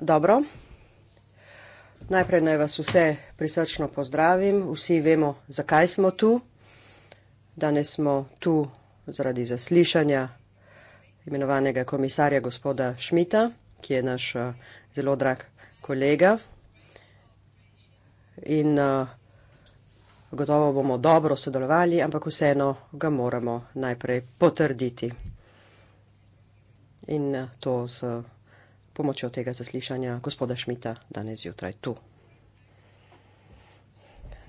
Dobro. Najprej naj vas vse prisrčno pozdravim. Vsi vemo, zakaj smo tu. Danes smo tu zaradi zaslišanja imenovanega komisarja gospoda Šmita, ki je naš eh, zelo drag kolega. In uh, gotovo bomo dobro sodelovali, ampak vseeno ga moramo najprej potrditi. In uh, to z. Uh, pomočjo tega zaslišanja gospoda Šmita danes zjutraj tu.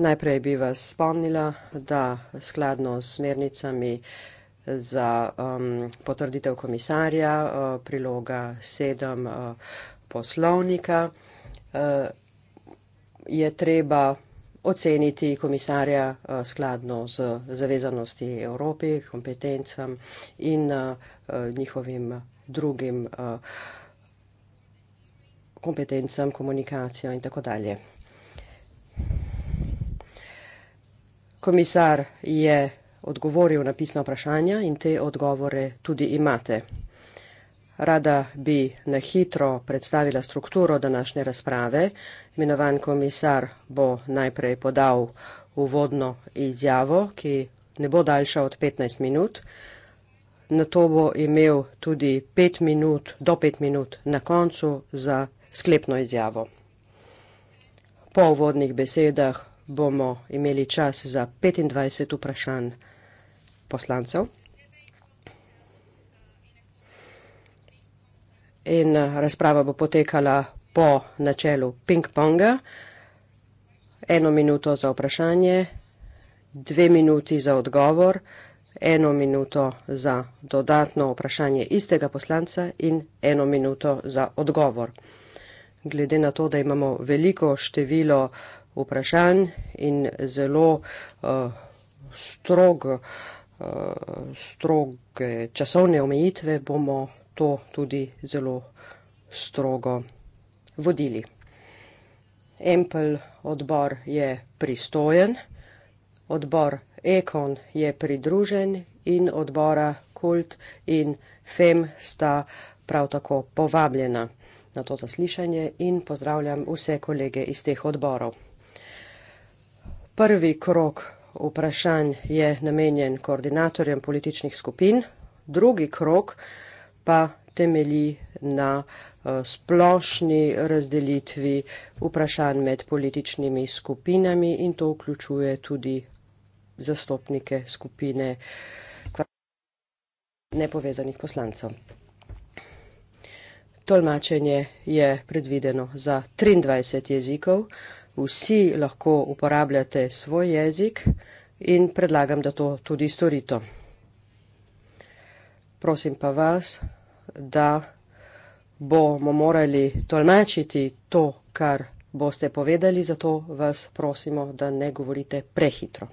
Najprej bi vas spomnila, da skladno s smernicami za um, potrditev komisarja uh, priloga 7 uh, poslovnika uh, je treba oceniti komisarja uh, skladno z zavezanosti Evropi, kompetencam in uh, njihovim drugim. Uh, kompetencam, komunikacijo in tako dalje. Komisar je odgovoril na pisna vprašanja in te odgovore tudi imate. Rada bi na hitro predstavila strukturo današnje razprave. Imenovan komisar bo najprej podal uvodno izjavo, ki ne bo daljša od 15 minut. Na to bo imel tudi 5 minut, do 5 minut na koncu za sklepno izjavo. Po uvodnih besedah bomo imeli čas za 25 vprašanj poslancev in eh, razprava bo potekala po načelu ping-ponga. Eno minuto za vprašanje, dve minuti za odgovor, eno minuto za dodatno vprašanje istega poslanca in eno minuto za odgovor glede na to, da imamo veliko število vprašanj in zelo uh, strog, uh, stroge časovne omejitve, bomo to tudi zelo strogo vodili. Empel odbor je pristojen, odbor Ekon je pridružen in odbora Kult in Fem sta prav tako povabljena na to zaslišanje in pozdravljam vse kolege iz teh odborov. Prvi krok vprašanj je namenjen koordinatorjem političnih skupin, drugi krok pa temelji na eh, splošni razdelitvi vprašanj med političnimi skupinami in to vključuje tudi zastopnike skupine nepovezanih poslancev. Tolmačenje je predvideno za 23 jezikov, vsi lahko uporabljate svoj jezik in predlagam, da to tudi storite. Prosim pa vas, da bomo morali tolmačiti to, kar boste povedali, zato vas prosimo, da ne govorite prehitro.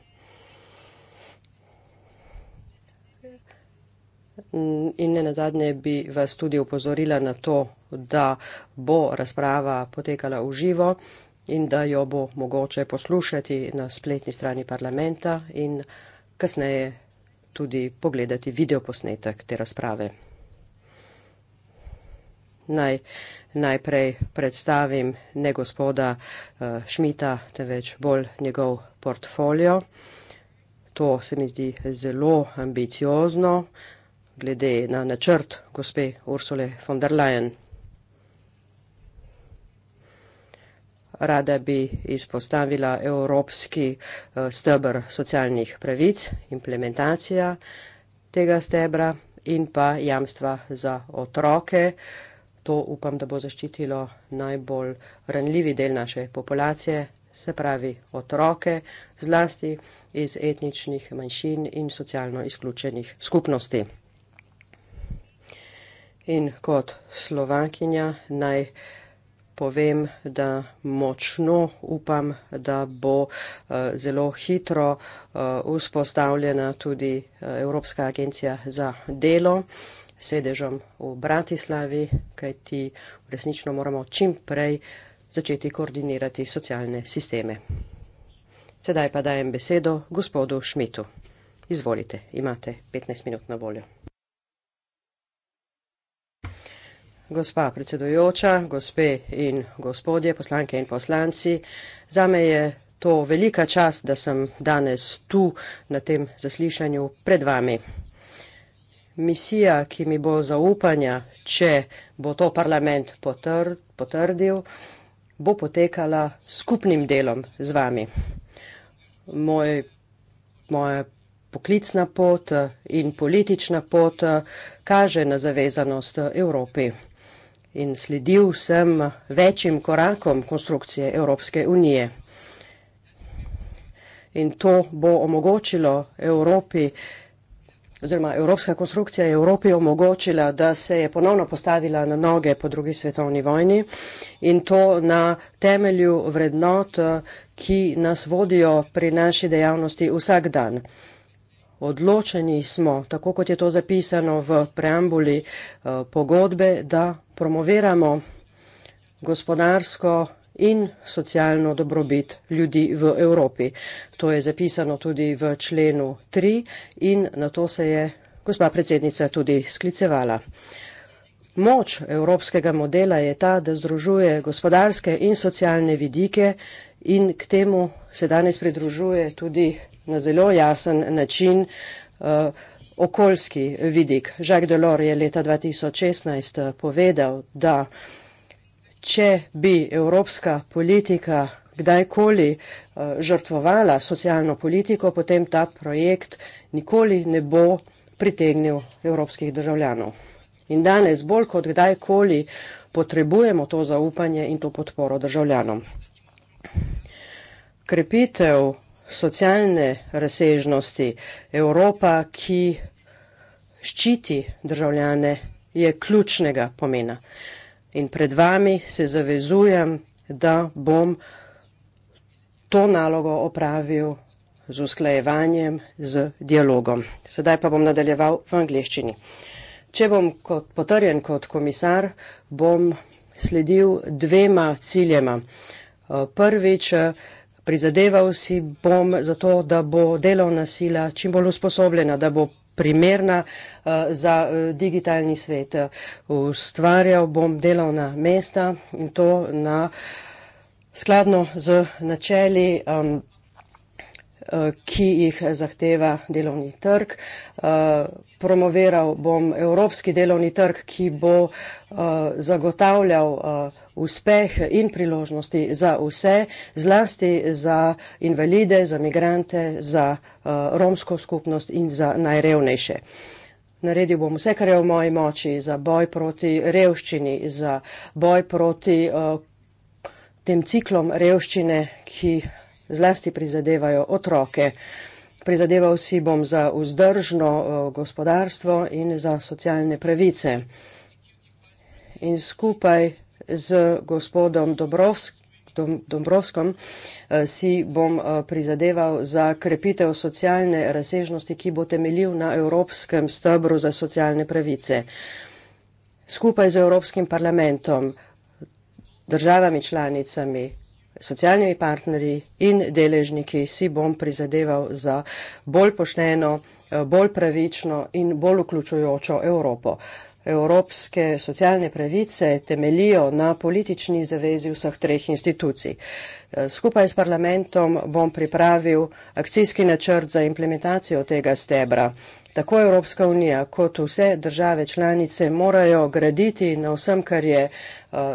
In ne nazadnje bi vas tudi upozorila na to, da bo razprava potekala v živo in da jo bo mogoče poslušati na spletni strani parlamenta in kasneje tudi pogledati videoposnetek te razprave. Naj najprej predstavim ne gospoda eh, Šmita, temveč bolj njegov portfolio. To se mi zdi zelo ambiciozno, glede na načrt gospe Ursule von der Leyen. Rada bi izpostavila evropski eh, stebr socialnih pravic, implementacija tega stebra in pa jamstva za otroke. To upam, da bo zaščitilo najbolj ranljivi del naše populacije, se pravi otroke, zlasti iz etničnih manjšin in socialno izključenih skupnosti. In kot slovakinja naj povem, da močno upam, da bo eh, zelo hitro eh, vzpostavljena tudi eh, Evropska agencija za delo sedežem v Bratislavi, kajti resnično moramo čim prej začeti koordinirati socialne sisteme. Sedaj pa dajem besedo gospodu Šmitu. Izvolite, imate 15 minut na voljo. Gospa predsedujoča, gospe in gospodje, poslanke in poslanci, za me je to velika čast, da sem danes tu na tem zaslišanju pred vami. Misija, ki mi bo zaupanja, če bo to parlament potr potrdil, bo potekala skupnim delom z vami. Moj, moja poklicna pot in politična pot kaže na zavezanost Evropi in sledil sem večjim korakom konstrukcije Evropske unije. In to bo omogočilo Evropi, oziroma Evropska konstrukcija je Evropi omogočila, da se je ponovno postavila na noge po drugi svetovni vojni in to na temelju vrednot, ki nas vodijo pri naši dejavnosti vsak dan. Odločeni smo, tako kot je to zapisano v preambuli eh, pogodbe, da promoviramo gospodarsko in socialno dobrobit ljudi v Evropi. To je zapisano tudi v členu 3 in na to se je gospa predsednica tudi sklicevala. Moč evropskega modela je ta, da združuje gospodarske in socialne vidike in k temu se danes pridružuje tudi na zelo jasen način uh, okoljski vidik. Jacques Delors je leta 2016 eh, povedal, da če bi evropska politika kdajkoli eh, žrtvovala socialno politiko, potem ta projekt nikoli ne bo pritegnil evropskih državljanov. In danes bolj kot kdajkoli potrebujemo to zaupanje in to podporo državljanom. Krepitev socialne razsežnosti. Evropa, ki ščiti državljane, je ključnega pomena. In pred vami se zavezujem, da bom to nalogo opravil z usklajevanjem, z dialogom. Sedaj pa bom nadaljeval v angliščini. Če bom kot potrjen kot komisar, bom sledil dvema ciljema. Prvič, prizadeval si bom za to, da bo delovna sila čim bolj usposobljena, da bo primerna eh, za eh, digitalni svet. Ustvarjal bom delovna mesta in to na skladno z načeli. Um, ki jih zahteva delovni trg. Eh, promoviral bom evropski delovni trg, ki bo eh, zagotavljal eh, uspeh in priložnosti za vse, zlasti za invalide, za migrante, za romsko skupnost in za najrevnejše. Naredil bom vse, kar je v moji moči za boj proti revščini, za boj proti uh, tem ciklom revščine, ki zlasti prizadevajo otroke. Prizadeval si bom za vzdržno eh, gospodarstvo in za socialne pravice. In skupaj z gospodom Dobrovskim. Dombrovskom eh, si bom eh, prizadeval za krepitev socialne razsežnosti, ki bo temeljil na Evropskem stebru za socialne pravice. Skupaj z Evropskim parlamentom, državami članicami, socialnimi partnerji in deležniki si bom prizadeval za bolj pošteno, eh, bolj pravično in bolj vključujočo Evropo. Evropske socialne pravice temelijo na politični zavezi vseh treh institucij. Eh, skupaj s parlamentom bom pripravil akcijski načrt za implementacijo tega stebra tako Evropska unija kot vse države članice morajo graditi na vsem, kar je eh,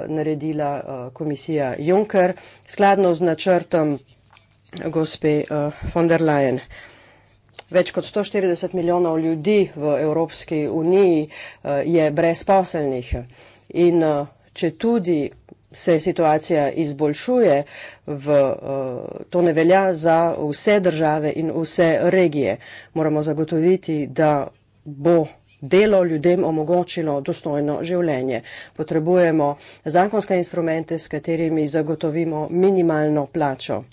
naredila eh, komisija Juncker, skladno z načrtom gospe eh, von der Leyen. Več kot 140 milijonov ljudi v Evropski uniji je brezposelnih in če tudi se situacija izboljšuje, v, eh, to ne velja za vse države in vse regije. Moramo zagotoviti, da bo delo ljudem omogočilo dostojno življenje. Potrebujemo zakonske instrumente, s katerimi zagotovimo minimalno plačo.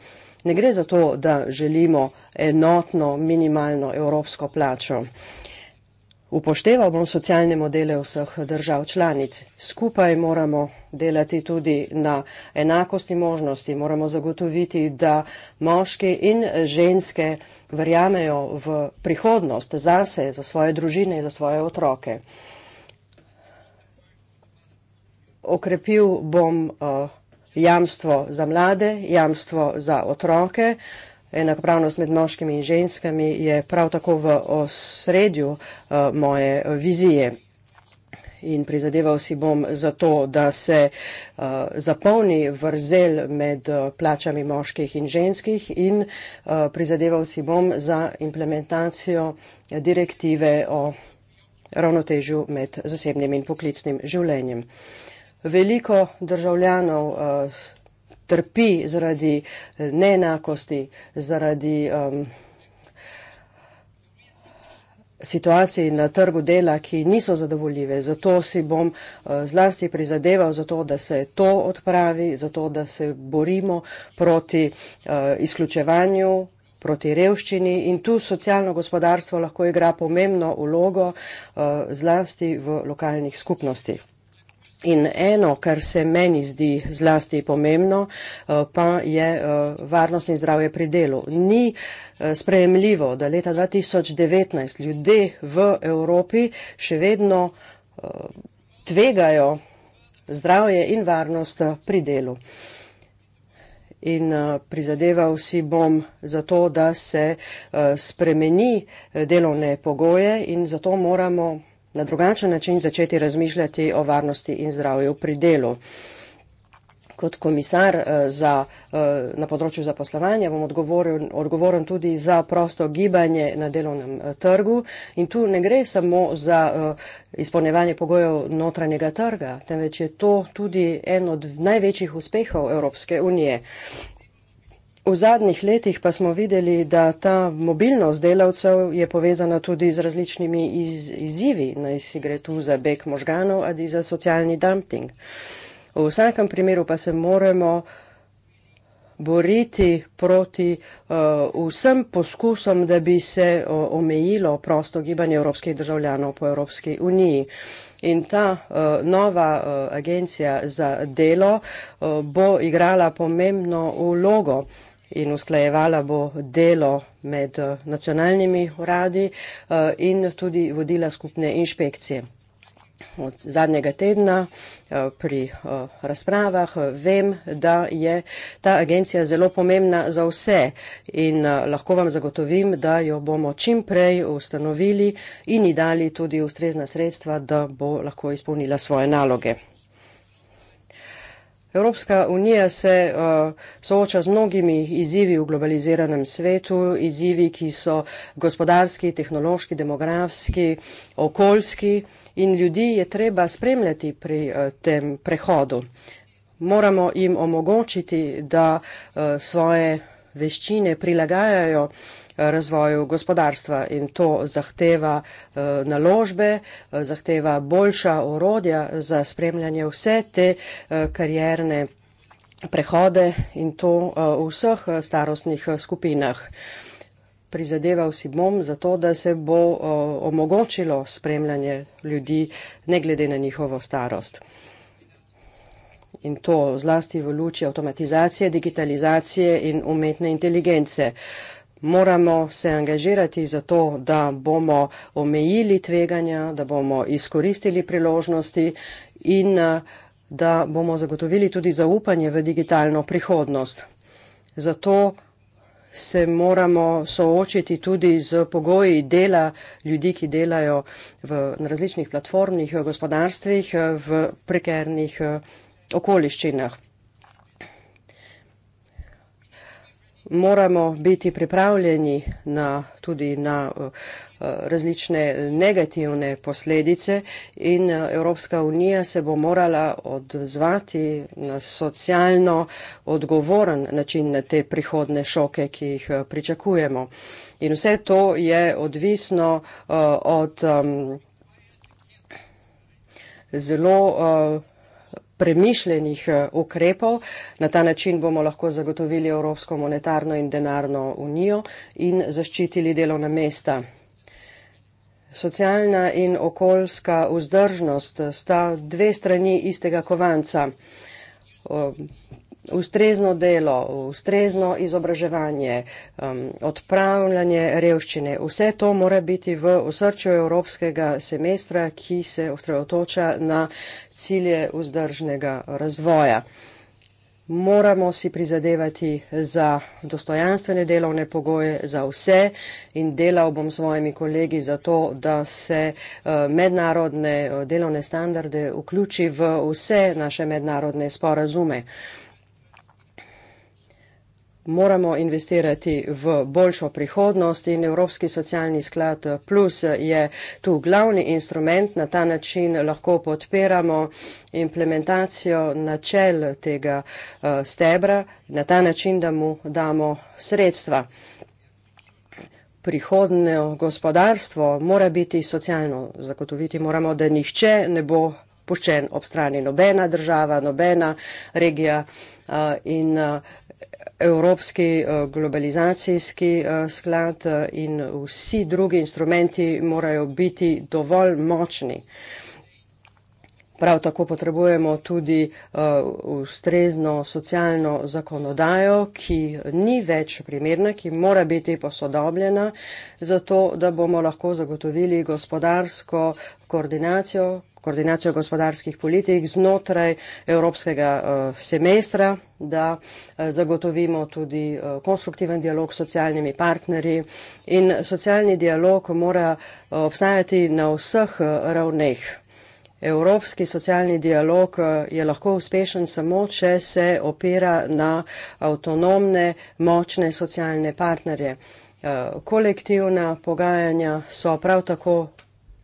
Ne gre za to, da želimo enotno minimalno evropsko plačo. Upošteval bom socialne modele vseh držav članic. Skupaj moramo delati tudi na enakosti možnosti, moramo zagotoviti, da moški in ženske verjamejo v prihodnost zase, za svoje družine in za svoje otroke. Okrepil bom uh, jamstvo za mlade, jamstvo za otroke. Enakopravnost med moškimi in ženskami je prav tako v osredju uh, moje vizije in prizadeval si bom za to, da se uh, zapolni vrzel med uh, plačami moških in ženskih in uh, prizadeval si bom za implementacijo direktive o ravnotežju med zasebnim in poklicnim življenjem. Veliko državljanov uh, trpi zaradi uh, neenakosti, zaradi um, situaciji na trgu dela, ki niso zadovoljive. Zato si bom eh, zlasti prizadeval za to, da se to odpravi, za to, da se borimo proti eh, izključevanju proti revščini in tu socialno gospodarstvo lahko igra pomembno ulogo eh, zlasti v lokalnih skupnostih. In eno, kar se meni zdi zlasti pomembno, eh, pa je eh, varnost in zdravje pri delu. Ni eh, sprejemljivo, da leta 2019 ljudje v Evropi še vedno tvegajo zdravje in varnost pri delu. In prizadeval si bom za to, da se spremeni delovne pogoje in zato moramo na drugačen način začeti razmišljati o varnosti in zdravju pri delu. Kot komisar eh, za, eh, na področju zaposlovanja bom odgovoren tudi za prosto gibanje na delovnem eh, trgu in tu ne gre samo za izpolnevanje pogojev notranjega trga, temveč je to tudi en od največjih uspehov Evropske unije. V zadnjih letih pa smo videli, da ta mobilnost delavcev je povezana tudi z različnimi iz, izzivi, naj si gre tu za beg možganov ali za socialni dumping. V vsakem primeru pa se moramo boriti proti uh, vsem poskusom, da bi se uh, omejilo prosto gibanje evropskih državljanov po Evropski uniji. In ta uh, nova uh, agencija za delo uh, bo igrala pomembno vlogo uh, in usklajevala bo delo med eh, nacionalnimi uradi eh, in tudi vodila skupne inšpekcije. Od zadnjega tedna eh, pri razpravah vem, da je ta agencija zelo pomembna za vse in lahko vam zagotovim, da jo bomo čim prej ustanovili in ji dali tudi ustrezna sredstva, da bo lahko izpolnila svoje naloge. Evropska unija se uh, sooča z mnogimi izzivi v globaliziranem svetu, izzivi, ki so gospodarski, tehnološki, demografski, okoljski in ljudi je treba spremljati pri uh, tem prehodu. Moramo jim omogočiti, da uh, svoje veščine prilagajajo uh, razvoju gospodarstva in to zahteva eh, naložbe, eh, zahteva boljša orodja za spremljanje vse te eh, karierne prehode in to v vseh starostnih skupinah. Prizadeval si bom za to, da se bo omogočilo spremljanje ljudi ne glede na njihovo starost. In to zlasti v luči avtomatizacije, digitalizacije in umetne inteligence. Uh, moramo se angažirati za to, da bomo omejili tveganja, da bomo izkoristili priložnosti in eh, da bomo zagotovili tudi zaupanje v digitalno prihodnost. Zato se moramo soočiti tudi z pogoji dela ljudi, ki delajo v različnih platformnih eh, gospodarstvih eh, v prekernih okoliščinah. moramo biti pripravljeni na, tudi na eh, eh, različne negativne posledice in eh, Evropska unija se bo morala odzvati na socialno odgovoren način na te prihodne šoke, ki jih pričakujemo. In vse to je odvisno od zelo premišljenih eh, ukrepov. Na ta način bomo lahko zagotovili Evropsko monetarno in denarno unijo in zaščitili delovna mesta. Socialna in okoljska vzdržnost sta dve strani istega kovanca ustrezno delo, ustrezno izobraževanje, um, odpravljanje revščine. Vse to mora biti v osrčju evropskega semestra, ki se ustrevotoča na cilje vzdržnega razvoja. Moramo si prizadevati za dostojanstvene delovne pogoje za vse in delal bom s svojimi kolegi za to, da se uh, mednarodne uh, delovne standarde vključi v vse naše mednarodne sporazume moramo investirati v boljšo prihodnost in Evropski socialni sklad plus je tu glavni instrument. Na ta način lahko podpiramo implementacijo načel tega eh, stebra, na ta način, da mu damo sredstva. Prihodno gospodarstvo mora biti socialno. Zagotoviti moramo, da nihče ne bo puščen ob strani nobena država, nobena regija uh, in uh, Evropski uh, globalizacijski sklad in vsi drugi instrumenti morajo biti dovolj močni. Prav tako potrebujemo tudi ustrezno socialno zakonodajo, ki ni več primerna, ki mora biti posodobljena, zato da bomo lahko zagotovili gospodarsko koordinacijo, koordinacijo gospodarskih politik znotraj evropskega eh, semestra, da eh, zagotovimo tudi eh, konstruktiven dialog s socialnimi partnerji. In socialni dialog mora obstajati na vseh ravneh. Evropski socialni dialog je lahko uspešen samo, če se opira na avtonomne, močne socialne partnerje. Kolektivna pogajanja so prav tako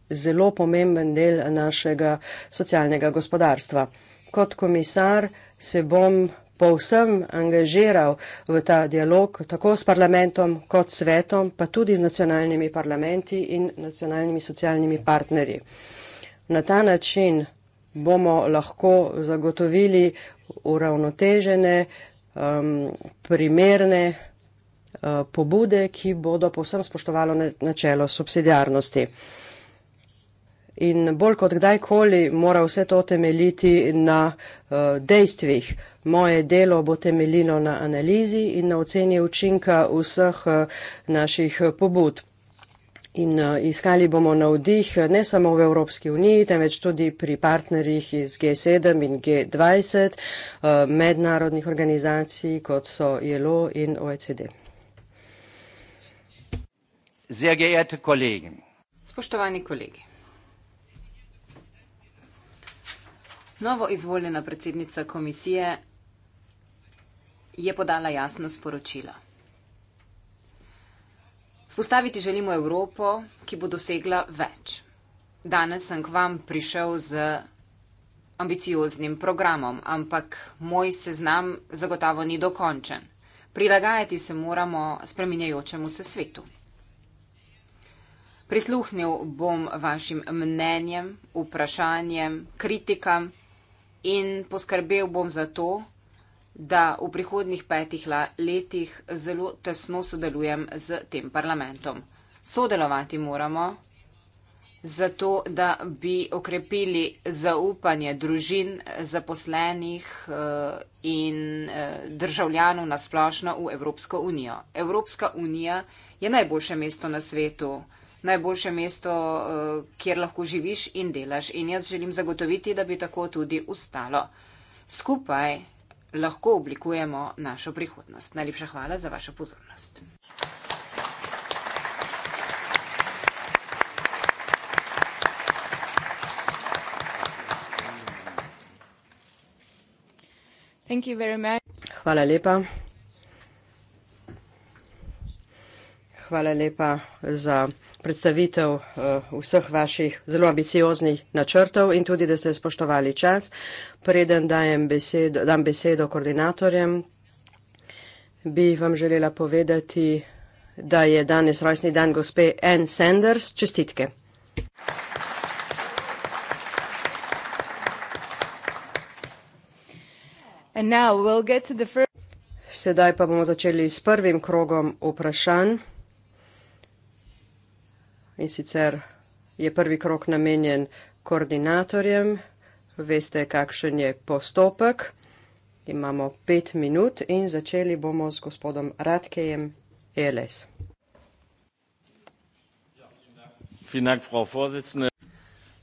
zelo pomemben del našega socialnega gospodarstva. Kot komisar se bom povsem angažiral v ta dialog tako s parlamentom kot svetom, pa tudi z nacionalnimi parlamenti in nacionalnimi socialnimi partnerji. Na ta način bomo lahko zagotovili uravnotežene, um, primerne uh, pobude, ki bodo povsem spoštovalo načelo subsidijarnosti in bolj kot kdajkoli mora vse to temeljiti na eh, dejstvih. Moje delo bo temeljilo na analizi in na oceni učinka vseh eh, naših eh, pobud. In iskali bomo navdih ne samo v Evropski uniji, temveč tudi pri partnerjih iz G7 in G20, mednarodnih organizacij, kot so ILO in OECD. Spoštovani kolegi. Novo izvoljena predsednica komisije je podala jasno sporočilo. Spostaviti želimo Evropo, ki bo dosegla več. Danes sem k vam prišel z ambicioznim programom, ampak moj seznam zagotovo ni dokončen. Prilagajati se moramo spreminjajočemu se svetu. Prisluhnil bom vašim mnenjem, vprašanjem, kritikam in poskrbel bom za to, da v prihodnih petih letih zelo tesno sodelujem z tem parlamentom. Sodelovati moramo zato, da bi okrepili zaupanje družin, zaposlenih eh, in eh, državljanov na splošno v Evropsko unijo. Evropska unija je najboljše mesto na svetu najboljše mesto, eh, kjer lahko živiš in delaš. In jaz želim zagotoviti, da bi tako tudi ustalo. Skupaj lahko oblikujemo našo prihodnost. Najlepša hvala za vašo pozornost. Hvala lepa. Hvala lepa za predstavitev eh, vseh vaših zelo ambicioznih načrtov in tudi, da ste spoštovali čas. Preden besedo, dam besedo koordinatorjem, bi vam želela povedati, da je danes rojstni dan gospe Ann Sanders. Čestitke. We'll first... Sedaj pa bomo začeli s prvim krogom vprašanj in sicer je prvi krok namenjen koordinatorjem, veste, kakšen je postopek. Imamo pet minut in začeli bomo z gospodom Radkejem Eles.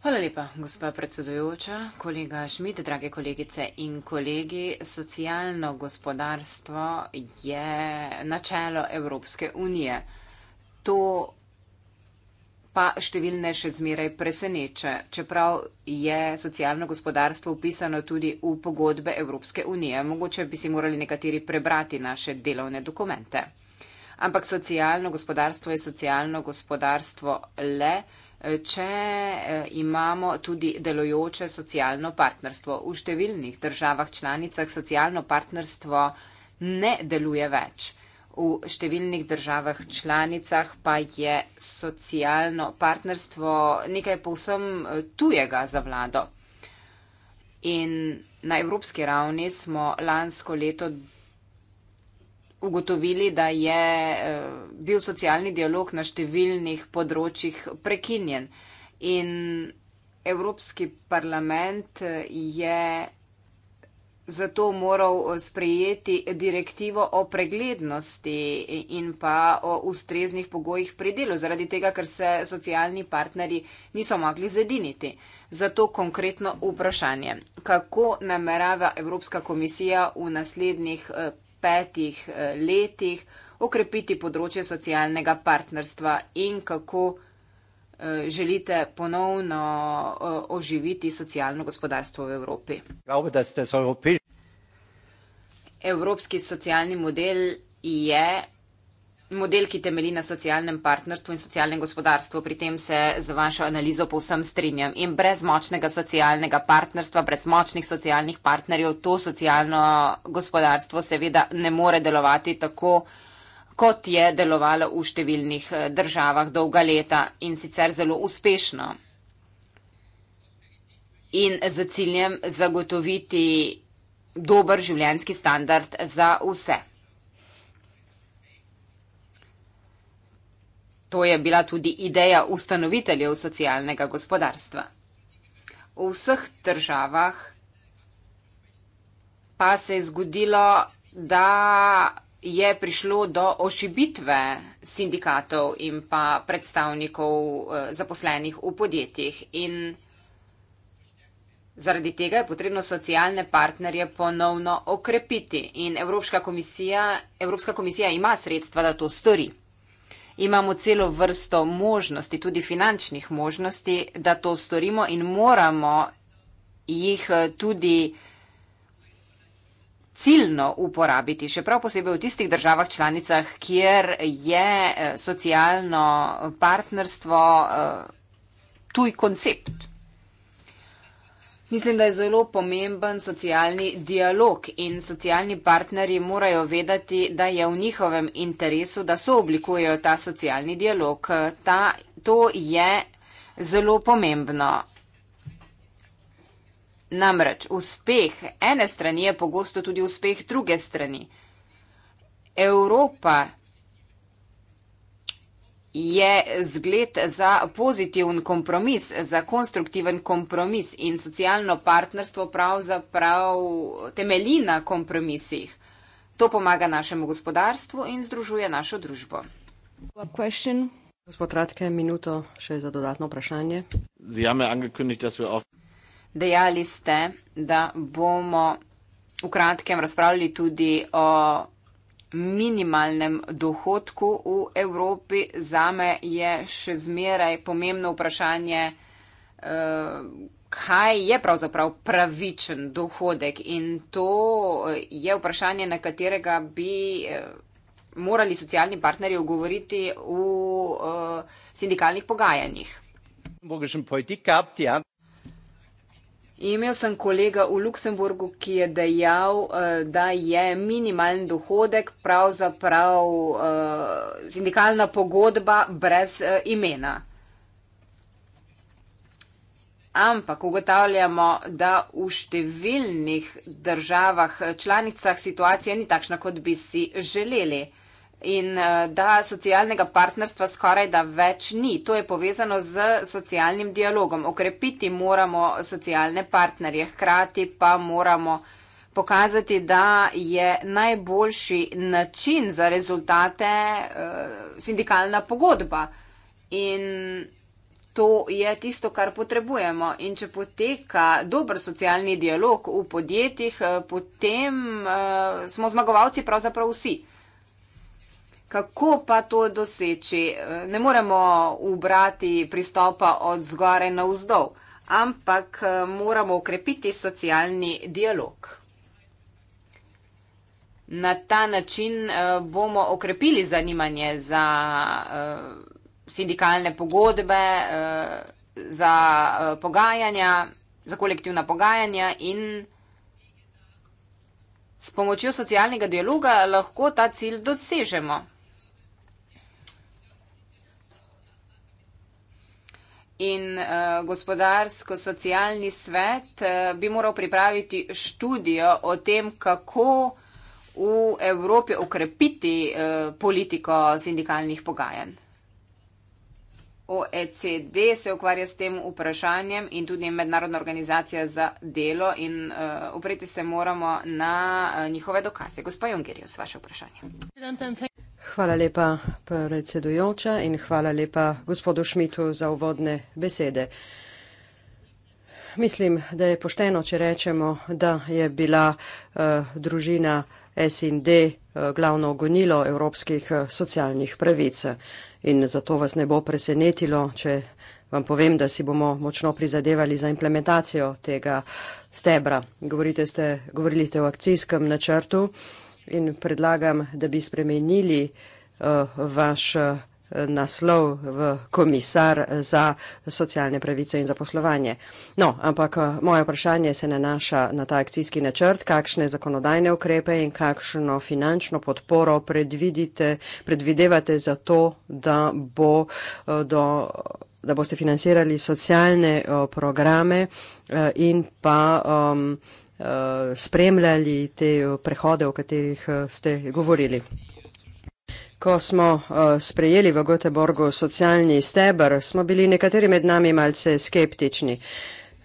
Hvala lepa, gospa predsedujoča, kolega Šmit, drage kolegice in kolegi. Socialno gospodarstvo je načelo Evropske unije. To pa številne še zmeraj preseneča, čeprav je socialno gospodarstvo upisano tudi v pogodbe Evropske unije. Mogoče bi si morali nekateri prebrati naše delovne dokumente. Ampak socialno gospodarstvo je socialno gospodarstvo le, eh, če eh, imamo tudi delojoče socialno partnerstvo. V številnih državah članicah socialno partnerstvo ne deluje več. V številnih državah članicah pa je socialno partnerstvo nekaj povsem eh, tujega za vlado. In na evropski ravni smo lansko leto ugotovili, da je eh, bil socialni dialog na številnih področjih prekinjen. In Evropski parlament eh, je zato moral eh, sprejeti direktivo o preglednosti in pa o ustreznih pogojih pri delu, zaradi tega, ker se socialni partnerji niso mogli zediniti. Zato konkretno vprašanje, kako namerava Evropska komisija v naslednjih eh, petih eh, letih okrepiti področje socialnega partnerstva in kako Eh, želite ponovno eh, oživiti socialno gospodarstvo v Evropi? Evropski socialni model je model, ki temeli na socialnem partnerstvu in socialnem gospodarstvu. Pri tem se za vašo analizo povsem strinjam. In brez močnega socialnega partnerstva, brez močnih socialnih partnerjev, to socialno gospodarstvo seveda ne more delovati tako, kot je delovala v številnih eh, državah dolga leta in sicer zelo uspešno. In za ciljem zagotoviti dober življenski standard za vse. To je bila tudi ideja ustanoviteljev socialnega gospodarstva. V vseh državah pa se je zgodilo, da je prišlo do ošibitve sindikatov in pa predstavnikov eh, zaposlenih v podjetjih. In zaradi tega je potrebno socialne partnerje ponovno okrepiti. In Evropska komisija, Evropska komisija ima sredstva, da to stori. Imamo celo vrsto možnosti, tudi finančnih možnosti, da to storimo in moramo jih eh, tudi ciljno uporabiti, še prav posebej v tistih državah članicah, kjer je eh, socialno partnerstvo eh, tuj koncept. Mislim, da je zelo pomemben socialni dialog in socialni partnerji morajo vedeti, da je v njihovem interesu, da so oblikujejo ta socialni dialog. Ta, to je zelo pomembno. Namreč uspeh ene strani je pogosto tudi uspeh druge strani. Evropa je zgled za pozitiven kompromis, za konstruktiven kompromis in socialno partnerstvo pravzaprav temelji na kompromisih. To pomaga našemu gospodarstvu in združuje našo družbo. Gospod Ratke, minuto še za dodatno vprašanje. Dejali ste, da bomo v kratkem razpravljali tudi o minimalnem dohodku v Evropi. Zame je še zmeraj pomembno vprašanje, eh, kaj je pravzaprav pravičen dohodek. In to eh, je vprašanje, na katerega bi eh, morali socialni partnerji ogovoriti v sindikalnih pogajanjih. Imel sem kolega v Luksemburgu, ki je dejal, eh, da je minimalen dohodek pravzaprav eh, sindikalna pogodba brez eh, imena. Ampak ugotavljamo, da v številnih državah članicah situacija ni takšna, kot bi si želeli in eh, da socialnega partnerstva skoraj da več ni. To je povezano z socialnim dialogom. Okrepiti moramo socialne partnerje, hkrati pa moramo pokazati, da je najboljši način za rezultate eh, sindikalna pogodba. In to je tisto, kar potrebujemo. In če poteka dober socialni dialog v podjetjih, eh, potem smo zmagovalci pravzaprav vsi. Kako pa to doseči? Ne moremo ubrati pristopa od zgore na vzdolj, ampak moramo ukrepiti socialni dialog. Na ta način bomo okrepili zanimanje za sindikalne pogodbe, za pogajanja, za kolektivna pogajanja in s pomočjo socialnega dialoga lahko ta cilj dosežemo. in uh, gospodarsko-socialni svet uh, bi moral pripraviti študijo o tem, kako v Evropi okrepiti uh, politiko sindikalnih pogajanj. OECD se ukvarja s tem vprašanjem in tudi Mednarodna organizacija za delo in upreti uh, se moramo na uh, njihove dokaze. Gospa Jungerius, vaše vprašanje. Hvala lepa predsedujoča in hvala lepa gospodu Šmitu za uvodne besede. Mislim, da je pošteno, če rečemo, da je bila uh, družina SND uh, eh, glavno gonilo evropskih uh, socialnih pravic. In zato vas ne bo presenetilo, če vam povem, da si bomo močno prizadevali za implementacijo tega stebra. Ste, govorili ste o akcijskem načrtu. Uh, in predlagam, da bi spremenili uh, vaš uh, naslov v komisar za socialne pravice in zaposlovanje. No, ampak uh, moje vprašanje se nanaša na ta akcijski načrt, kakšne zakonodajne ukrepe in kakšno finančno podporo predvidevate za to, da bo uh, do da boste financirali socialne uh, programe uh, in pa um, uh, Eh, spremljali te eh, prehode, o katerih eh, ste govorili. Ko smo sprejeli v Göteborgu socialni stebr, smo bili nekateri med nami malce skeptični.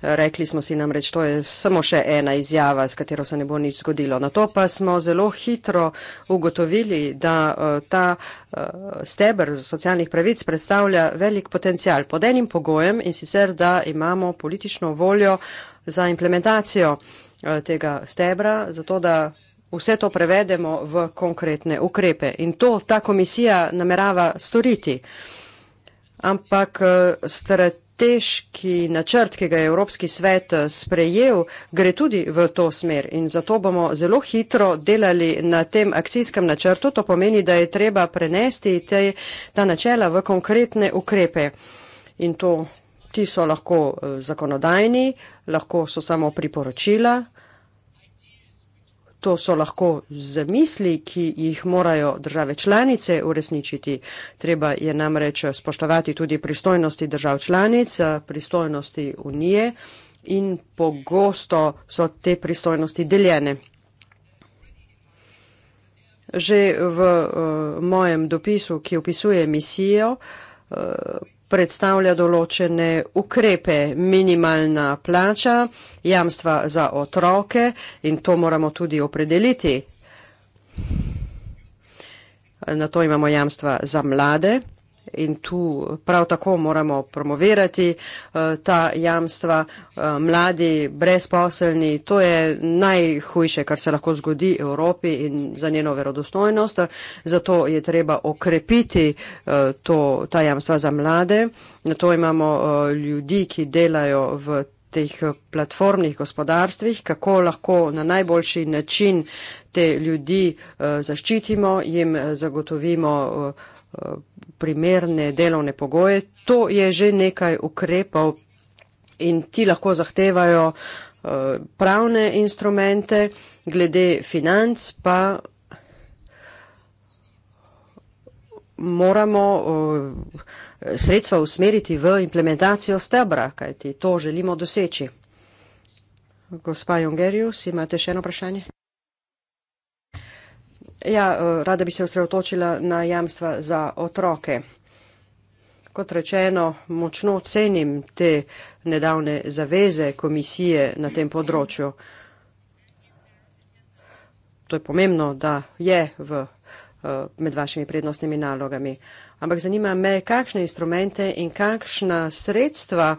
Rekli smo si namreč, to je samo še ena izjava, s katero se ne bo nič zgodilo. Na to pa smo zelo hitro ugotovili, da ta stebr socialnih pravic predstavlja velik potencial pod enim pogojem in sicer, da imamo politično voljo za implementacijo. Eh, tega stebra, zato da vse to prevedemo v konkretne ukrepe. In to ta komisija namerava storiti. Ampak eh, strateški načrt, ki ga je Evropski svet eh, sprejel, gre tudi v to smer in zato bomo zelo hitro delali na tem akcijskem načrtu. To pomeni, da je treba prenesti te, ta načela v konkretne ukrepe. In to ti so lahko zakonodajni, lahko so samo priporočila, to so lahko zamisli, ki jih morajo države članice uresničiti. Treba je namreč spoštovati tudi pristojnosti držav članic, pristojnosti unije in pogosto so te pristojnosti deljene. Že v uh, mojem dopisu, ki opisuje misijo, uh, predstavlja določene ukrepe, minimalna plača, jamstva za otroke in to moramo tudi opredeliti. Na to imamo jamstva za mlade in tu prav tako moramo promovirati eh, ta jamstva. Eh, mladi, brezposelni, to je najhujše, kar se lahko zgodi Evropi in za njeno verodostojnost. Zato je treba okrepiti eh, to, ta jamstva za mlade. Na to imamo ljudi, ki delajo v teh platformnih gospodarstvih, kako lahko na najboljši način te ljudi uh, zaščitimo, jim zagotovimo uh, primerne delovne pogoje. To je že nekaj ukrepov in ti lahko zahtevajo eh, pravne instrumente, glede financ pa moramo eh, sredstva usmeriti v implementacijo stebra, kajti to želimo doseči. Gospa Jongerius, imate še eno vprašanje? Ja, eh, rada bi se osredotočila na jamstva za otroke. Kot rečeno, močno cenim te nedavne zaveze komisije na tem področju. To je pomembno, da je v, eh, med vašimi prednostnimi nalogami. Ampak zanima me, kakšne instrumente in kakšna sredstva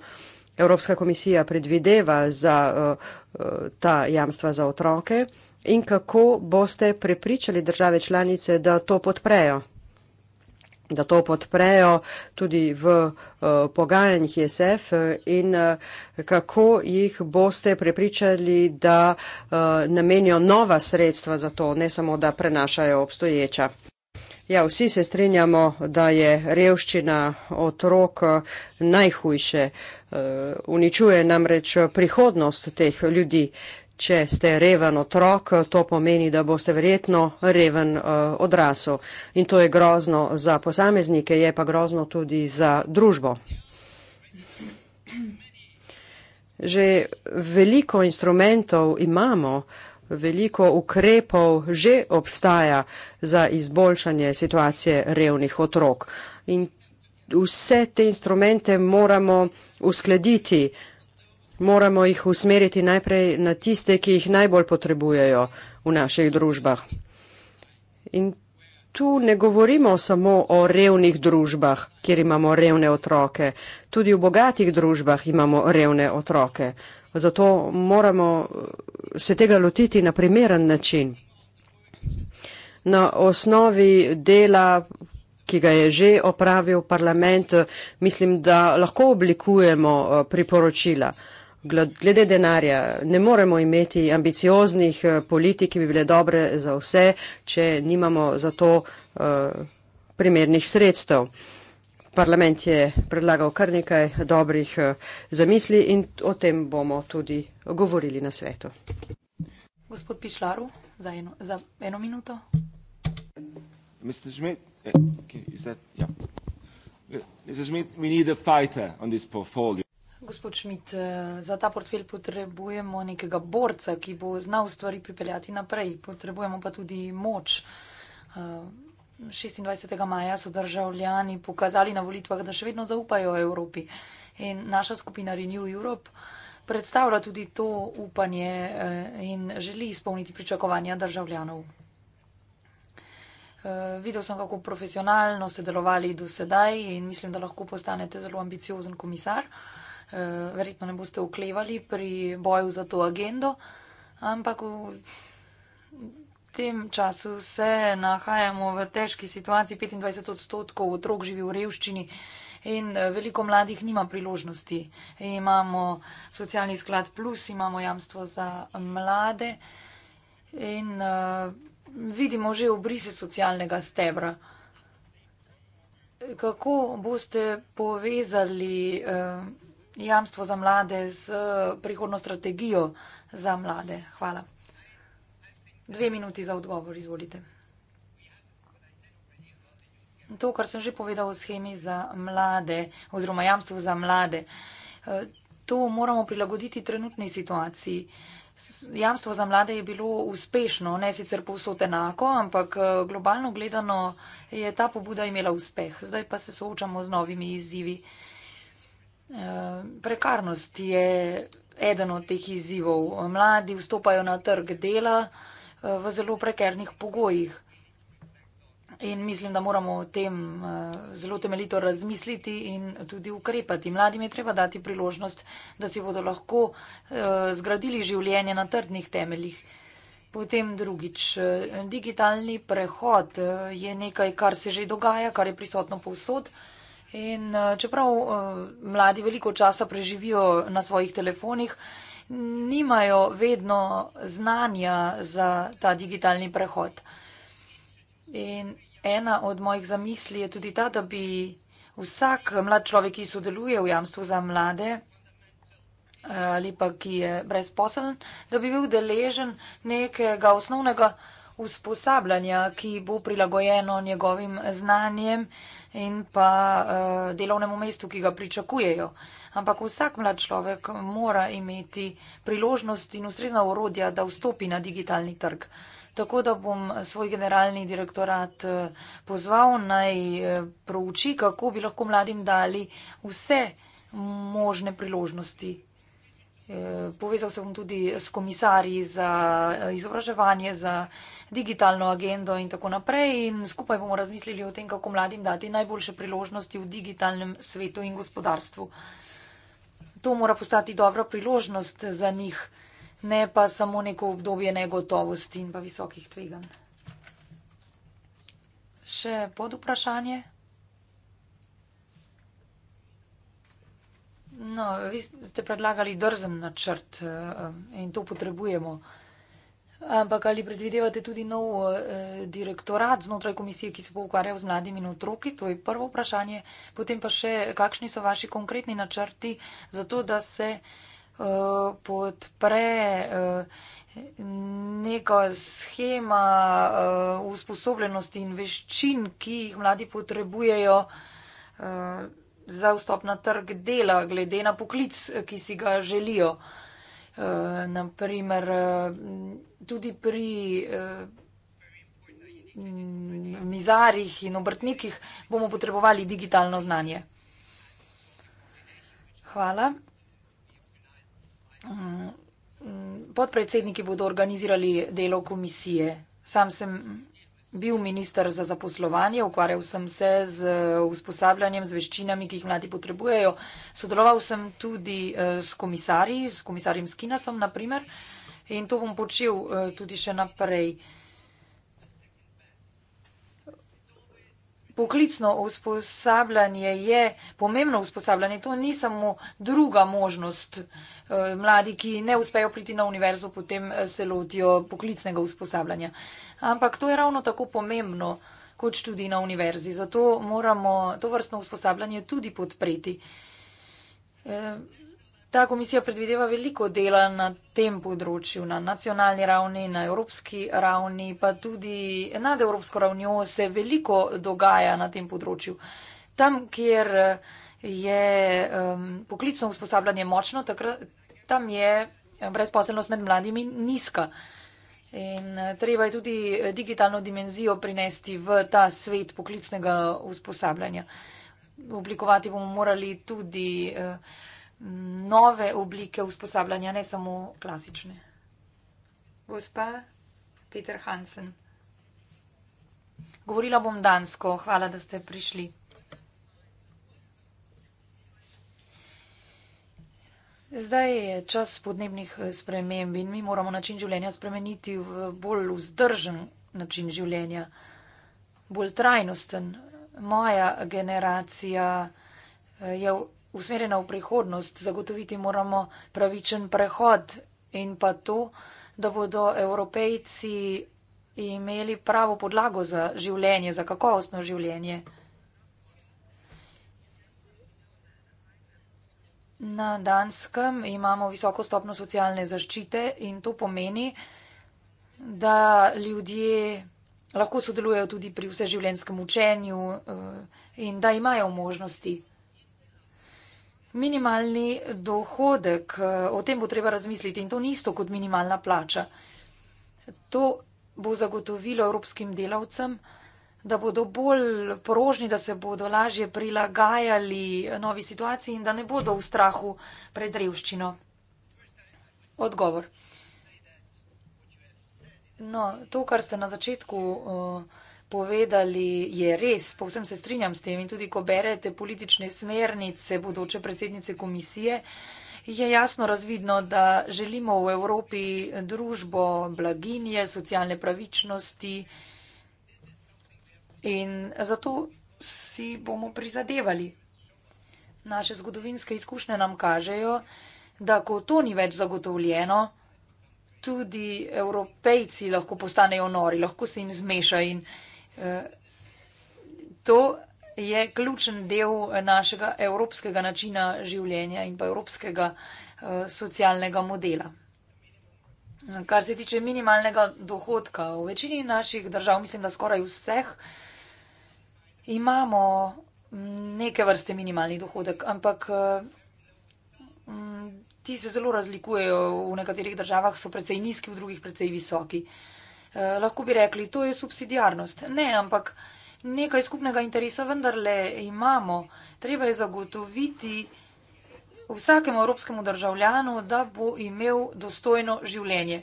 Evropska komisija predvideva za eh, ta jamstva za otroke in kako boste prepričali države članice, da to podprejo? da to podprejo tudi v uh, pogajanjih ISF e eh, in uh, kako jih boste prepričali, da uh, namenijo nova sredstva za to, ne samo, da prenašajo obstoječa. Ja, vsi se strinjamo, da je revščina otrok najhujše. Uh, uničuje namreč prihodnost teh ljudi. Uh, Če ste reven otrok, to pomeni, da boste verjetno reven uh, odrasel. In to je grozno za posameznike, je pa grozno tudi za družbo. Že veliko instrumentov imamo, veliko ukrepov že obstaja za izboljšanje situacije revnih otrok. In vse te instrumente moramo uskladiti. Uh, Moramo jih usmeriti najprej na tiste, ki jih najbolj potrebujejo v naših družbah. In tu ne govorimo samo o revnih družbah, kjer imamo revne otroke. Tudi v bogatih družbah imamo revne otroke. Zato moramo eh, se tega lotiti na primeren način. Na osnovi dela, ki ga je že opravil parlament, mislim, da lahko oblikujemo eh, priporočila glede denarja. Ne moremo imeti ambicioznih eh, politik, ki bi bile dobre za vse, če nimamo za to uh, primernih sredstev. Parlament je predlagal kar nekaj dobrih eh, zamisli in o tem bomo tudi govorili na svetu. Gospod Pišlaru, za eno, za eno minuto. Mr. Schmidt, eh, okay, is that, yeah. Mr. Schmidt, we need a fighter on this portfolio. Gospod Šmit, eh, za ta portfelj potrebujemo nekega borca, ki bo znal stvari pripeljati naprej. Potrebujemo pa tudi moč. 26. Eh, maja so državljani pokazali na volitvah, da še vedno zaupajo Evropi. In naša skupina Renew Europe predstavlja tudi to upanje eh, in želi izpolniti pričakovanja državljanov. Videl sem, kako profesionalno ste delovali do sedaj in mislim, da lahko postanete zelo ambiciozen komisar. Eh, verjetno ne boste uklevali pri boju za to agendo, ampak v tem času se nahajamo v težki situaciji. 25 odstotkov otrok živi v revščini in eh, veliko mladih nima priložnosti. Imamo socialni sklad plus, imamo jamstvo za mlade in uh, vidimo že obrise socialnega stebra. Kako boste povezali uh, jamstvo za mlade z eh, prihodno strategijo za mlade. Hvala. Dve minuti za odgovor, izvolite. To, kar sem že povedal o schemi za mlade oziroma jamstvu za mlade, eh, to moramo prilagoditi trenutni situaciji. Jamstvo za mlade je bilo uspešno, ne sicer povsod enako, ampak eh, globalno gledano je ta pobuda imela uspeh. Zdaj pa se soočamo z novimi izzivi. Prekarnost je eden od teh izzivov. Mladi vstopajo na trg dela eh, v zelo prekernih pogojih. In mislim, da moramo o tem eh, zelo temeljito razmisliti in tudi ukrepati. Mladim je treba dati priložnost, da si bodo lahko eh, zgradili življenje na trdnih temeljih. Potem drugič, digitalni prehod je nekaj, kar se že dogaja, kar je prisotno povsod. In eh, čeprav eh, mladi veliko časa preživijo na svojih telefonih, nimajo vedno znanja za ta digitalni prehod. In ena od mojih zamisli je tudi ta, da bi vsak mlad človek, ki sodeluje v jamstvu za mlade eh, ali pa ki je brezposeln, da bi bil deležen nekega osnovnega usposabljanja, ki bo prilagojeno njegovim znanjem in pa eh, delovnemu mestu, ki ga pričakujejo. Ampak vsak mlad človek mora imeti priložnost in ustrezna urodja, da vstopi na digitalni trg. Tako da bom svoj generalni direktorat eh, pozval naj eh, prouči, kako bi lahko mladim dali vse možne priložnosti Eh, povezal se bom tudi s komisarji za eh, izobraževanje, za digitalno agendo in tako naprej in skupaj bomo razmislili o tem, kako mladim dati najboljše priložnosti v digitalnem svetu in gospodarstvu. To mora postati dobra priložnost za njih, ne pa samo neko obdobje negotovosti in pa visokih tveganj. Še pod vprašanje? No, vi ste predlagali drzen načrt eh, in to potrebujemo. Ampak ali predvidevate tudi nov eh, direktorat znotraj komisije, ki se bo ukvarjal z mladimi in otroki? To je prvo vprašanje. Potem pa še, kakšni so vaši konkretni načrti za to, da se eh, podpre neka schema usposobljenosti in veščin, ki jih mladi potrebujejo za vstop na trg dela, glede na poklic, ki si ga želijo. Eh, Naprimer, eh, tudi pri eh, mizarjih in obrtnikih bomo potrebovali digitalno znanje. Hvala. Mm, mm, podpredsedniki bodo organizirali delo komisije. Sam sem bil minister za zaposlovanje, ukvarjal sem se z eh, usposabljanjem, z veščinami, ki jih mladi potrebujejo. Sodeloval sem tudi eh, s komisarji, s komisarjem Skinasom naprimer in to bom počel eh, tudi še naprej. poklicno usposabljanje je pomembno usposabljanje. To ni samo druga možnost. Eh, mladi, ki ne uspejo priti na univerzo, potem eh, se lotijo poklicnega usposabljanja. Ampak to je ravno tako pomembno kot študij na univerzi. Zato moramo to vrstno usposabljanje tudi podpreti. Eh, ta komisija predvideva veliko dela na tem področju, na nacionalni ravni, na evropski ravni, pa tudi nad evropsko ravnjo se veliko dogaja na tem področju. Tam, kjer je um, poklicno usposabljanje močno, takrat, tam je brezposelnost med mladimi nizka. In treba je tudi digitalno dimenzijo prinesti v ta svet poklicnega usposabljanja. Oblikovati bomo morali tudi. Uh, nove oblike usposabljanja, ne samo klasične. Gospa Peter Hansen. Govorila bom dansko. Hvala, da ste prišli. Zdaj je čas podnebnih eh, sprememb in mi moramo način življenja spremeniti v bolj vzdržen način življenja, bolj trajnosten. Moja generacija eh, je usmerjena v prihodnost. Zagotoviti moramo pravičen prehod in pa to, da bodo evropejci imeli pravo podlago za življenje, za kakovostno življenje. Na Danskem imamo visoko stopno socialne zaščite in to pomeni, da ljudje lahko sodelujejo tudi pri vseživljenjskem učenju eh, in da imajo možnosti minimalni dohodek. Eh, o tem bo treba razmisliti in to ni isto kot minimalna plača. To bo zagotovilo evropskim delavcem, da bodo bolj porožni, da se bodo lažje prilagajali novi situaciji in da ne bodo v strahu pred revščino. Odgovor. No, to, kar ste na začetku uh, povedali, je res, povsem se strinjam s tem in tudi, ko berete politične smernice bodoče predsednice komisije, je jasno razvidno, da želimo v Evropi družbo blaginje, socialne pravičnosti in zato si bomo prizadevali. Naše zgodovinske izkušnje nam kažejo, da ko to ni več zagotovljeno, tudi evropejci lahko postanejo nori, lahko se jim zmeša in vsega. To je ključen del našega evropskega načina življenja in pa evropskega eh, socialnega modela. Kar se tiče minimalnega dohodka, v večini naših držav, mislim, da skoraj vseh, imamo neke vrste minimalni dohodek, ampak eh, ti se zelo razlikujejo. V nekaterih državah so precej nizki, v drugih precej visoki. Eh, lahko bi rekli, to je subsidijarnost. Ne, ampak nekaj skupnega interesa vendarle imamo. Treba je zagotoviti vsakemu evropskemu državljanu, da bo imel dostojno življenje.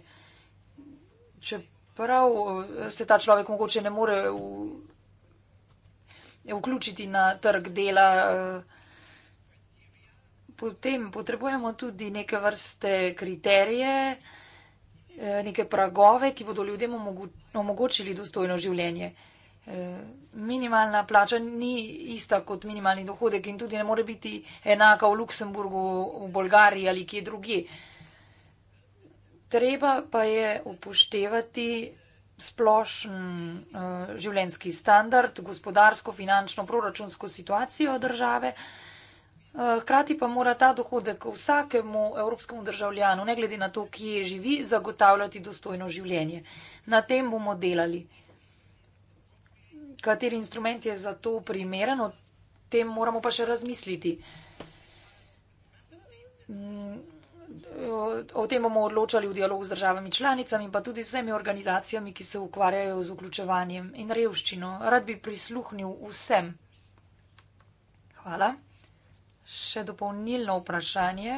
Čeprav eh, se ta človek mogoče ne more v, vključiti na trg dela, eh, potem potrebujemo tudi neke vrste kriterije, Eh, neke pragove, ki bodo ljudem omogočili dostojno življenje. Eh, minimalna plača ni ista kot minimalni dohodek in tudi ne more biti enaka v Luksemburgu, v Bolgariji ali kje drugi. Treba pa je upoštevati splošen eh, življenski standard, gospodarsko, finančno, proračunsko situacijo države. Eh, hkrati pa mora ta dohodek vsakemu evropskemu državljanu, ne glede na to, kje živi, zagotavljati dostojno življenje. Na tem bomo delali. Kateri instrument je za to primeren, o tem moramo pa še razmisliti. Mm, o tem bomo odločali v dialogu z državami članicami, pa tudi z vsemi organizacijami, ki se ukvarjajo z vključevanjem in revščino. Rad bi prisluhnil vsem. Hvala še dopolnilno vprašanje.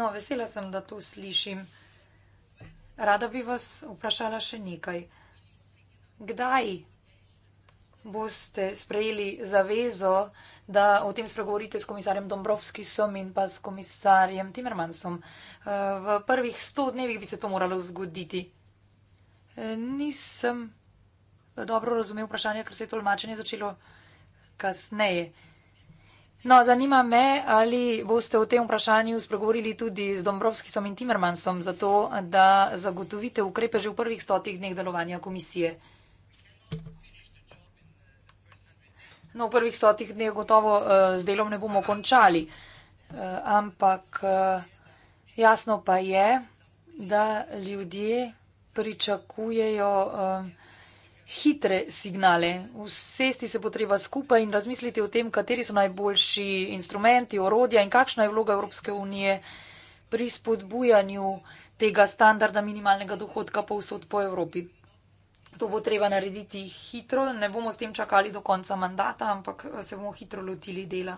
No, vesela sem, da to slišim. Rada bi vas vprašala še nekaj. Kdaj boste sprejeli zavezo, da o tem spregovorite s komisarjem Dombrovskisom in pa s komisarjem Timmermansom? V prvih sto dnevih bi se to moralo zgoditi. Nisem dobro razumel vprašanje, ker se je tolmačenje začelo kasneje. No, zanima me, ali boste o tem vprašanju spregovorili tudi z Dombrovskisom in Timmermansom, zato da zagotovite ukrepe že v prvih stotih dneh delovanja komisije. No, v prvih stotih dneh gotovo eh, z delom ne bomo končali, eh, ampak eh, jasno pa je, da ljudje pričakujejo hitre signale. Vsesti se bo treba skupaj in razmisliti o tem, kateri so najboljši instrumenti, orodja in kakšna je vloga Evropske unije pri spodbujanju tega standarda minimalnega dohodka povsod po Evropi. To bo treba narediti hitro, ne bomo s tem čakali do konca mandata, ampak eh, se bomo hitro lotili dela.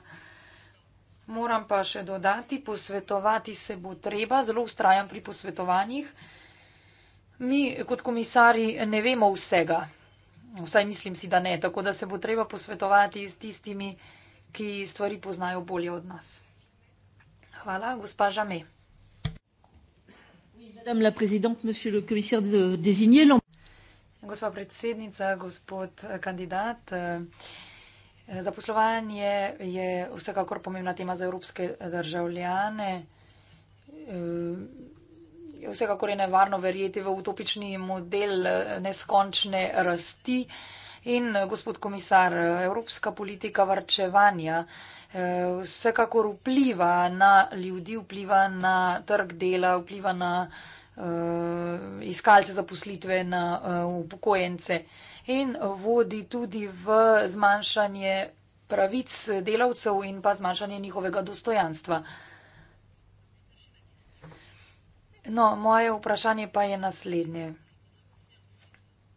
Moram pa še dodati, posvetovati se bo treba, zelo ustrajam pri posvetovanjih. Mi kot komisari ne vemo vsega, vsaj mislim si, da ne. Tako da se bo treba posvetovati s tistimi, ki stvari poznajo bolje od nas. Hvala, gospa Žame. Gospa predsednica, gospod eh, kandidat, eh, zaposlovanje je vsekakor pomembna tema za evropske državljane. Eh, vsekakor je nevarno verjeti v utopični model eh, neskončne rasti. In eh, gospod komisar, evropska politika varčevanja eh, vsekakor vpliva na ljudi, vpliva na trg dela, vpliva na uh, iskalce zaposlitve, na uh, upokojence in vodi tudi v zmanjšanje pravic delavcev in pa zmanjšanje njihovega dostojanstva. Uh, No, moje vprašanje pa je naslednje.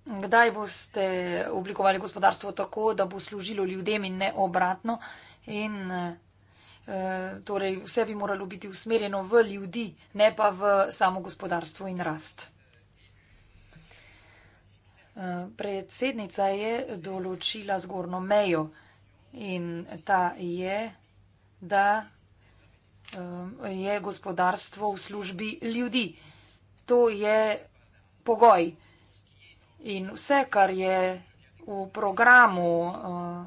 Kdaj boste oblikovali gospodarstvo tako, da bo služilo ljudem in ne obratno? In, eh, torej, vse bi moralo biti usmerjeno v ljudi, ne pa v samo gospodarstvo in rast. Eh, predsednica je določila zgorno mejo in ta je, da je gospodarstvo v službi ljudi. To je pogoj. In vse, kar je v programu, eh,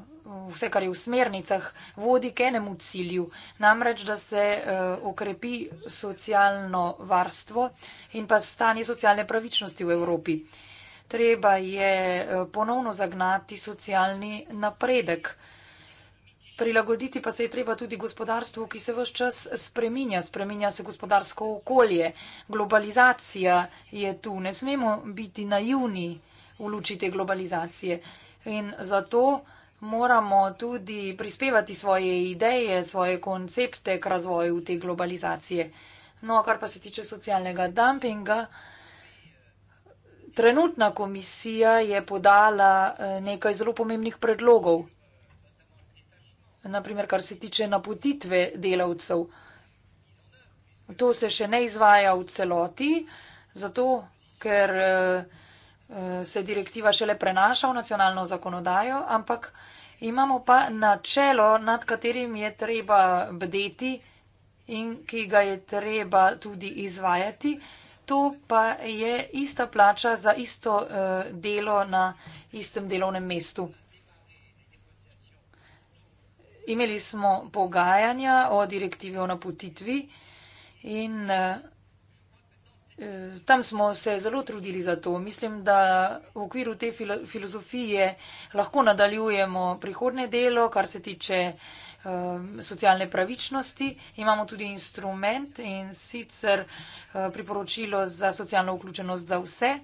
vse, kar je v smernicah, vodi k enemu cilju, namreč, da se ukrepi eh, socialno varstvo in pa stanje socialne pravičnosti v Evropi. Treba je eh, ponovno zagnati socialni napredek prilagoditi pa se je treba tudi gospodarstvu, ki se vse čas spreminja. Spreminja se gospodarsko okolje, globalizacija je tu. Ne smemo biti naivni v luči te globalizacije. In zato moramo tudi prispevati svoje ideje, svoje koncepte k razvoju te globalizacije. No, kar pa se tiče socialnega dumpinga, trenutna komisija je podala eh, nekaj zelo pomembnih predlogov naprimer, kar se tiče napotitve delavcev. To se še ne izvaja v celoti, zato ker eh, eh, se direktiva šele prenaša v nacionalno zakonodajo, ampak imamo pa načelo, nad katerim je treba bdeti in ki ga je treba tudi izvajati. To pa je ista plača za isto eh, delo na istem delovnem mestu imeli smo pogajanja o direktivi o napotitvi in eh, eh, tam smo se zelo trudili za to. Mislim, da v okviru te filozofije lahko nadaljujemo prihodne delo, kar se tiče eh, socialne pravičnosti. Imamo tudi instrument in sicer priporočilo za socialno vključenost za vse.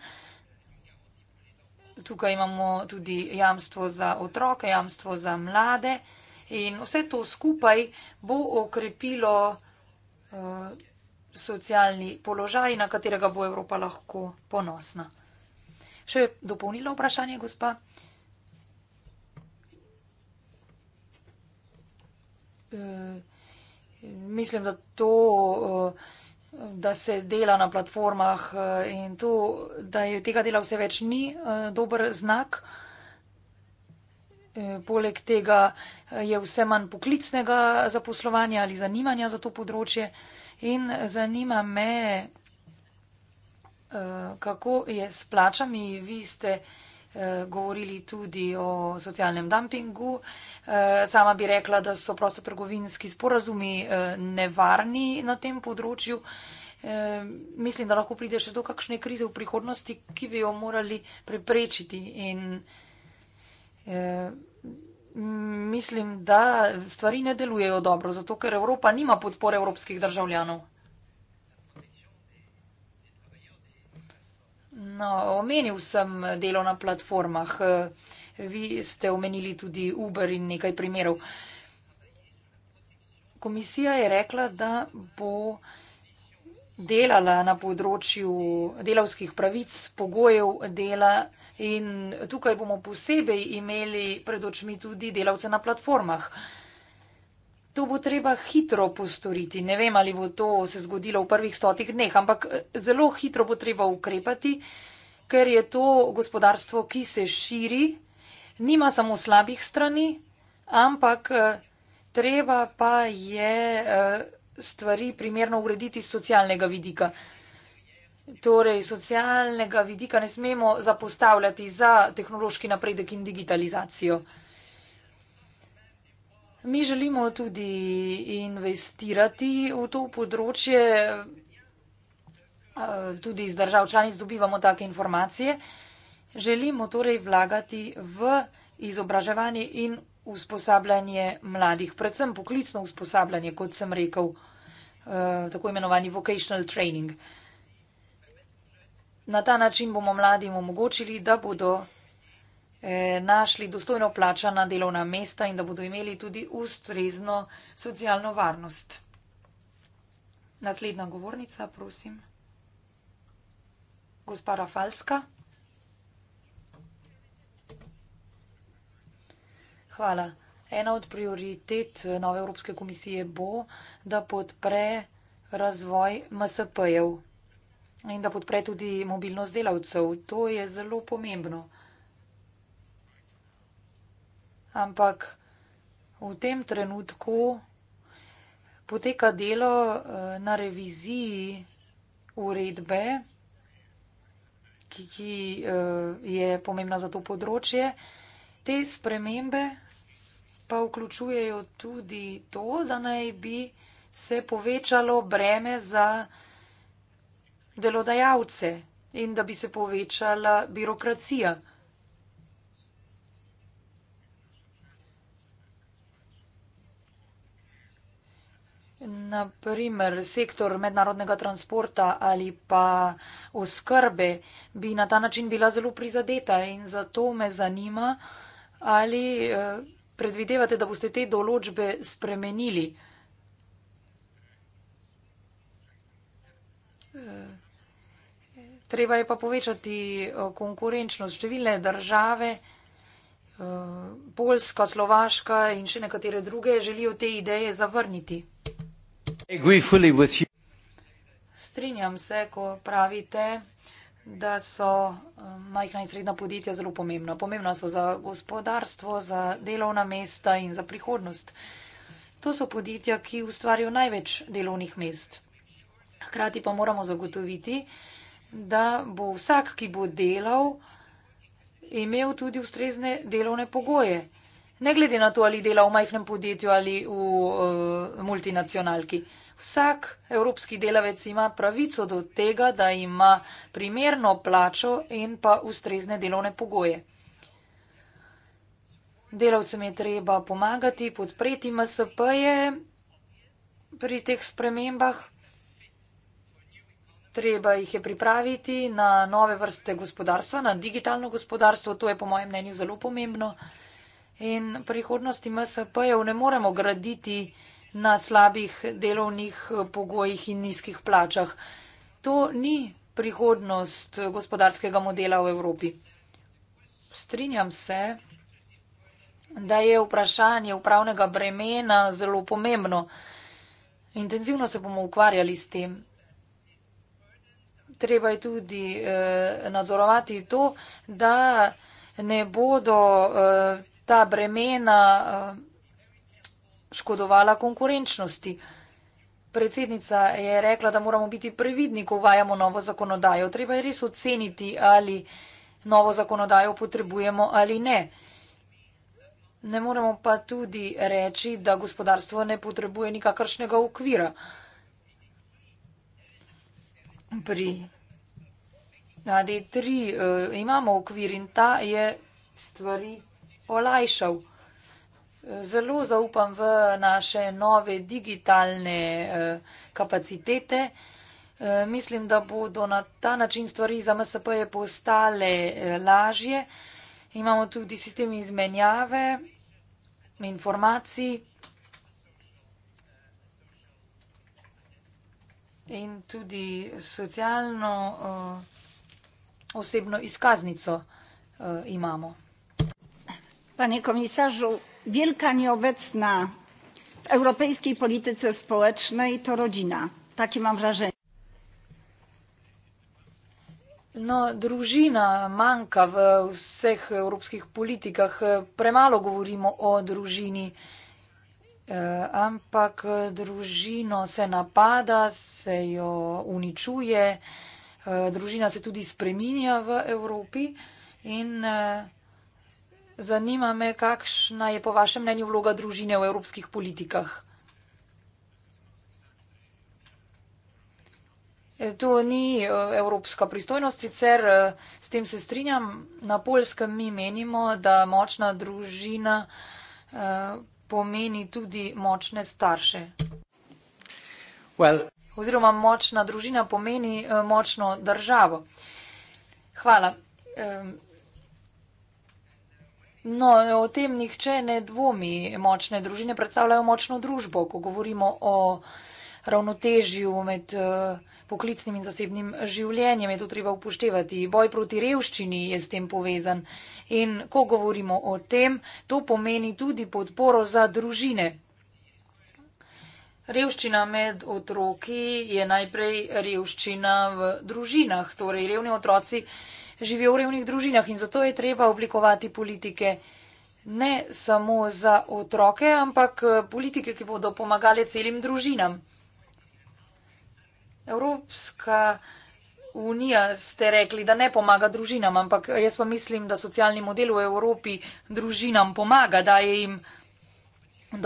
Tukaj imamo tudi jamstvo za otroke, jamstvo za mlade in In vse to skupaj bo okrepilo uh, socialni položaj, na katerega bo Evropa lahko ponosna. Še dopolnilo vprašanje, gospa. E, mislim, da to, eh, da se dela na platformah in to, da je tega dela vse več, ni dober znak. E, Eh, poleg tega eh, je vse manj poklicnega zaposlovanja ali zanimanja za to področje. In zanima me, eh, kako je s plačami. Vi ste govorili tudi o socialnem dumpingu. Sama bi rekla, da so prostotrgovinski sporazumi nevarni na tem področju. Mislim, da lahko pride še do kakšne krize v prihodnosti, ki bi jo morali preprečiti. In Eh, mislim, da stvari ne delujejo dobro, zato ker Evropa nima podpore evropskih državljanov. No, omenil sem delo na platformah. Eh, vi ste omenili tudi Uber in nekaj primerov. Komisija je rekla, da bo delala na področju delavskih pravic, pogojev dela In tukaj bomo posebej imeli pred očmi tudi delavce na platformah. To bo treba hitro postoriti. Ne vem, ali bo to se zgodilo v prvih stotih dneh, ampak eh, zelo hitro bo treba ukrepati, ker je to gospodarstvo, ki se širi, nima samo slabih strani, ampak eh, treba pa je eh, stvari primerno urediti z socialnega vidika torej socialnega vidika ne smemo zapostavljati za tehnološki napredek in digitalizacijo. Mi želimo tudi investirati v to področje, eh, tudi iz držav članic dobivamo take informacije. Želimo torej vlagati v izobraževanje in usposabljanje mladih, predvsem poklicno usposabljanje, kot sem rekel, eh, tako imenovani vocational training. Na ta način bomo mladim omogočili, da bodo eh, našli dostojno plačana delovna mesta in da bodo imeli tudi ustrezno socialno varnost. Naslednja govornica, prosim. Gospa Rafalska. Hvala. Ena od prioritet eh, Nove Evropske komisije bo, da podpre razvoj MSP-jev in da podpre tudi mobilnost delavcev. To je zelo pomembno. Ampak v tem trenutku poteka delo eh, na reviziji uredbe, ki, ki eh, je pomembna za to področje. Te spremembe pa vključujejo tudi to, da naj bi se povečalo breme za delodajalce in da bi se povečala birokracija. Naprimer, sektor mednarodnega transporta ali pa oskrbe bi na ta način bila zelo prizadeta in zato me zanima, ali eh, predvidevate, da boste te določbe spremenili. Eh, Treba je pa povečati eh, konkurenčnost. Številne države, eh, Poljska, Slovaška in še nekatere druge, želijo te ideje zavrniti. Strinjam se, ko pravite, da so eh, majhna in srednja podjetja zelo pomembna. Pomembna so za gospodarstvo, za delovna mesta in za prihodnost. To so podjetja, ki ustvarjajo največ delovnih mest. Hkrati pa moramo zagotoviti, da so da bo vsak, ki bo delal, imel tudi ustrezne delovne pogoje. Ne glede na to, ali dela v majhnem podjetju ali v uh, multinacionalki. Vsak evropski delavec ima pravico do tega, da ima primerno plačo in pa ustrezne delovne pogoje. Delavcem je treba pomagati, podpreti MSP-je pri teh spremembah treba jih je pripraviti na nove vrste gospodarstva, na digitalno gospodarstvo, to je po mojem mnenju zelo pomembno. In prihodnosti MSP-jev ne moremo graditi na slabih delovnih pogojih in nizkih plačah. To ni prihodnost gospodarskega modela v Evropi. Strinjam se, da je vprašanje upravnega bremena zelo pomembno. Intenzivno se bomo ukvarjali s tem treba je tudi eh, nadzorovati to, da ne bodo eh, ta bremena eh, škodovala konkurenčnosti. Predsednica je rekla, da moramo biti previdni, ko uvajamo novo zakonodajo. Treba je res oceniti, ali novo zakonodajo potrebujemo ali ne. Ne moremo pa tudi reči, da gospodarstvo ne potrebuje nikakršnega okvira pri nadi tri uh, imamo okvir in ta je stvari olajšal. Zelo zaupam v naše nove digitalne uh, kapacitete. Uh, mislim, da bodo na ta način stvari za MSP-je postale uh, lažje. Imamo tudi sistem izmenjave informacij. in tudi socialno uh, osebno izkaznico uh, imamo. Panie komisarzu, wielka nieobecna w europejskiej polityce społecznej to rodzina. Takie mam wrażenie. No, drużyna manka w wszystkich europejskich politykach. Premalo mało mówimy o drużynie. Eh, ampak eh, družino se napada, se jo uničuje, eh, družina se tudi spreminja v Evropi in zanima me, kakšna je po vašem mnenju vloga družine v evropskih politikah. To ni evropska pristojnost, sicer s tem se strinjam. Na polskem mi menimo, da močna družina pomeni tudi močne starše. Well, Oziroma močna družina pomeni eh, močno državo. Hvala. No, o tem nihče ne dvomi. Močne družine predstavljajo močno družbo, ko govorimo o ravnotežju med državami. Eh, poklicnim in zasebnim življenjem je to treba upoštevati. Boj proti revščini je s tem povezan. In ko govorimo o tem, to pomeni tudi podporo za družine. Revščina med otroki je najprej revščina v družinah, torej revni otroci živijo v revnih družinah in zato je treba oblikovati politike ne samo za otroke, ampak politike, ki bodo pomagale celim družinam. Evropska unija ste rekli, da ne pomaga družinam, ampak jaz pa mislim, da socialni model v Evropi družinam pomaga, daje jim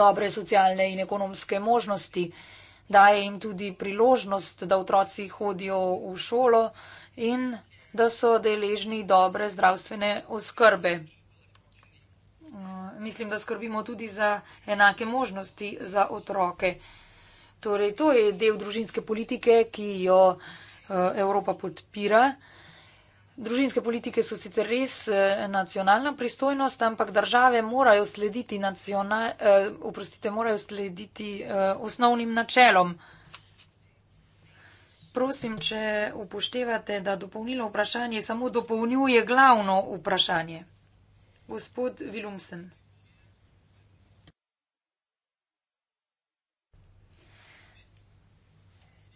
dobre socialne in ekonomske možnosti, daje jim tudi priložnost, da otroci hodijo v šolo in da so deležni dobre zdravstvene oskrbe. Mislim, da skrbimo tudi za enake možnosti za otroke. Torej, to je del družinske politike, ki jo eh, Evropa podpira. Družinske politike so sicer res eh, nacionalna pristojnost, ampak države morajo slediti, nacional, uprostite, eh, morajo slediti osnovnim načelom. Prosim, če upoštevate, da dopolnilo vprašanje samo dopolnjuje glavno vprašanje. Gospod Vilumsen.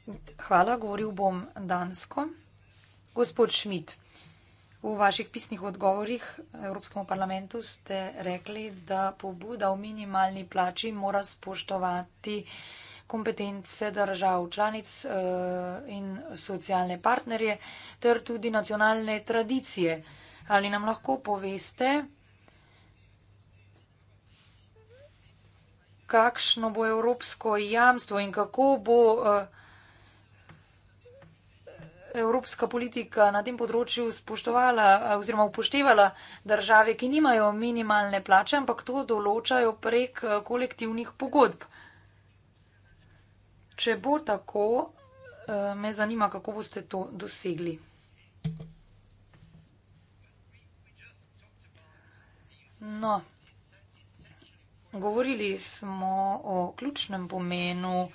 Hvala, govoril bom dansko. Gospod Šmit, v vaših pisnih odgovorih Evropskemu parlamentu ste rekli, da pobuda o minimalni plači mora spoštovati kompetence držav članic eh, in socialne partnerje ter tudi nacionalne tradicije. Ali nam lahko poveste, kakšno bo evropsko jamstvo in kako bo vsega, eh, evropska politika na tem področju spoštovala eh, oziroma upoštevala države, ki nimajo minimalne plače, ampak to določajo prek eh, kolektivnih pogodb. Če bo tako, eh, me zanima, kako boste to dosegli. No, govorili smo o ključnem pomenu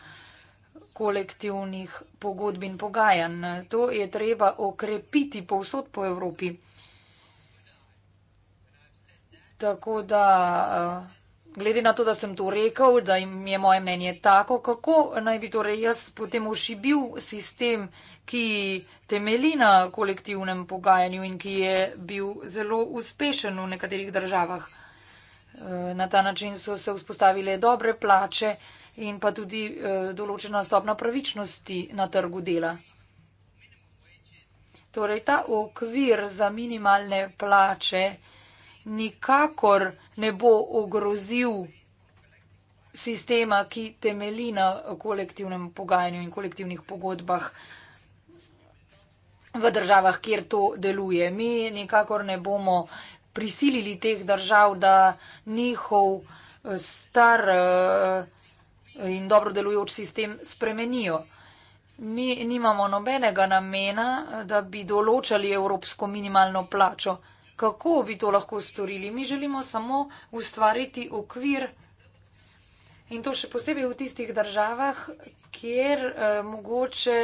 kolektivnih pogodb in pogajanj. To je treba okrepiti povsod po Evropi. Tako da, eh, glede na to, da sem to rekel, da je moje mnenje tako, kako naj bi torej jaz potem ošibil sistem, ki temeli na kolektivnem pogajanju in ki je bil zelo uspešen v nekaterih državah. Eh, na ta način so se vzpostavile dobre plače, in pa tudi eh, določena stopna pravičnosti na trgu dela. Torej, ta okvir za minimalne plače nikakor ne bo ogrozil sistema, ki temeli na kolektivnem pogajanju in kolektivnih pogodbah v državah, kjer to deluje. Mi nikakor ne bomo prisilili teh držav, da njihov eh, star uh, in dobro delujoč sistem spremenijo. Mi nimamo nobenega namena, da bi določali evropsko minimalno plačo. Kako bi to lahko storili? Mi želimo samo ustvariti okvir in to še posebej v tistih državah, kjer eh, mogoče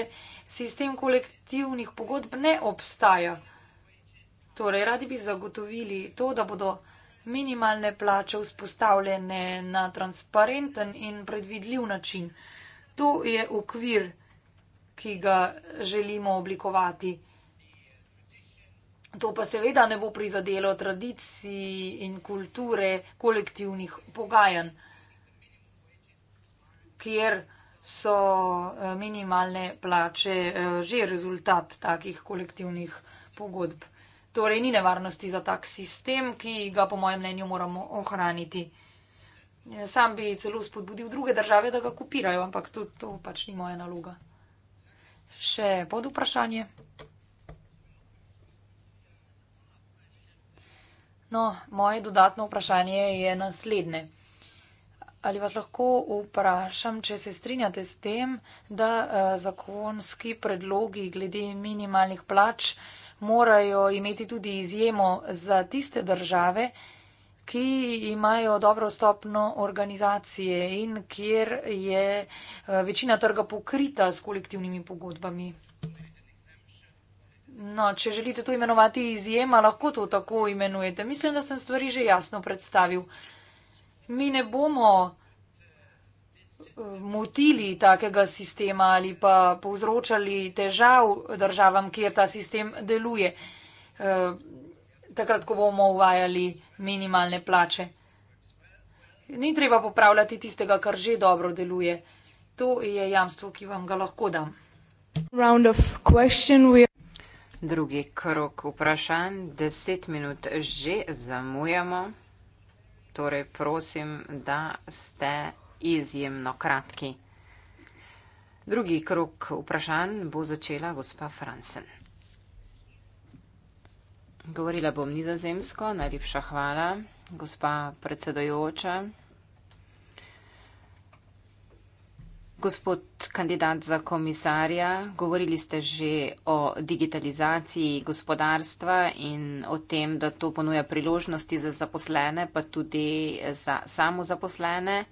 sistem kolektivnih pogodb ne obstaja. Torej, radi bi zagotovili to, da bodo minimalne plače vzpostavljene na transparenten in predvidljiv način. To je okvir, ki ga želimo oblikovati. To pa seveda ne bo prizadelo tradiciji in kulture kolektivnih pogajanj, kjer so eh, minimalne plače eh, že rezultat takih kolektivnih pogodb. Torej, ni nevarnosti za tak sistem, ki ga, po mojem mnenju, moramo ohraniti. Sam bi celo spodbudil druge države, da ga kopirajo, ampak to, to pač ni moja naloga. Še pod vprašanje. No, moje dodatno vprašanje je naslednje. Ali vas lahko vprašam, če se strinjate s tem, da uh, zakonski predlogi glede minimalnih plač uh, morajo imeti tudi izjemo za tiste države, ki imajo dobro stopno organizacije in kjer je eh, večina trga pokrita s kolektivnimi pogodbami. No, če želite to imenovati izjema, lahko to tako imenujete. Mislim, da sem stvari že jasno predstavil. Mi ne bomo motili takega sistema ali pa povzročali težav državam, kjer ta sistem deluje, eh, takrat, ko bomo uvajali minimalne plače. Ni treba popravljati tistega, kar že dobro deluje. To je jamstvo, ki vam ga lahko dam. Drugi krok vprašanj. Deset minut že zamujamo. Torej, prosim, da ste izjemno kratki. Drugi krok vprašanj bo začela gospa Fransen. Govorila bom nizozemsko, najlepša hvala, gospa predsedojoča. Gospod kandidat za komisarja, govorili ste že o digitalizaciji gospodarstva in o tem, da to ponuja priložnosti za zaposlene, pa tudi za samozaposlene.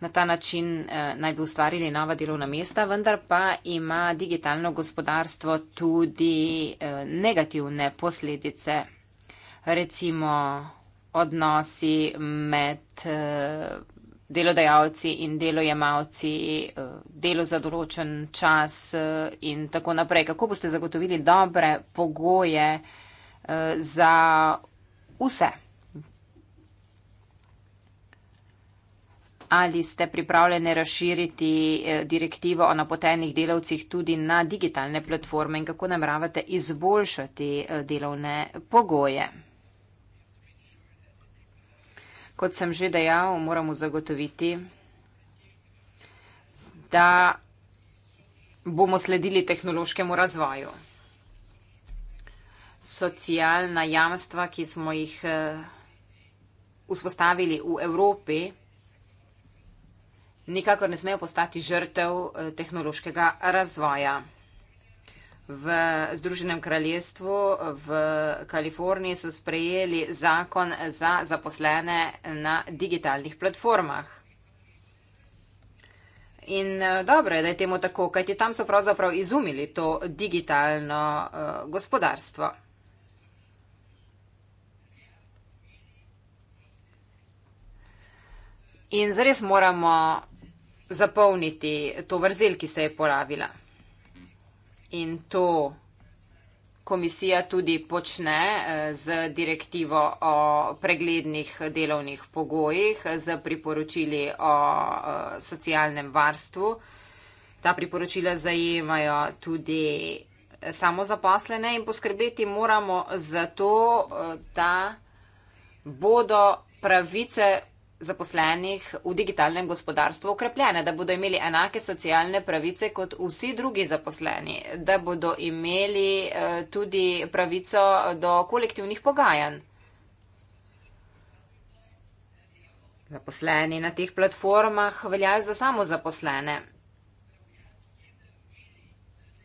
Na ta način eh, naj bi ustvarili nova delovna mesta, vendar pa ima digitalno gospodarstvo tudi eh, negativne posledice. Recimo odnosi med eh, delodajalci in delojemalci, eh, delo za določen čas eh, in tako naprej. Kako boste zagotovili dobre pogoje eh, za vse? ali ste pripravljeni razširiti eh, direktivo o napotenih delavcih tudi na digitalne platforme in kako nameravate izboljšati eh, delovne pogoje. Kot sem že dejal, moramo zagotoviti, da bomo sledili tehnološkemu razvoju. Socialna jamstva, ki smo jih eh, vzpostavili v Evropi, nikakor ne smejo postati žrtev eh, tehnološkega razvoja. V Združenem kraljestvu v Kaliforniji so sprejeli zakon za zaposlene na digitalnih platformah. In eh, dobro je, da je temu tako, kajti tam so pravzaprav izumili to digitalno eh, gospodarstvo. In zares moramo zapolniti to vrzel, ki se je porabila. In to komisija tudi počne eh, z direktivo o preglednih delovnih pogojih, z priporočili o eh, socialnem varstvu. Ta priporočila zajemajo tudi eh, samozaposlene in poskrbeti moramo za to, da bodo pravice zaposlenih v digitalnem gospodarstvu okrepljene, da bodo imeli enake socialne pravice kot vsi drugi zaposleni, da bodo imeli eh, tudi pravico do kolektivnih pogajanj. Zaposleni na teh platformah veljajo za samo zaposlene.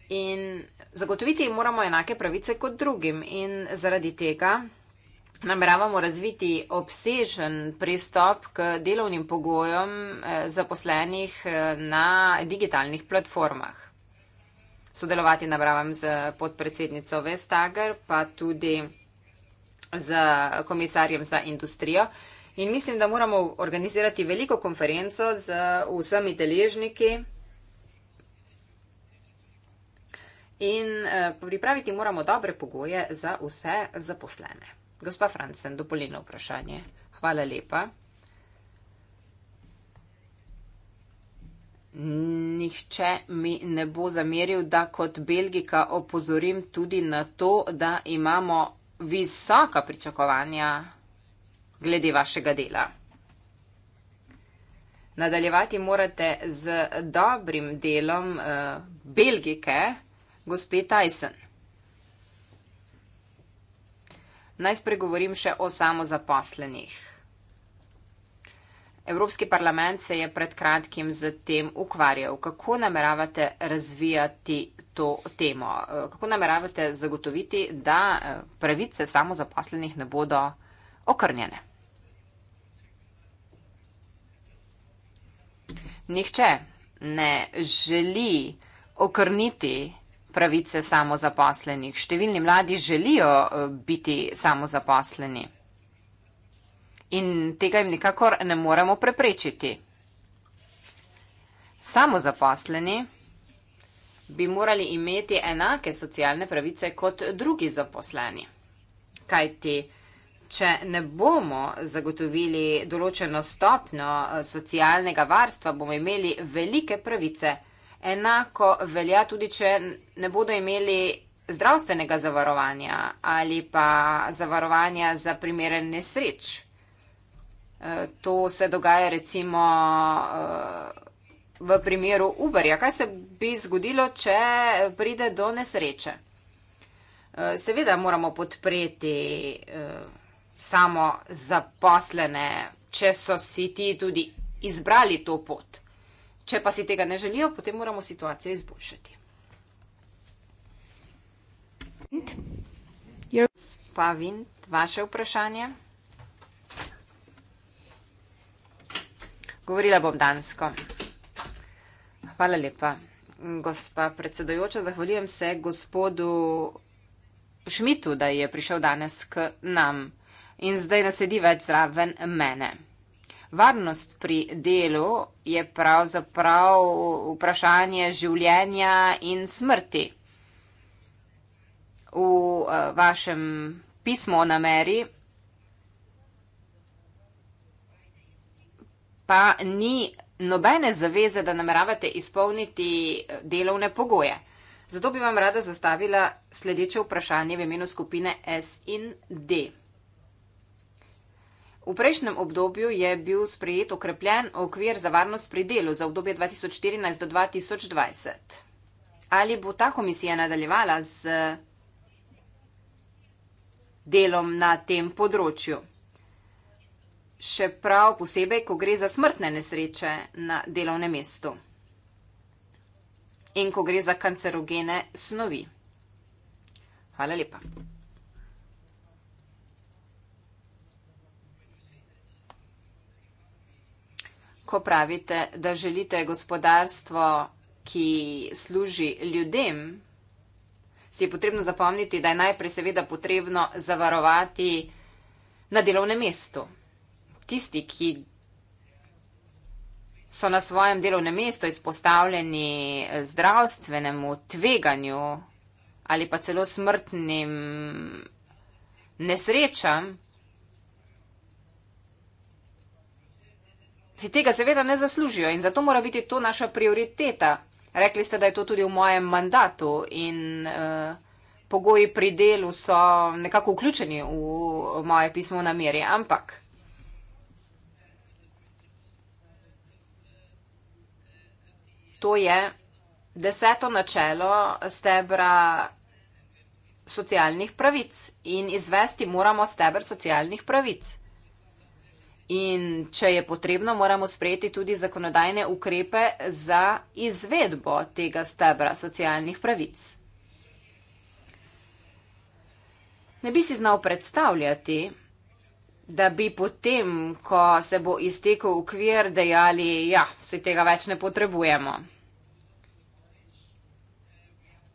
In zagotoviti moramo enake pravice kot drugim. In zaradi tega. Nameravamo razviti obsežen pristop k delovnim pogojem eh, zaposlenih eh, na digitalnih platformah. Sodelovati nameravam z podpredsednico Vestager, pa tudi z komisarjem za industrijo. In mislim, da moramo organizirati veliko konferenco z vsemi deležniki. In eh, pripraviti moramo dobre pogoje za vse zaposlene. Gospa Francen, dopoljeno vprašanje. Hvala lepa. Nihče mi ne bo zameril, da kot Belgika opozorim tudi na to, da imamo visoka pričakovanja glede vašega dela. Nadaljevati morate z dobrim delom uh, Belgike, gospe Tyson. Naj spregovorim še o samozaposlenih. Evropski parlament se je pred kratkim z tem ukvarjal. Kako nameravate razvijati to temo? Eh, kako nameravate zagotoviti, da eh, pravice samozaposlenih ne bodo okrnjene? Nihče ne želi okrniti pravice samozaposlenih. Številni mladi želijo eh, biti samozaposleni in tega jim nikakor ne moremo preprečiti. Samozaposleni bi morali imeti enake socialne pravice kot drugi zaposleni. Kaj ti, če ne bomo zagotovili določeno stopno eh, socialnega varstva, bomo imeli velike pravice. Enako velja tudi, če ne bodo imeli zdravstvenega zavarovanja ali pa zavarovanja za primeren nesreč. E, to se dogaja recimo e, v primeru Uberja. Kaj se bi zgodilo, če pride do nesreče? E, seveda moramo podpreti samo zaposlene, če so si ti tudi izbrali to pot. Če pa si tega ne želijo, potem moramo situacijo izboljšati. Pa Vint, vaše vprašanje? Govorila bom dansko. Hvala lepa, gospa predsedojoča. Zahvaljujem se gospodu Šmitu, da je prišel danes k nam. In zdaj nasedi več zraven mene. Varnost pri delu je pravzaprav vprašanje življenja in smrti. V eh, vašem pismu o nameri pa ni nobene zaveze, da nameravate izpolniti eh, delovne pogoje. Zato bi vam rada zastavila sledeče vprašanje v imenu skupine S in D. V prejšnjem obdobju je bil sprejet okrepljen okvir za varnost pri delu za obdobje 2014 do 2020. Ali bo ta komisija nadaljevala z delom na tem področju? Še prav posebej, ko gre za smrtne nesreče na delovnem mestu in ko gre za kancerogene snovi. Hvala lepa. ko pravite, da želite gospodarstvo, ki služi ljudem, si je potrebno zapomniti, da je najprej seveda potrebno zavarovati na delovnem mestu. Tisti, ki so na svojem delovnem mestu izpostavljeni zdravstvenemu tveganju ali pa celo smrtnim nesrečam, Si tega seveda ne zaslužijo in zato mora biti to naša prioriteta. Rekli ste, da je to tudi v mojem mandatu in uh, pogoji pri delu so nekako vključeni v moje pismo o nameri, ampak. To je deseto načelo stebra socialnih pravic in izvesti moramo stebr socialnih pravic. In če je potrebno, moramo sprejeti tudi zakonodajne ukrepe za izvedbo tega stebra socialnih pravic. Ne bi si znal predstavljati, da bi potem, ko se bo iztekel ukvir, dejali, ja, vse tega več ne potrebujemo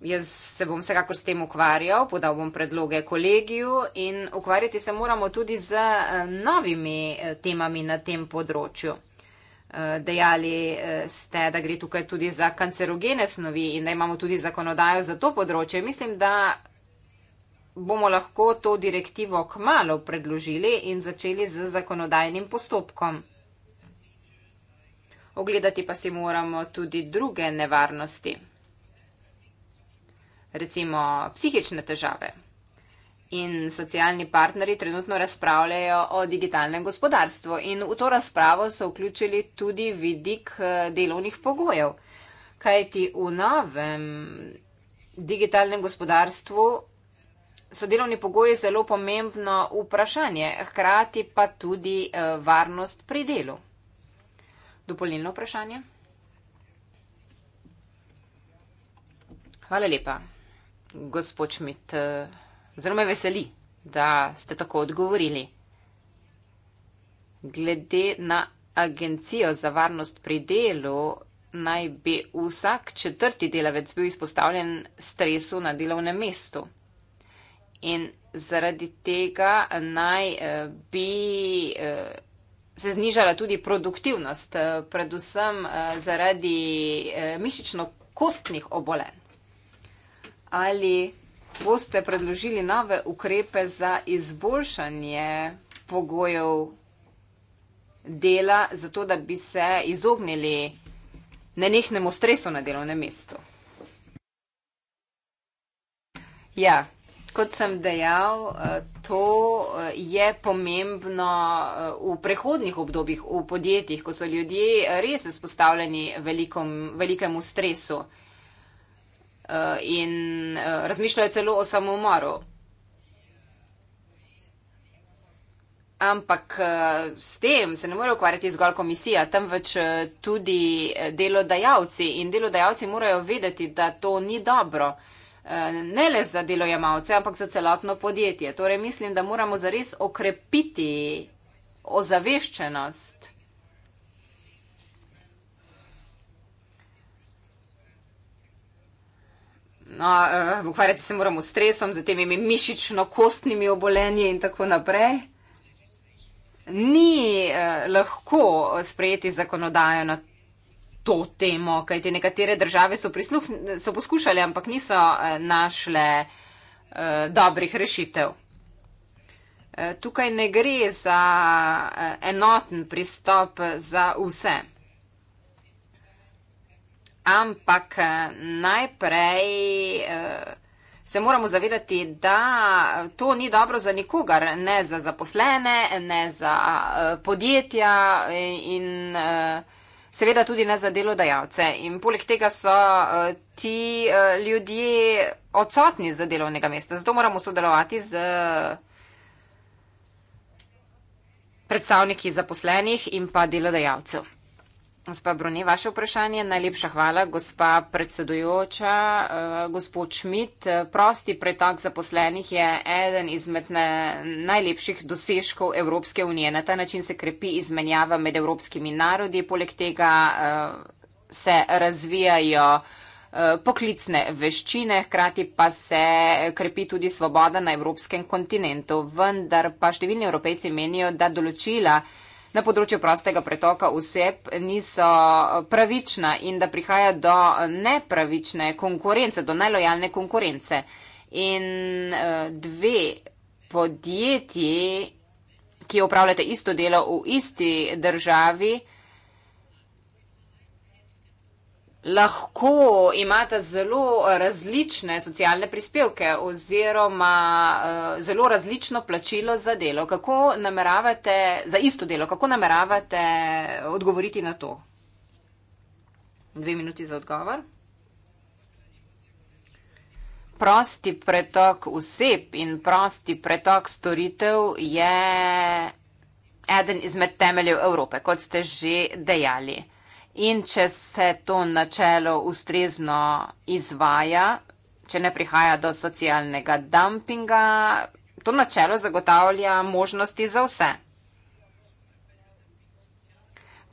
jaz se bom vsekakor s tem ukvarjal, podal bom predloge kolegiju in ukvarjati se moramo tudi z eh, novimi eh, temami na tem področju. Eh, dejali ste, da gre tukaj tudi za kancerogene snovi in da imamo tudi zakonodajo za to področje. Mislim, da bomo lahko to direktivo kmalo predložili in začeli z zakonodajnim postopkom. Ogledati pa si moramo tudi druge nevarnosti recimo psihične težave. In socialni partnerji trenutno razpravljajo o digitalnem gospodarstvu in v to razpravo so vključili tudi vidik eh, delovnih pogojev. Kaj ti v novem digitalnem gospodarstvu so delovni pogoji zelo pomembno vprašanje, hkrati pa tudi eh, varnost pri delu. Dopolnilno vprašanje? Hvala lepa gospod Šmit, eh, zelo me veseli, da ste tako odgovorili. Glede na agencijo za varnost pri delu, naj bi vsak četrti delavec bil izpostavljen stresu na delovnem mestu. In zaradi tega naj eh, bi eh, se znižala tudi produktivnost, predvsem zaradi mišično-kostnih obolenj ali boste predložili nove ukrepe za izboljšanje pogojev dela, zato da bi se izognili nenehnemu stresu na delovnem mestu. Ja, kot sem dejal, eh, to eh, je pomembno eh, v prehodnih obdobjih v podjetjih, ko so ljudje res izpostavljeni velikemu stresu. Eh, in eh, razmišljajo celo o samomoru. Ampak eh, s tem se ne more ukvarjati zgolj komisija, temveč tudi delodajalci. In delodajalci morajo vedeti, da to ni dobro, ne le za delojemalce, ampak za celotno podjetje. Torej mislim, da moramo zares okrepiti ozaveščenost. no, uh, ukvarjati se moramo s stresom, z temi mišično-kostnimi obolenji in tako naprej. Ni uh, lahko sprejeti zakonodajo na to temo, kajti nekatere države so, prisluh, so poskušali, ampak niso uh, našle uh, dobrih rešitev. Tukaj ne gre za enoten pristop za vse. Ampak eh, najprej eh, se moramo zavedati, da to ni dobro za nikogar, ne za zaposlene, ne za eh, podjetja eh, in eh, seveda tudi ne za delodajalce. In poleg tega so eh, ti eh, ljudje odsotni z delovnega mesta, zato moramo sodelovati z. predstavniki zaposlenih in pa delodajalcev. Gospa Bruni, vaše vprašanje. Najlepša hvala, gospa predsedujoča, eh, gospod Šmit. Prosti pretok zaposlenih je eden izmed najlepših dosežkov Evropske unije. Na ta način se krepi izmenjava med evropskimi narodi, poleg tega eh, se razvijajo eh, poklicne veščine, hkrati pa se krepi tudi svoboda na evropskem kontinentu. Vendar pa številni evropejci menijo, da določila na področju prostega pretoka vseb niso pravična in da prihaja do nepravične konkurence, do najlojalne konkurence. In eh, dve podjetji, ki upravljate isto delo v isti državi, lahko imata zelo eh, različne socialne prispevke oziroma eh, zelo različno plačilo za delo. Kako nameravate, za isto delo, kako nameravate odgovoriti na to? Dve minuti za odgovor. Prosti pretok vseb in prosti pretok storitev je eden izmed temeljev Evrope, kot ste že dejali. In če se to načelo ustrezno izvaja, če ne prihaja do socialnega dumpinga, to načelo zagotavlja možnosti za vse.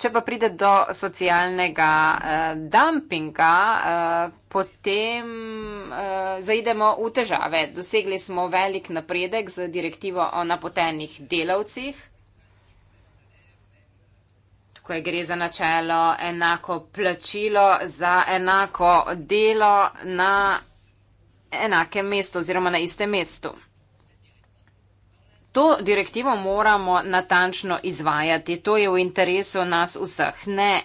Če pa pride do socialnega uh, dumpinga, uh, potem uh, zaidemo v težave. Dosegli smo velik napredek z direktivo o napotenih delavcih, ko gre za načelo enako plačilo za enako delo na enakem mestu oziroma na istem mestu. To direktivo moramo natančno izvajati, to je v interesu nas vseh, ne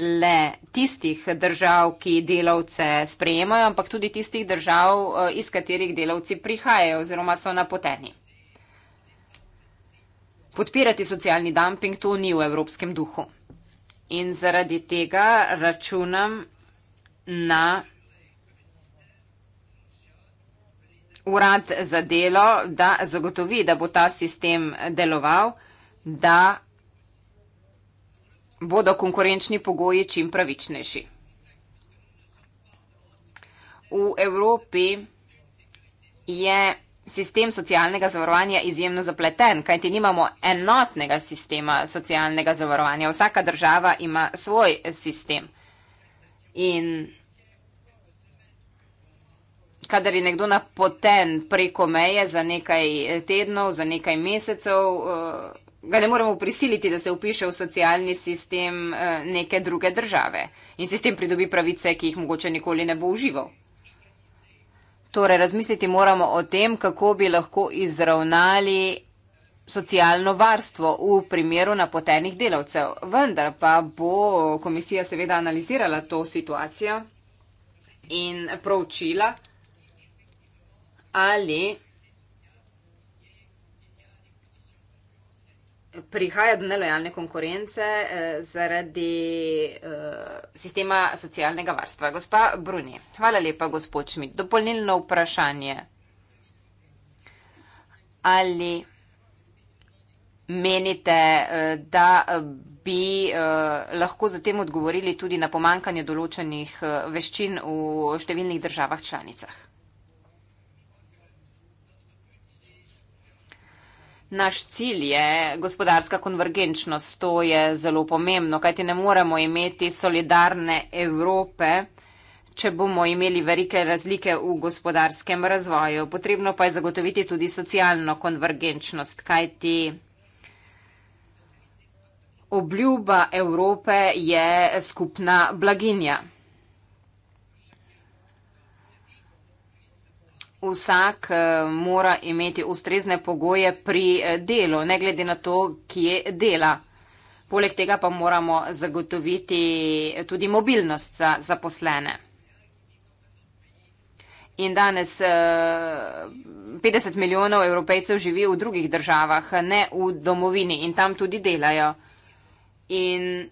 le tistih držav, ki delavce sprejemajo, ampak tudi tistih držav, eh, iz katerih delavci prihajajo oziroma so napoteni. Podpirati socialni dumping to ni v evropskem duhu in zaradi tega računam na urad za delo, da zagotovi, da bo ta sistem deloval, da bodo konkurenčni pogoji čim pravičnejši. V Evropi je vsega, sistem socialnega zavarovanja izjemno zapleten, kajti nimamo enotnega sistema socialnega zavarovanja. Vsaka država ima svoj sistem. In kadar je nekdo napoten preko meje za nekaj tednov, za nekaj mesecev, eh, ga ne moremo prisiliti, da se upiše v socialni sistem eh, neke druge države. In sistem pridobi pravice, ki jih mogoče nikoli ne bo užival. Torej, razmisliti moramo o tem, kako bi lahko izravnali socialno varstvo v primeru napotenih delavcev. Vendar pa bo komisija seveda analizirala to situacijo in proučila, ali prihaja do nelojalne konkurence eh, zaradi eh, sistema socialnega varstva. Gospa Bruni, hvala lepa, gospod Šmit. Dopolnilno vprašanje. Ali menite, eh, da eh, bi eh, lahko zatem odgovorili tudi na pomankanje določenih eh, veščin v številnih državah članicah? Naš cilj je gospodarska konvergenčnost, to je zelo pomembno, kajti ne moremo imeti solidarne Evrope, če bomo imeli velike razlike v gospodarskem razvoju. Potrebno pa je zagotoviti tudi socialno konvergenčnost, kajti obljuba Evrope je skupna blaginja. vsak uh, mora imeti ustrezne pogoje pri eh, delu, ne glede na to, kje dela. Poleg tega pa moramo zagotoviti tudi mobilnost za zaposlene. In danes 50 eh, milijonov evropejcev živi v drugih državah, ne v domovini in tam tudi delajo. In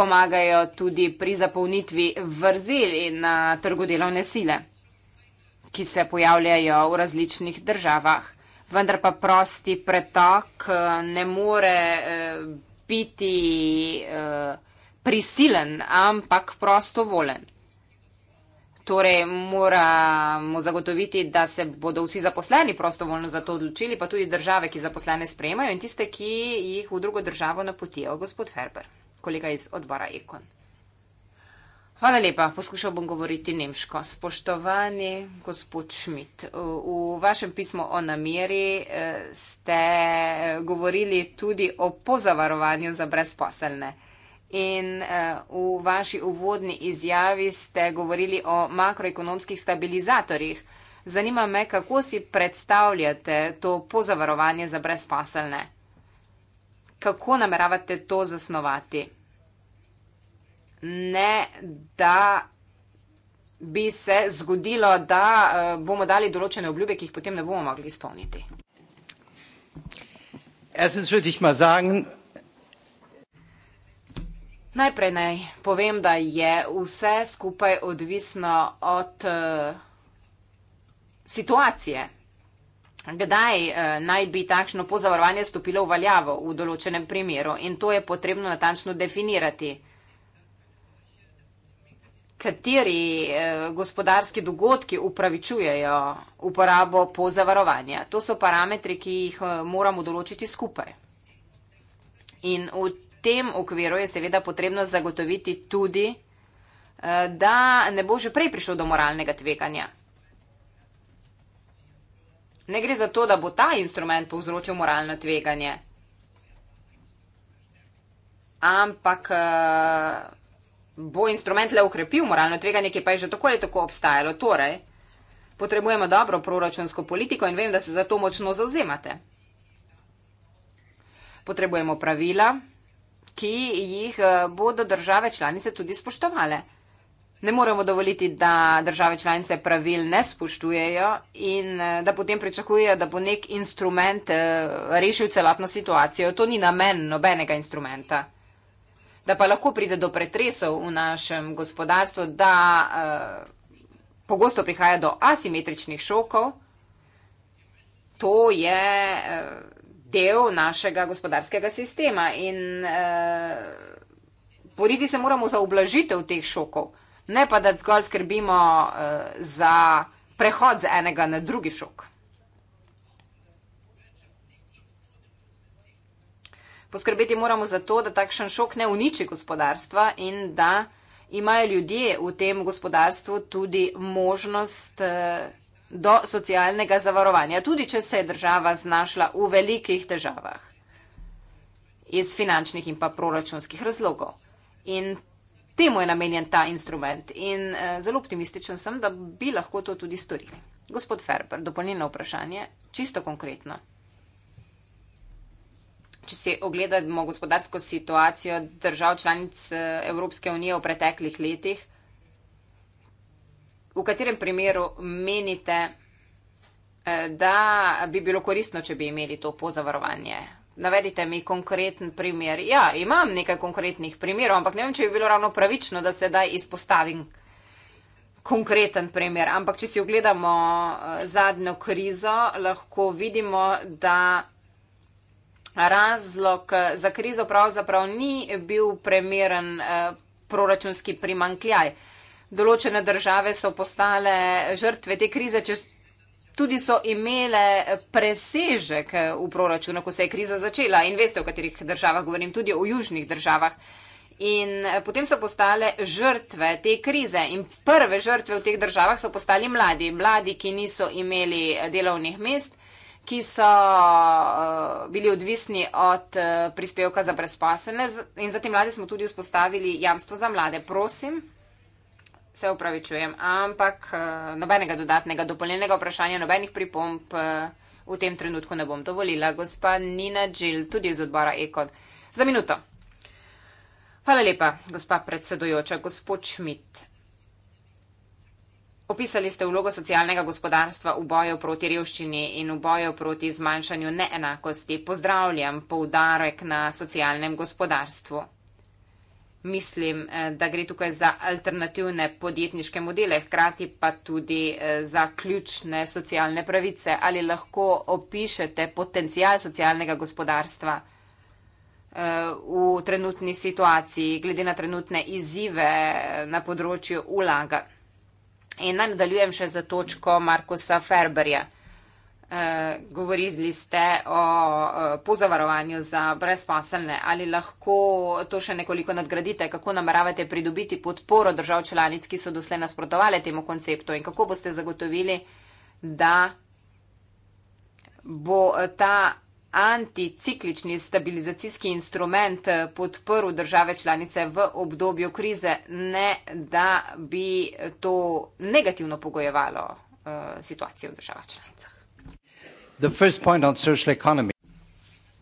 pomagajo tudi pri zapolnitvi vrzel in trgodelovne sile, ki se pojavljajo v različnih državah. Vendar pa prosti pretok eh, ne more eh, biti eh, prisilen, ampak prostovolen. Torej, moramo zagotoviti, da se bodo vsi zaposleni prostovoljno za to odločili, pa tudi države, ki zaposlene sprejemajo in tiste, ki jih v drugo državo napotijo, gospod Ferber kolega iz odbora Ekon. Hvala lepa. Poskušal bom govoriti nemško. Spoštovani gospod Šmit, v vašem pismu o nameri eh, ste govorili tudi o pozavarovanju za brezposelne. In eh, v vaši uvodni izjavi ste govorili o makroekonomskih stabilizatorjih. Zanima me, kako si predstavljate to pozavarovanje za brezposelne kako nameravate to zasnovati? Ne, da bi se zgodilo, da uh, bomo dali določene obljube, ki jih potem ne bomo mogli izpolniti. Najprej naj povem, da je vse skupaj odvisno od uh, situacije, kdaj eh, naj bi takšno pozavarovanje stopilo v valjavo v določenem primeru in to je potrebno natančno definirati. Kateri eh, gospodarski dogodki upravičujejo uporabo pozavarovanja? To so parametri, ki jih eh, moramo določiti skupaj. In v tem okviru je seveda potrebno zagotoviti tudi, da ne bo že prej prišlo do moralnega tveganja. Ne gre za to, da bo ta instrument povzročil moralno tveganje. Ampak eh, bo instrument le ukrepil moralno tveganje, ki pa je že tako ali tako obstajalo. Torej, potrebujemo dobro proračunsko politiko in vem, da se za to močno zauzemate. Potrebujemo pravila, ki jih eh, bodo države članice tudi spoštovale ne moremo dovoliti, da države članice pravil ne spoštujejo in eh, da potem pričakujejo, da bo nek instrument eh, rešil celotno situacijo. To ni namen nobenega instrumenta. Da pa lahko pride do pretresov v našem gospodarstvu, da eh, pogosto prihaja do asimetričnih šokov, to je del našega gospodarskega sistema in eh, boriti se moramo za oblažitev teh šokov. Eh, ne pa da zgolj skrbimo uh, za prehod z enega na drugi šok. Poskrbeti moramo za to, da takšen šok ne uniči gospodarstva in da imajo ljudje v tem gospodarstvu tudi možnost eh, do socialnega zavarovanja, tudi če se je država znašla v velikih težavah iz finančnih in pa proračunskih razlogov. In temu je namenjen ta instrument in eh, zelo optimističen sem, da bi lahko to tudi storili. Gospod Ferber, dopolnilno vprašanje, čisto konkretno. Če si ogledamo gospodarsko situacijo držav članic eh, Evropske unije v preteklih letih, v katerem primeru menite, eh, da bi bilo koristno, če bi imeli to pozavarovanje Navedite mi konkreten primer. Ja, imam nekaj konkretnih primerov, ampak ne vem, če bi bilo ravno pravično, da sedaj izpostavim konkreten primer. Ampak, če si ogledamo eh, zadnjo krizo, lahko vidimo, da razlog eh, za krizo pravzaprav ni bil primeren eh, proračunski primankljaj. Določene države so postale žrtve te krize, če tudi so imele presežek v proračunu, ko se je kriza začela. In veste, o katerih državah govorim, tudi o južnih državah. In eh, potem so postale žrtve te krize in prve žrtve v teh državah so postali mladi. Mladi, ki niso imeli eh, delovnih mest, ki so eh, bili odvisni od prispevka za brezposelne. In za te mlade smo tudi vzpostavili jamstvo za mlade. Prosim, se upravičujem, ampak eh, nobenega dodatnega dopolnilnega vprašanja, nobenih pripomp eh, v tem trenutku ne bom dovolila. Gospa Nina Džil, tudi iz odbora Ekon. Za minuto. Hvala lepa, gospa predsedujoča, gospod Šmit. Opisali ste vlogo socialnega gospodarstva v boju proti revščini in v boju proti zmanjšanju neenakosti. Pozdravljam poudarek na socialnem gospodarstvu mislim, eh, da gre tukaj za alternativne podjetniške modele, hkrati pa tudi eh, za ključne socialne pravice. Ali lahko opišete potencial socialnega gospodarstva eh, v trenutni situaciji, glede na trenutne izzive na področju ulaga? In naj nadaljujem še za točko Markusa Ferberja. Eh, govorili ste o eh, pozavarovanju za brezposelne. Ali lahko to še nekoliko nadgradite? Kako nameravate pridobiti podporo držav članic, ki so doslej nasprotovali temu konceptu in kako boste zagotovili, da bo ta anticiklični stabilizacijski instrument eh, podprl države članice v obdobju krize, ne da bi to negativno pogojevalo situacijo v državah članicah.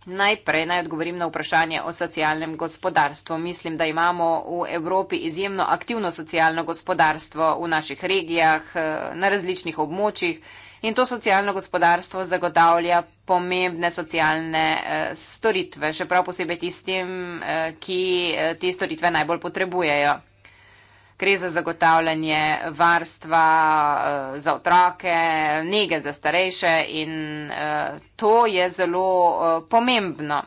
Najprej naj odgovorim na vprašanje o socialnem gospodarstvu. Mislim, da imamo v Evropi izjemno aktivno socialno gospodarstvo v naših regijah, na različnih območjih in to socialno gospodarstvo zagotavlja pomembne socialne eh, storitve, še prav posebej tistim, eh, ki eh, te storitve najbolj potrebujejo gre za zagotavljanje varstva uh, za otroke, nege za starejše in uh, to je zelo uh, pomembno.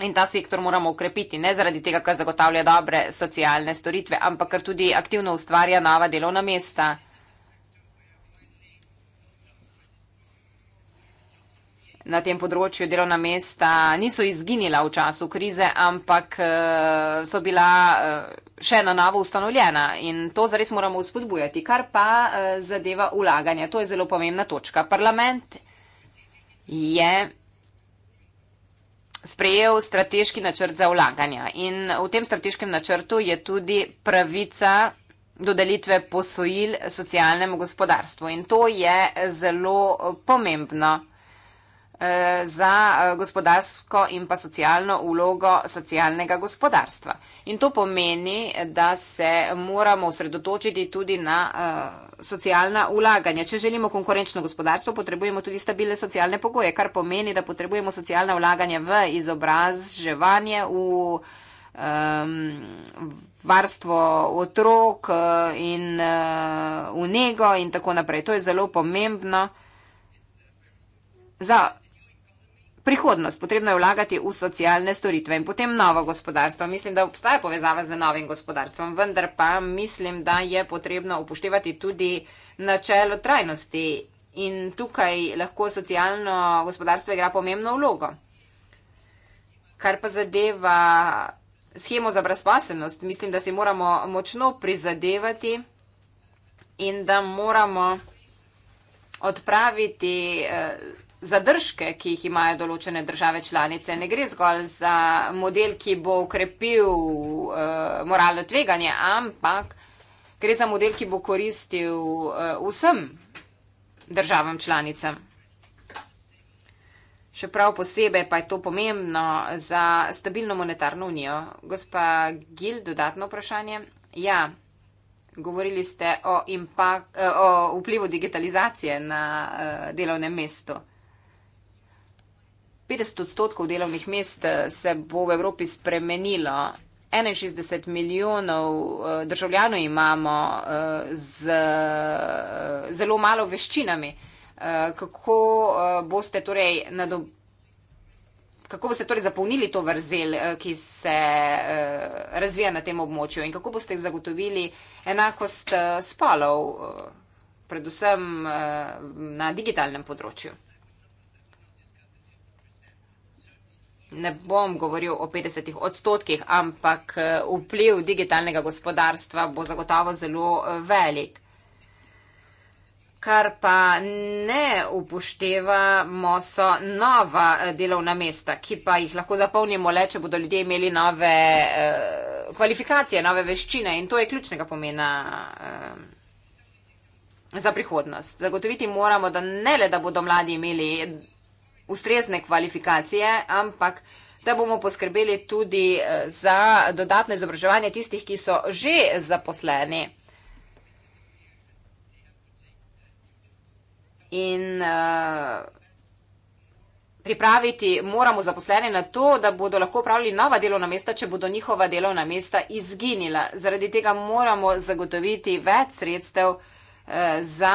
In ta sektor moramo ukrepiti, ne zaradi tega, ker zagotavlja dobre socialne storitve, ampak ker tudi aktivno ustvarja nova delovna mesta. na tem področju delovna mesta niso izginila v času krize, ampak eh, so bila eh, še na novo ustanovljena in to zares moramo uspodbujati, kar pa eh, zadeva ulaganja. To je zelo pomembna točka. Parlament je sprejel strateški načrt za ulaganja in v tem strateškem načrtu je tudi pravica dodelitve posojil socialnemu gospodarstvu in to je zelo pomembno. Eh, za eh, gospodarsko in pa socialno ulogo socialnega gospodarstva. In to pomeni, da se moramo osredotočiti tudi na eh, socialna ulaganja. Če želimo konkurenčno gospodarstvo, potrebujemo tudi stabilne socialne pogoje, kar pomeni, da potrebujemo socialna ulaganja v izobraževanje, v varstvo otrok in v nego in tako naprej. To je zelo pomembno za prihodnost. Potrebno je vlagati v socialne storitve in potem novo gospodarstvo. Mislim, da obstaja povezava z novim gospodarstvom, vendar pa mislim, da je potrebno upoštevati tudi načelo trajnosti in tukaj lahko socialno gospodarstvo igra pomembno vlogo. Kar pa zadeva schemo za brezposelnost, mislim, da si moramo močno prizadevati in da moramo odpraviti eh, zadržke, ki jih imajo določene države članice. Ne gre zgolj za model, ki bo ukrepil uh, moralno tveganje, ampak gre za model, ki bo koristil uh, vsem državam članicam. Še prav posebej pa je to pomembno za stabilno monetarno unijo. Gospa Gil, dodatno vprašanje. Ja, govorili ste o, impak, eh, o vplivu digitalizacije na delovnem mestu. 50 odstotkov delovnih mest eh, se bo v Evropi spremenilo. 61 milijonov eh, državljanov imamo eh, z zelo malo veščinami. Kako boste torej nadomestili? Kako boste torej zapolnili to vrzel, ki se razvija na tem območju in kako boste zagotovili enakost spolov, predvsem na digitalnem področju? ne bom govoril o 50 odstotkih, ampak eh, vpliv digitalnega gospodarstva bo zagotovo zelo eh, velik. Kar pa ne upoštevamo, so nova eh, delovna mesta, ki pa jih lahko zapolnimo le, če bodo ljudje imeli nove kvalifikacije, nove veščine in to je ključnega pomena. Za prihodnost. Zagotoviti moramo, da ne le, da bodo mladi imeli ustrezne kvalifikacije, ampak da bomo poskrbeli tudi eh, za dodatno izobraževanje tistih, ki so že zaposleni. In eh, pripraviti moramo zaposlene na to, da bodo lahko upravljali nova delovna mesta, če bodo njihova delovna mesta izginila. Zaradi tega moramo zagotoviti več sredstev eh, za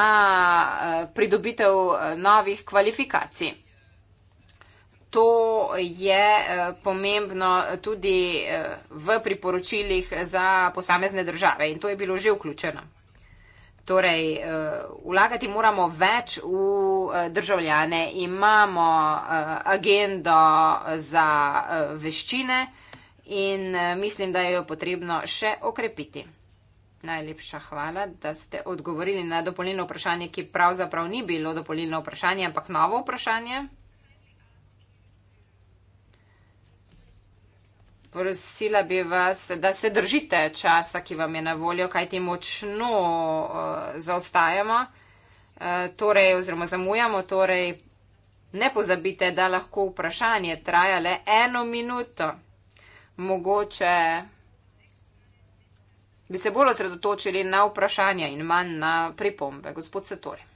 pridobitev novih kvalifikacij. To je eh, pomembno tudi eh, v priporočilih za posamezne države in to je bilo že vključeno. Torej, eh, vlagati moramo več v državljane. Imamo agendo za veščine in mislim, da jo je potrebno še okrepiti. Najlepša hvala, da ste odgovorili na dopolnilno vprašanje, ki pravzaprav ni bilo dopolnilno vprašanje, ampak novo vprašanje. prosila bi vas, da se držite časa, ki vam je na voljo, kajti močno uh, zaostajamo, uh, torej, oziroma zamujamo. Torej, ne pozabite, da lahko vprašanje traja le eno minuto. Mogoče bi se bolj osredotočili na vprašanja in manj na pripombe. Gospod Satori.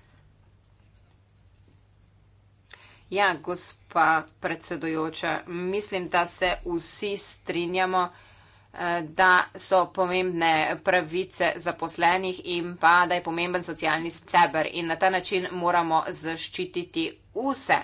Ja, gospa predsedujoča, mislim, da se vsi strinjamo, eh, da so pomembne pravice zaposlenih in pa, da je pomemben socialni steber in na ta način moramo zaščititi vse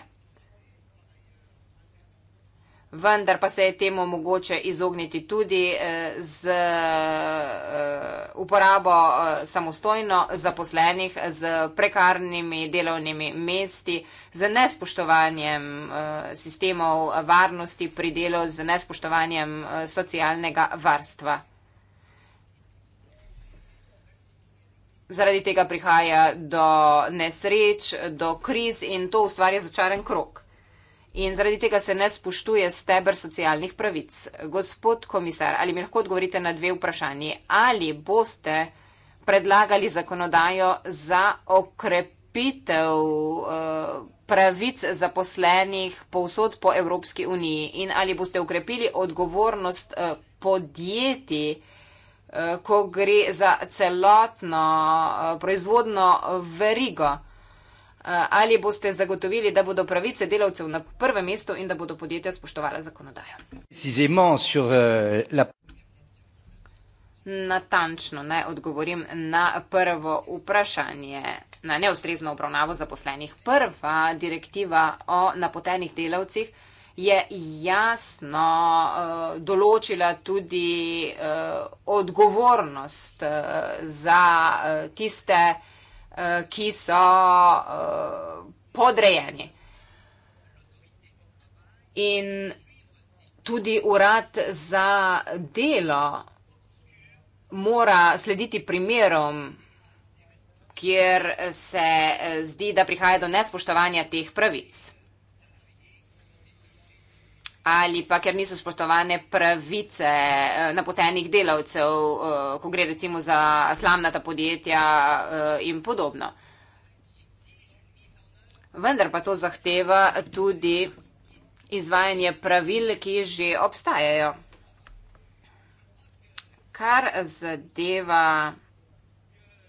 vendar pa se je temu mogoče izogniti tudi eh, z eh, uporabo eh, samostojno zaposlenih, z prekarnimi delovnimi mesti, z nespoštovanjem sistemov varnosti pri delu, z nespoštovanjem socialnega varstva. Zaradi tega prihaja do nesreč, do kriz in to ustvarja začaren krok in zaradi tega se ne spoštuje stebr socialnih pravic. Gospod komisar, ali mi lahko odgovorite na dve vprašanji? Ali boste predlagali zakonodajo za okrepitev uh, pravic zaposlenih povsod po Evropski uniji in ali boste okrepili odgovornost uh, podjetij, uh, ko gre za celotno uh, proizvodno verigo? Uh, Eh, ali boste zagotovili, da bodo pravice delavcev na prvem mestu in da bodo podjetja spoštovala zakonodajo? Eh, Natančno ne odgovorim na prvo vprašanje, na neustrezno obravnavo zaposlenih. Prva direktiva o napotenih delavcih je jasno uh, določila tudi uh, odgovornost uh, za uh, tiste, uh, Eh, ki so eh, podrejeni. In tudi urad za delo mora slediti primerom, kjer se eh, zdi, da prihaja do nespoštovanja teh pravic ali pa ker niso spoštovane pravice eh, napotenih delavcev, eh, ko gre recimo za slamnata podjetja eh, in podobno. Vendar pa to zahteva tudi izvajanje pravil, ki že obstajajo. Kar zadeva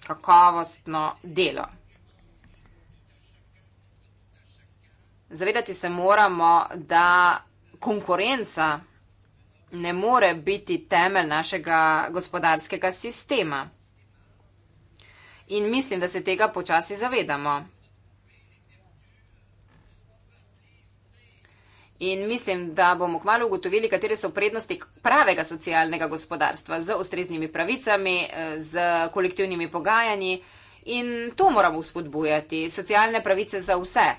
kakovostno delo. Zavedati se moramo, da konkurenca ne more biti temelj našega gospodarskega sistema. In mislim, da se tega počasi zavedamo. In mislim, da bomo kmalo ugotovili, katere so prednosti pravega socialnega gospodarstva z ustreznimi pravicami, z kolektivnimi pogajanji. In to moramo spodbujati, socialne pravice za vse.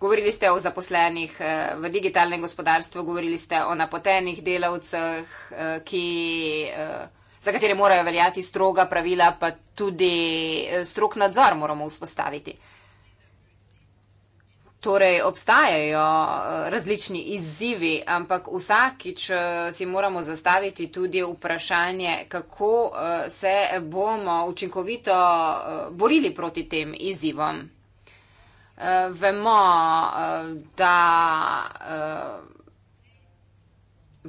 Govorili ste o zaposlenih eh, v digitalnem gospodarstvu, govorili ste o napotenih delavcih, eh, ki, eh, za katere morajo veljati stroga pravila, pa tudi strok nadzor moramo vzpostaviti. Torej, obstajajo različni izzivi, ampak vsakič si moramo zastaviti tudi vprašanje, kako se bomo učinkovito borili proti tem izzivom. Eh, vemo, eh, da eh,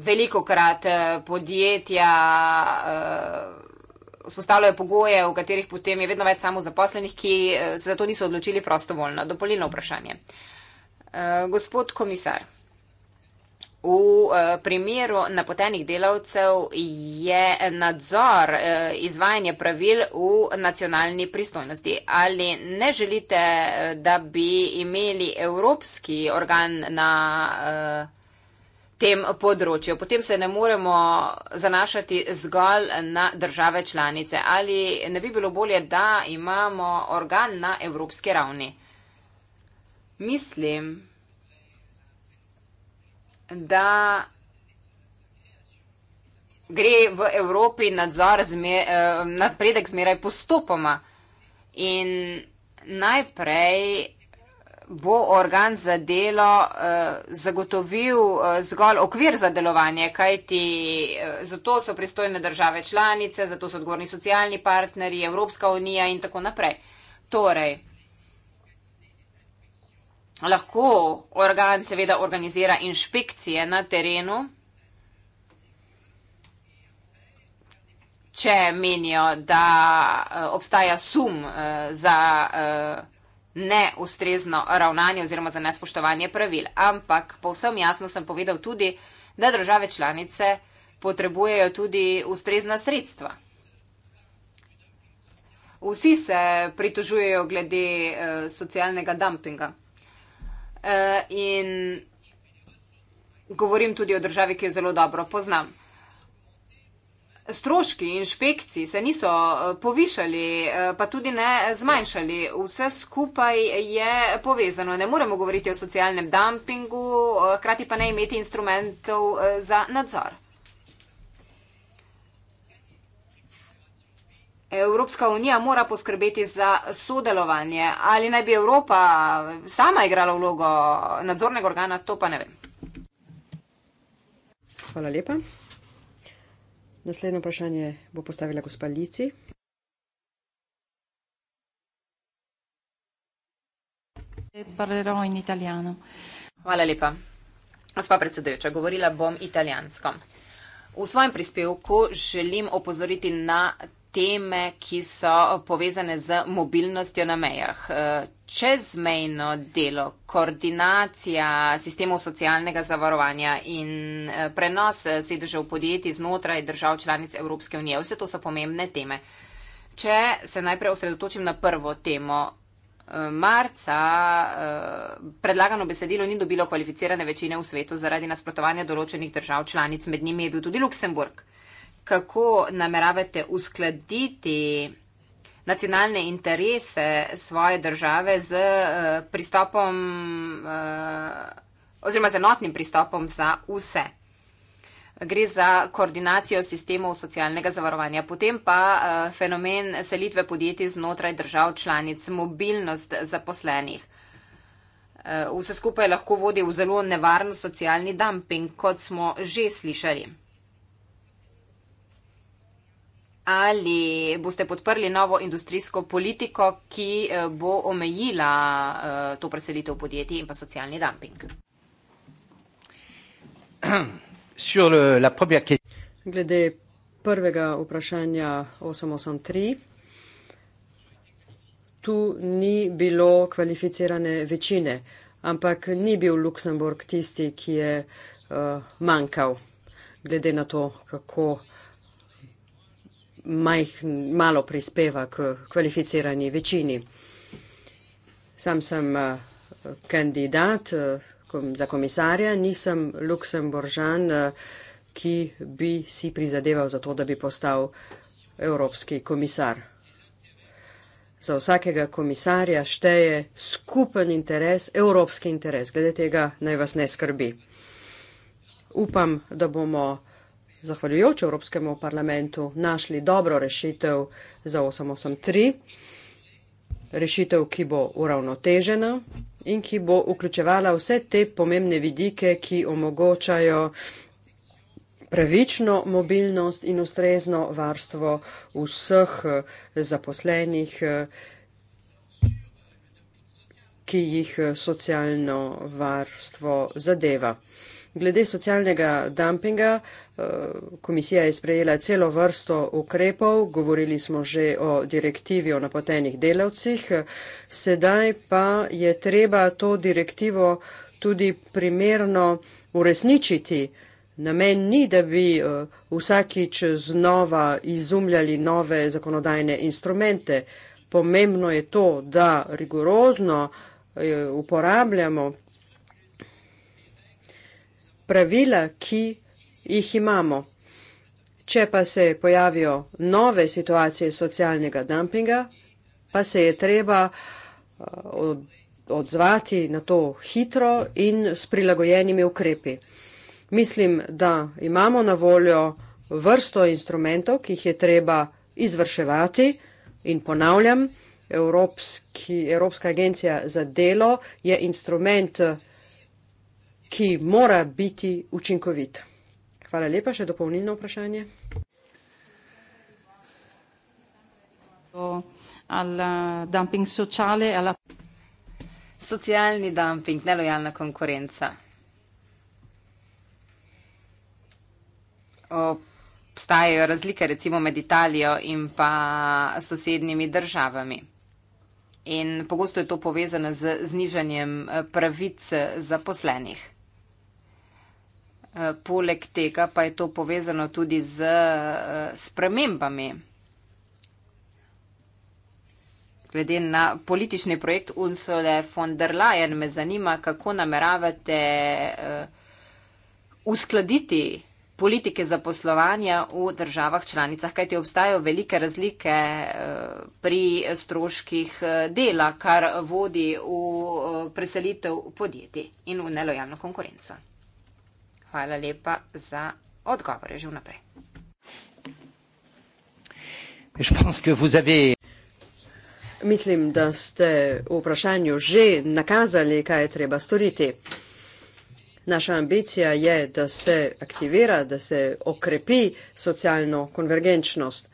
veliko krat podjetja spostavljajo pogoje, v katerih potem je vedno več samo zaposlenih, ki se za to niso odločili prostovoljno. Dopolnilno vprašanje. Gospod komisar. V eh, primeru napotenih delavcev je nadzor eh, izvajanje pravil v nacionalni pristojnosti. Ali ne želite, eh, da bi imeli evropski organ na tem področju? Potem se ne moremo zanašati zgolj na države članice. Ali ne bi bilo bolje, da imamo organ na evropski ravni? Mislim, da gre v Evropi nadzor, zme, eh, napredek zmeraj postopoma. In najprej bo organ za delo eh, zagotovil eh, zgolj okvir za delovanje, kajti zato so pristojne države članice, zato so odgovorni socialni partnerji, Evropska unija in tako naprej. Torej, lahko organ seveda organizira inšpekcije na terenu, če menijo, da eh, obstaja sum eh, za eh, neustrezno ravnanje oziroma za nespoštovanje pravil. Ampak povsem jasno sem povedal tudi, da države članice potrebujejo tudi ustrezna sredstva. Vsi se pritožujejo glede socialnega dumpinga uh, in govorim tudi o državi, ki jo zelo dobro poznam. Stroški inšpekcij se niso eh, povišali, eh, pa tudi ne zmanjšali. Vse skupaj je povezano. Ne moremo govoriti o socialnem dumpingu, hkrati pa ne imeti instrumentov za nadzor. Evropska unija mora poskrbeti za sodelovanje. Ali naj bi Evropa sama igrala vlogo nadzornega organa, to pa ne vem. Hvala lepa. Naslednje vprašanje bo postavila gospa Lici. Hvala lepa. Gospa predsedujoča, govorila bom italijansko. V svojem prispevku želim opozoriti na teme, ki so povezane z mobilnostjo na mejah. E, čezmejno delo, koordinacija sistemov socialnega zavarovanja in e, prenos e, sedežev podjetij znotraj držav članic Evropske unije, vse to so pomembne teme. Če se najprej osredotočim na prvo temo. Marca predlagano besedilo ni dobilo kvalificirane večine v svetu zaradi nasprotovanja določenih držav članic, med njimi je bil tudi Luksemburg kako nameravate uskladiti nacionalne interese svoje države z eh, pristopom eh, oziroma z enotnim pristopom za vse. Gre za koordinacijo sistemov socialnega zavarovanja, potem pa eh, fenomen selitve podjetij znotraj držav članic, mobilnost zaposlenih. Vse skupaj lahko vodi v zelo nevaren socialni dumping, kot smo že slišali ali boste podprli novo industrijsko politiko, ki eh, bo omejila eh, to preselitev podjetij in pa socialni dumping. Glede prvega vprašanja 883, tu ni bilo kvalificirane večine, ampak ni bil Luksemburg tisti, ki je uh, manjkal, glede na to, kako uh, majhn, malo prispeva k kvalificirani večini. Sam sem eh, kandidat eh, za komisarja, nisem luksemboržan, eh, ki bi si prizadeval za to, da bi postal evropski komisar. Za vsakega komisarja šteje skupen interes, evropski interes. Glede tega naj vas ne skrbi. Upam, da bomo zahvaljujoč Evropskemu parlamentu, našli dobro rešitev za 883, rešitev, ki bo uravnotežena in ki bo vključevala vse te pomembne vidike, ki omogočajo pravično mobilnost in ustrezno varstvo vseh eh, zaposlenih, eh, ki jih eh, socialno varstvo zadeva. Glede socialnega dumpinga, eh, komisija je sprejela celo vrsto ukrepov, govorili smo že o direktivi o napotenih delavcih, sedaj pa je treba to direktivo tudi primerno uresničiti. Namen ni, da bi eh, vsakič znova izumljali nove zakonodajne instrumente. Pomembno je to, da rigorozno eh, uporabljamo pravila, ki jih imamo. Če pa se pojavijo nove situacije socialnega dumpinga, pa se je treba eh, odzvati na to hitro in s prilagojenimi ukrepi. Mislim, da imamo na voljo vrsto instrumentov, ki jih je treba izvrševati in ponavljam, Evropski, Evropska agencija za delo je instrument ki mora biti učinkovit. Hvala lepa, še dopolnilno vprašanje. Eh, Socialni dumping, nelojalna konkurenca. Obstajajo razlike recimo med Italijo in pa sosednjimi državami. In pogosto je to povezano z znižanjem eh, pravic eh, zaposlenih. Eh, poleg tega pa je to povezano tudi z eh, spremembami. Glede na politični projekt Unsole von der Leyen, me zanima, kako nameravate eh, uskladiti politike zaposlovanja v državah članicah, kajti obstajajo velike razlike pri stroških dela, kar vodi v preselitev podjetij in v nelojalno konkurenco. Hvala lepa za odgovore že vnaprej. Mislim, da ste v vprašanju že nakazali, kaj je treba storiti. Naša ambicija je, da se aktivira, da se okrepi socialno konvergenčnost.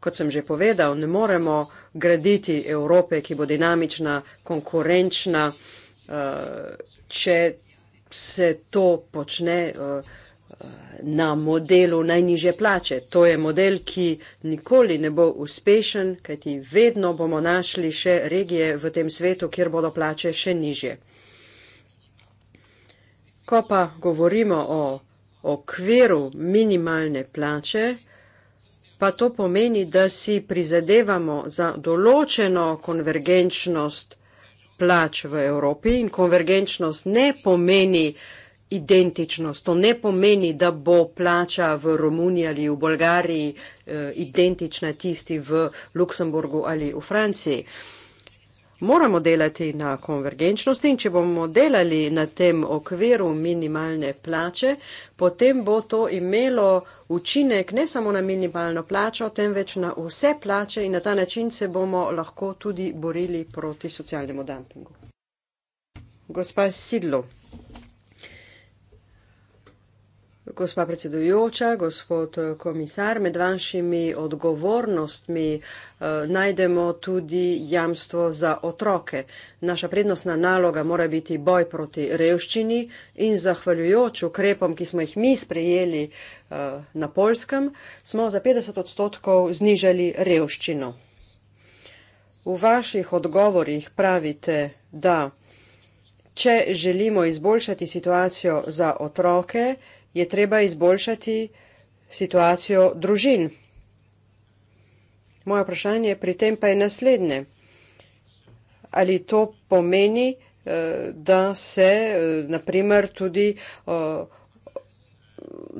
Kot sem že povedal, ne moremo graditi Evrope, ki bo dinamična, konkurenčna, eh, če se to počne eh, eh, na modelu najniže plače. To je model, ki nikoli ne bo uspešen, kajti vedno bomo našli še regije v tem svetu, kjer bodo plače še niže. Ko pa govorimo o okviru minimalne plače, pa to pomeni, da si prizadevamo za določeno konvergenčnost plač v Evropi in konvergenčnost ne pomeni identičnost. To ne pomeni, da bo plača v Romuniji ali v Bolgariji eh, identična tisti v Luksemburgu ali v Franciji. Eh, moramo delati na konvergenčnosti in če bomo delali na tem okviru minimalne plače, potem bo to imelo učinek ne samo na minimalno plačo, temveč na vse plače in na ta način se bomo lahko tudi borili proti socialnemu dumpingu. Gospa Sidlo. Gospa predsedujoča, gospod komisar, med vašimi odgovornostmi uh, najdemo tudi jamstvo za otroke. Naša prednostna naloga mora biti boj proti revščini in zahvaljujoč ukrepom, ki smo jih mi sprejeli uh, na Polskem, smo za 50 odstotkov znižali revščino. V vaših odgovorih pravite, da če želimo izboljšati situacijo za otroke, je treba izboljšati situacijo družin. Moje vprašanje pri tem pa je naslednje. Ali to pomeni, eh, da se eh, naprimer tudi eh,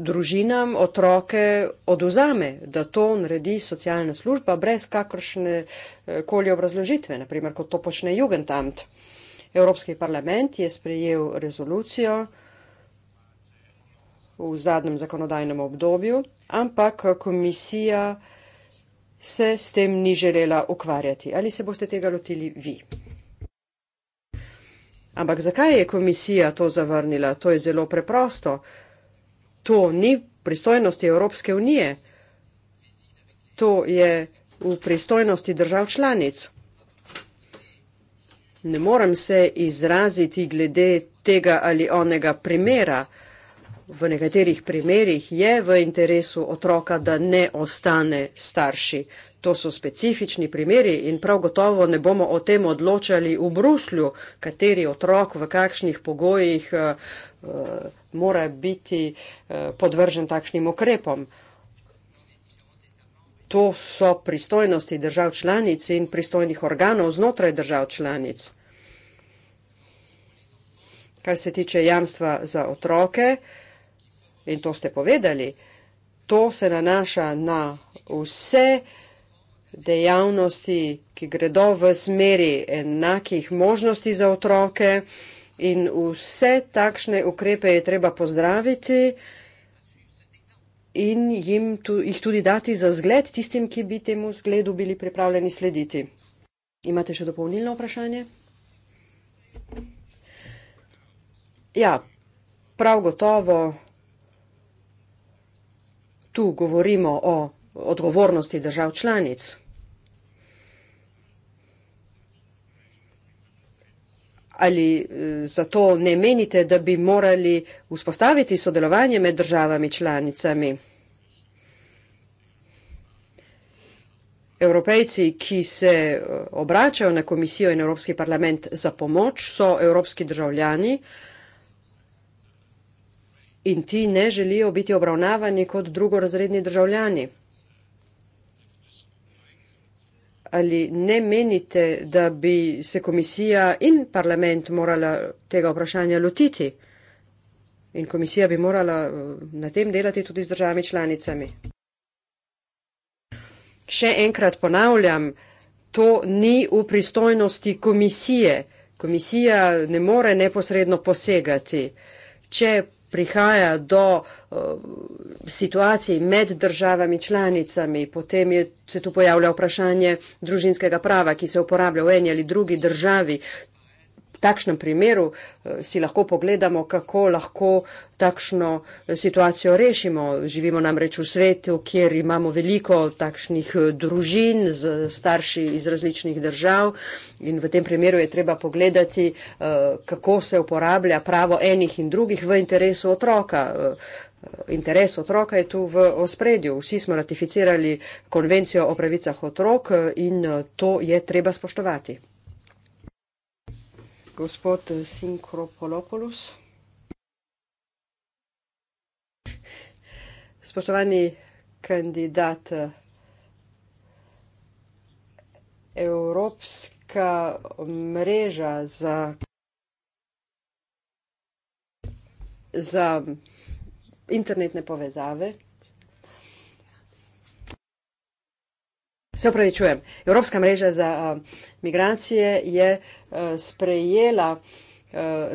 družinam otroke oduzame, da to naredi socialna služba brez kakršne koli obrazložitve, naprimer kot to počne Jugendamt. Evropski parlament je sprejel rezolucijo, v zadnjem zakonodajnem obdobju, ampak komisija se s tem ni želela ukvarjati. Ali se boste tega lotili vi? Ampak zakaj je komisija to zavrnila? To je zelo preprosto. To ni pristojnosti Evropske unije. To je v pristojnosti držav članic. Ne morem se izraziti glede tega ali onega primera v nekaterih primerjih je v interesu otroka, da ne ostane starši. To so specifični primeri in prav gotovo ne bomo o tem odločali v Bruslju, kateri otrok v kakšnih pogojih uh, mora biti uh, podvržen takšnim ukrepom. To so pristojnosti držav članic in pristojnih organov znotraj držav članic. Kar se tiče jamstva za otroke, uh, in to ste povedali, to se nanaša na vse dejavnosti, ki gredo v smeri enakih možnosti za otroke in vse takšne ukrepe je treba pozdraviti in jim tu, jih tudi dati za zgled tistim, ki bi temu zgledu bili pripravljeni slediti. Imate še dopolnilno vprašanje? Ja, prav gotovo tu govorimo o odgovornosti držav članic. Ali eh, zato ne menite, da bi morali vzpostaviti sodelovanje med državami članicami? Evropejci, ki se eh, obračajo na komisijo in Evropski parlament za pomoč, so evropski državljani, in ti ne želijo biti obravnavani kot drugorazredni državljani? Ali ne menite, da bi se komisija in parlament morala tega vprašanja lotiti? In komisija bi morala eh, na tem delati tudi z državami članicami. Še enkrat ponavljam, to ni v pristojnosti komisije. Komisija ne more neposredno posegati. Če prihaja do uh, eh, situacij med državami članicami, potem je, se tu pojavlja vprašanje družinskega prava, ki se uporablja v eni ali drugi državi takšnem primeru eh, si lahko pogledamo, kako lahko takšno eh, situacijo rešimo. Živimo namreč v svetu, kjer imamo veliko takšnih eh, družin z starši iz različnih držav in v tem primeru je treba pogledati, kako se uporablja pravo enih in drugih v interesu otroka. Interes otroka je tu v ospredju. Vsi smo ratificirali konvencijo o pravicah otrok in to je treba spoštovati gospod Sinkropolopoulos. Spoštovani kandidat, Evropska mreža za, za internetne povezave se opravičujem, Evropska mreža za uh, migracije je uh, sprejela uh,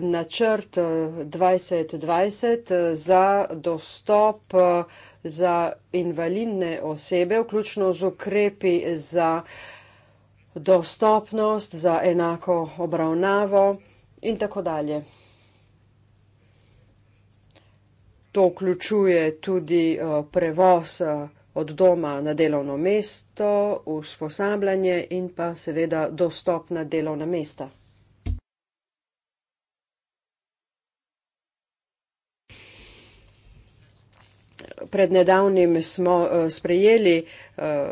načrt uh, 2020 uh, za dostop uh, za invalidne osebe, vključno z ukrepi za dostopnost, za enako obravnavo in tako dalje. To vključuje tudi uh, prevoz uh, od doma na delovno mesto, usposabljanje in pa seveda dostop na delovna mesta. Pred nedavnim smo eh, sprejeli eh,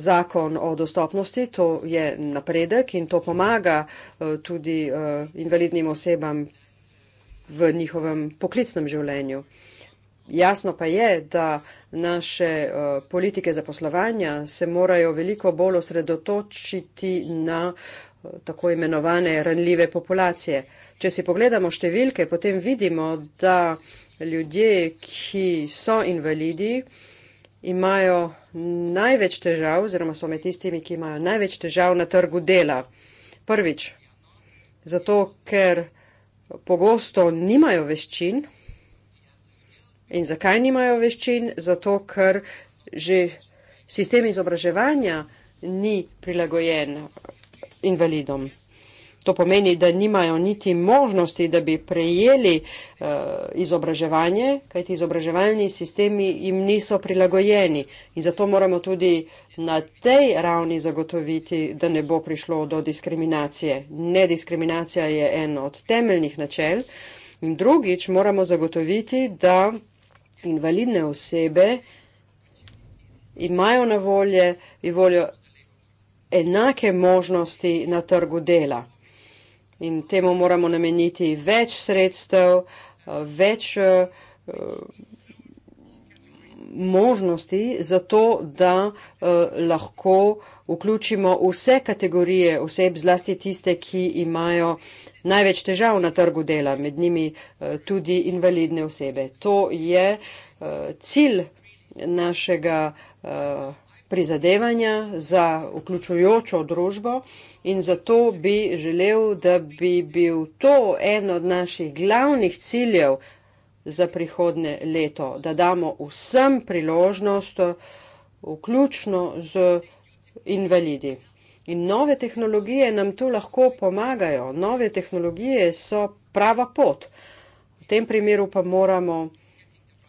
zakon o dostopnosti, to je napredek in to pomaga eh, tudi invalidnim osebam v njihovem poklicnem življenju. Jasno pa je, da naše uh, politike zaposlovanja se morajo veliko bolj osredotočiti na uh, tako imenovane ranljive populacije. Če si pogledamo številke, potem vidimo, da ljudje, ki so invalidi, imajo največ težav oziroma so med tistimi, ki imajo največ težav na trgu dela. Prvič, zato ker pogosto nimajo veščin, In zakaj nimajo veščin? Zato, ker že sistem izobraževanja ni prilagojen invalidom. To pomeni, da nimajo niti možnosti, da bi prejeli uh, izobraževanje, kajti izobraževalni sistemi jim niso prilagojeni. In zato moramo tudi na tej ravni zagotoviti, da ne bo prišlo do diskriminacije. Nediskriminacija je en od temeljnih načel. In drugič moramo zagotoviti, da invalidne osebe imajo na volje, voljo enake možnosti na trgu dela. In temu moramo nameniti več sredstev, več eh, možnosti za to, da eh, lahko vključimo vse kategorije oseb, zlasti tiste, ki imajo največ težav na trgu dela, med njimi eh, tudi invalidne osebe. To je eh, cilj našega eh, prizadevanja za vključujočo družbo in zato bi želel, da bi bil to en od naših glavnih ciljev za prihodne leto, da damo vsem priložnost, vključno z invalidi. In nove tehnologije nam tu lahko pomagajo, nove tehnologije so prava pot. V tem primeru pa moramo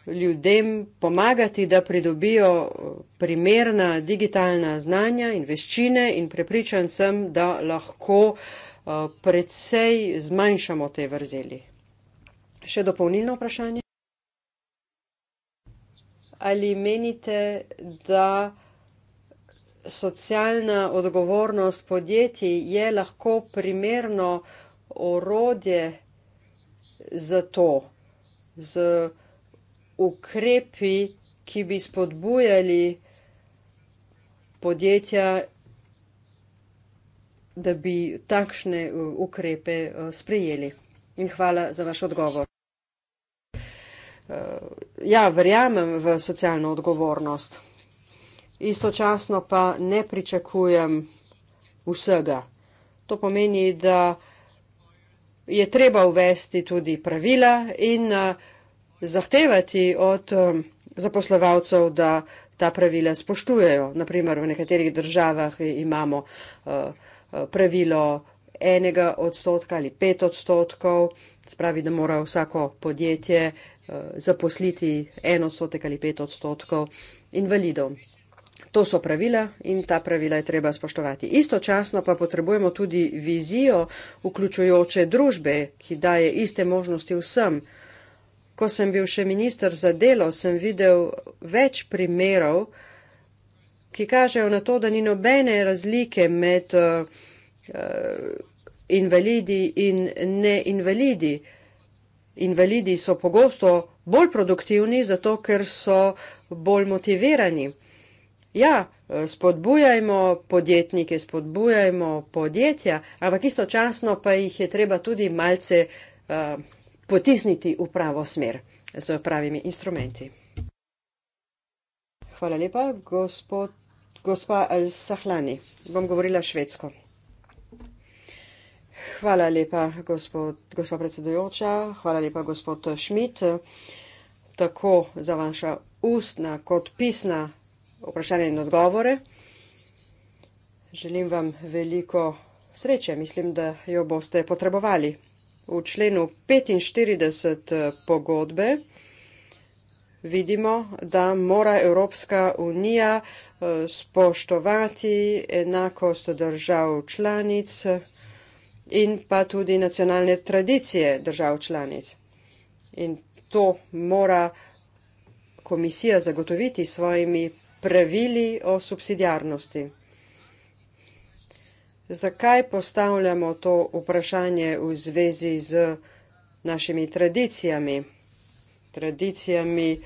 ljudem pomagati, da pridobijo eh, primerna digitalna znanja in veščine in prepričan sem, da lahko eh, precej zmanjšamo te vrzeli. Še dopolnilno vprašanje. Ali menite, da socialna odgovornost podjetij je lahko primerno orodje za to, z ukrepi, ki bi spodbujali podjetja, da bi takšne uh, ukrepe uh, sprejeli? In hvala za vaš odgovor uh, ja, verjamem v socialno odgovornost. Istočasno pa ne pričakujem vsega. To pomeni, da je treba uvesti tudi pravila in uh, zahtevati od um, zaposlovalcev, da ta pravila spoštujejo. Naprimer, v nekaterih državah imamo uh, pravilo enega odstotka ali pet odstotkov uh, Spravi, da mora vsako podjetje eh, zaposliti en odstotek ali pet odstotkov invalidov. To so pravila in ta pravila je treba spoštovati. Istočasno pa potrebujemo tudi vizijo vključujoče družbe, ki daje iste možnosti vsem. Ko sem bil še minister za delo, sem videl več primerov, ki kažejo na to, da ni nobene razlike med. Uh, invalidi in neinvalidi. Invalidi so pogosto bolj produktivni, zato ker so bolj motivirani. Ja, spodbujajmo podjetnike, spodbujajmo podjetja, ampak istočasno pa jih je treba tudi malce uh, potisniti v pravo smer z pravimi instrumenti. Hvala lepa, gospod, gospa Al-Sahlani. Bom govorila švedsko. Hvala lepa, gospod, gospod predsedujoča, hvala lepa, gospod Šmit, tako za vaša ustna kot pisna vprašanja in odgovore. Želim vam veliko sreče, mislim, da jo boste potrebovali. V členu 45 pogodbe vidimo, da mora Evropska unija eh, spoštovati enakost držav članic in pa tudi nacionalne tradicije držav članic. In to mora komisija zagotoviti svojimi pravili o subsidijarnosti. Zakaj postavljamo to vprašanje v zvezi z našimi tradicijami, tradicijami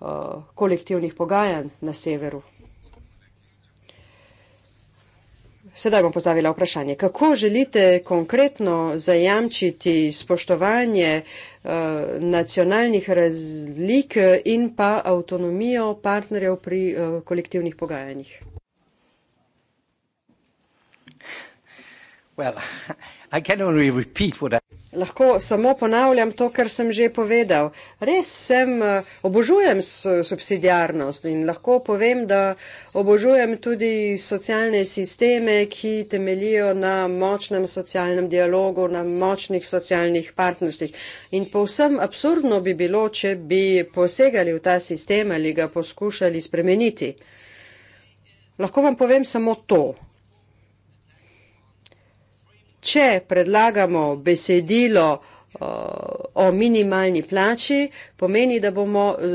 uh, kolektivnih pogajanj na severu? Sedaj bom postavila vprašanje, kako želite konkretno zajamčiti spoštovanje uh, nacionalnih razlik in pa avtonomijo partnerjev pri uh, kolektivnih pogajanjih? Lahko samo ponavljam to, kar sem že povedal. Res sem, eh, obožujem subsidijarnost in lahko povem, da obožujem tudi socialne sisteme, ki temelijo na močnem socialnem dialogu, na močnih socialnih partnerstvih. In povsem absurdno bi bilo, če bi posegali v ta sistem ali ga poskušali spremeniti. Lahko vam povem samo to če predlagamo besedilo eh, o minimalni plači, pomeni, da bomo eh,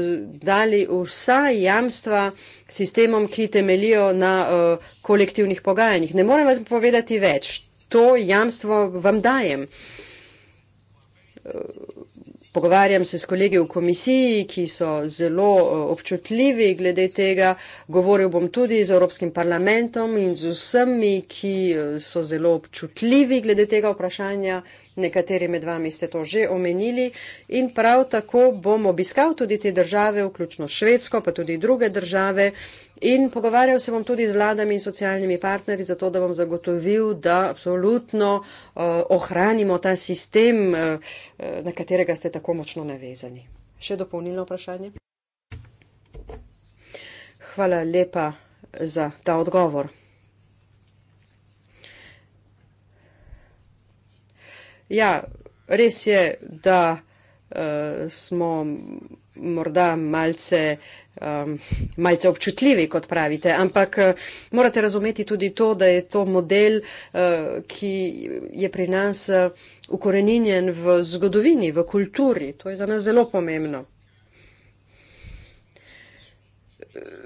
dali vsa jamstva sistemom, ki temelijo na eh, kolektivnih pogajanjih. Ne morem vam povedati več. To jamstvo vam dajem. Pogovarjam se s kolegi v komisiji, ki so zelo eh, občutljivi glede tega. Govoril bom tudi z Evropskim parlamentom in z vsemi, ki eh, so zelo občutljivi glede tega vprašanja nekateri med vami ste to že omenili in prav tako bom obiskal tudi te države, vključno Švedsko, pa tudi druge države in pogovarjal se bom tudi z vladami in socialnimi partnerji, zato da bom zagotovil, da absolutno uh, ohranimo ta sistem, uh, na katerega ste tako močno navezani. Še dopolnilno vprašanje? Hvala lepa za ta odgovor. Ja, res je, da uh, smo morda malce, um, malce občutljivi, kot pravite, ampak uh, morate razumeti tudi to, da je to model, uh, ki je pri nas uh, ukoreninjen v zgodovini, v kulturi. To je za nas zelo pomembno.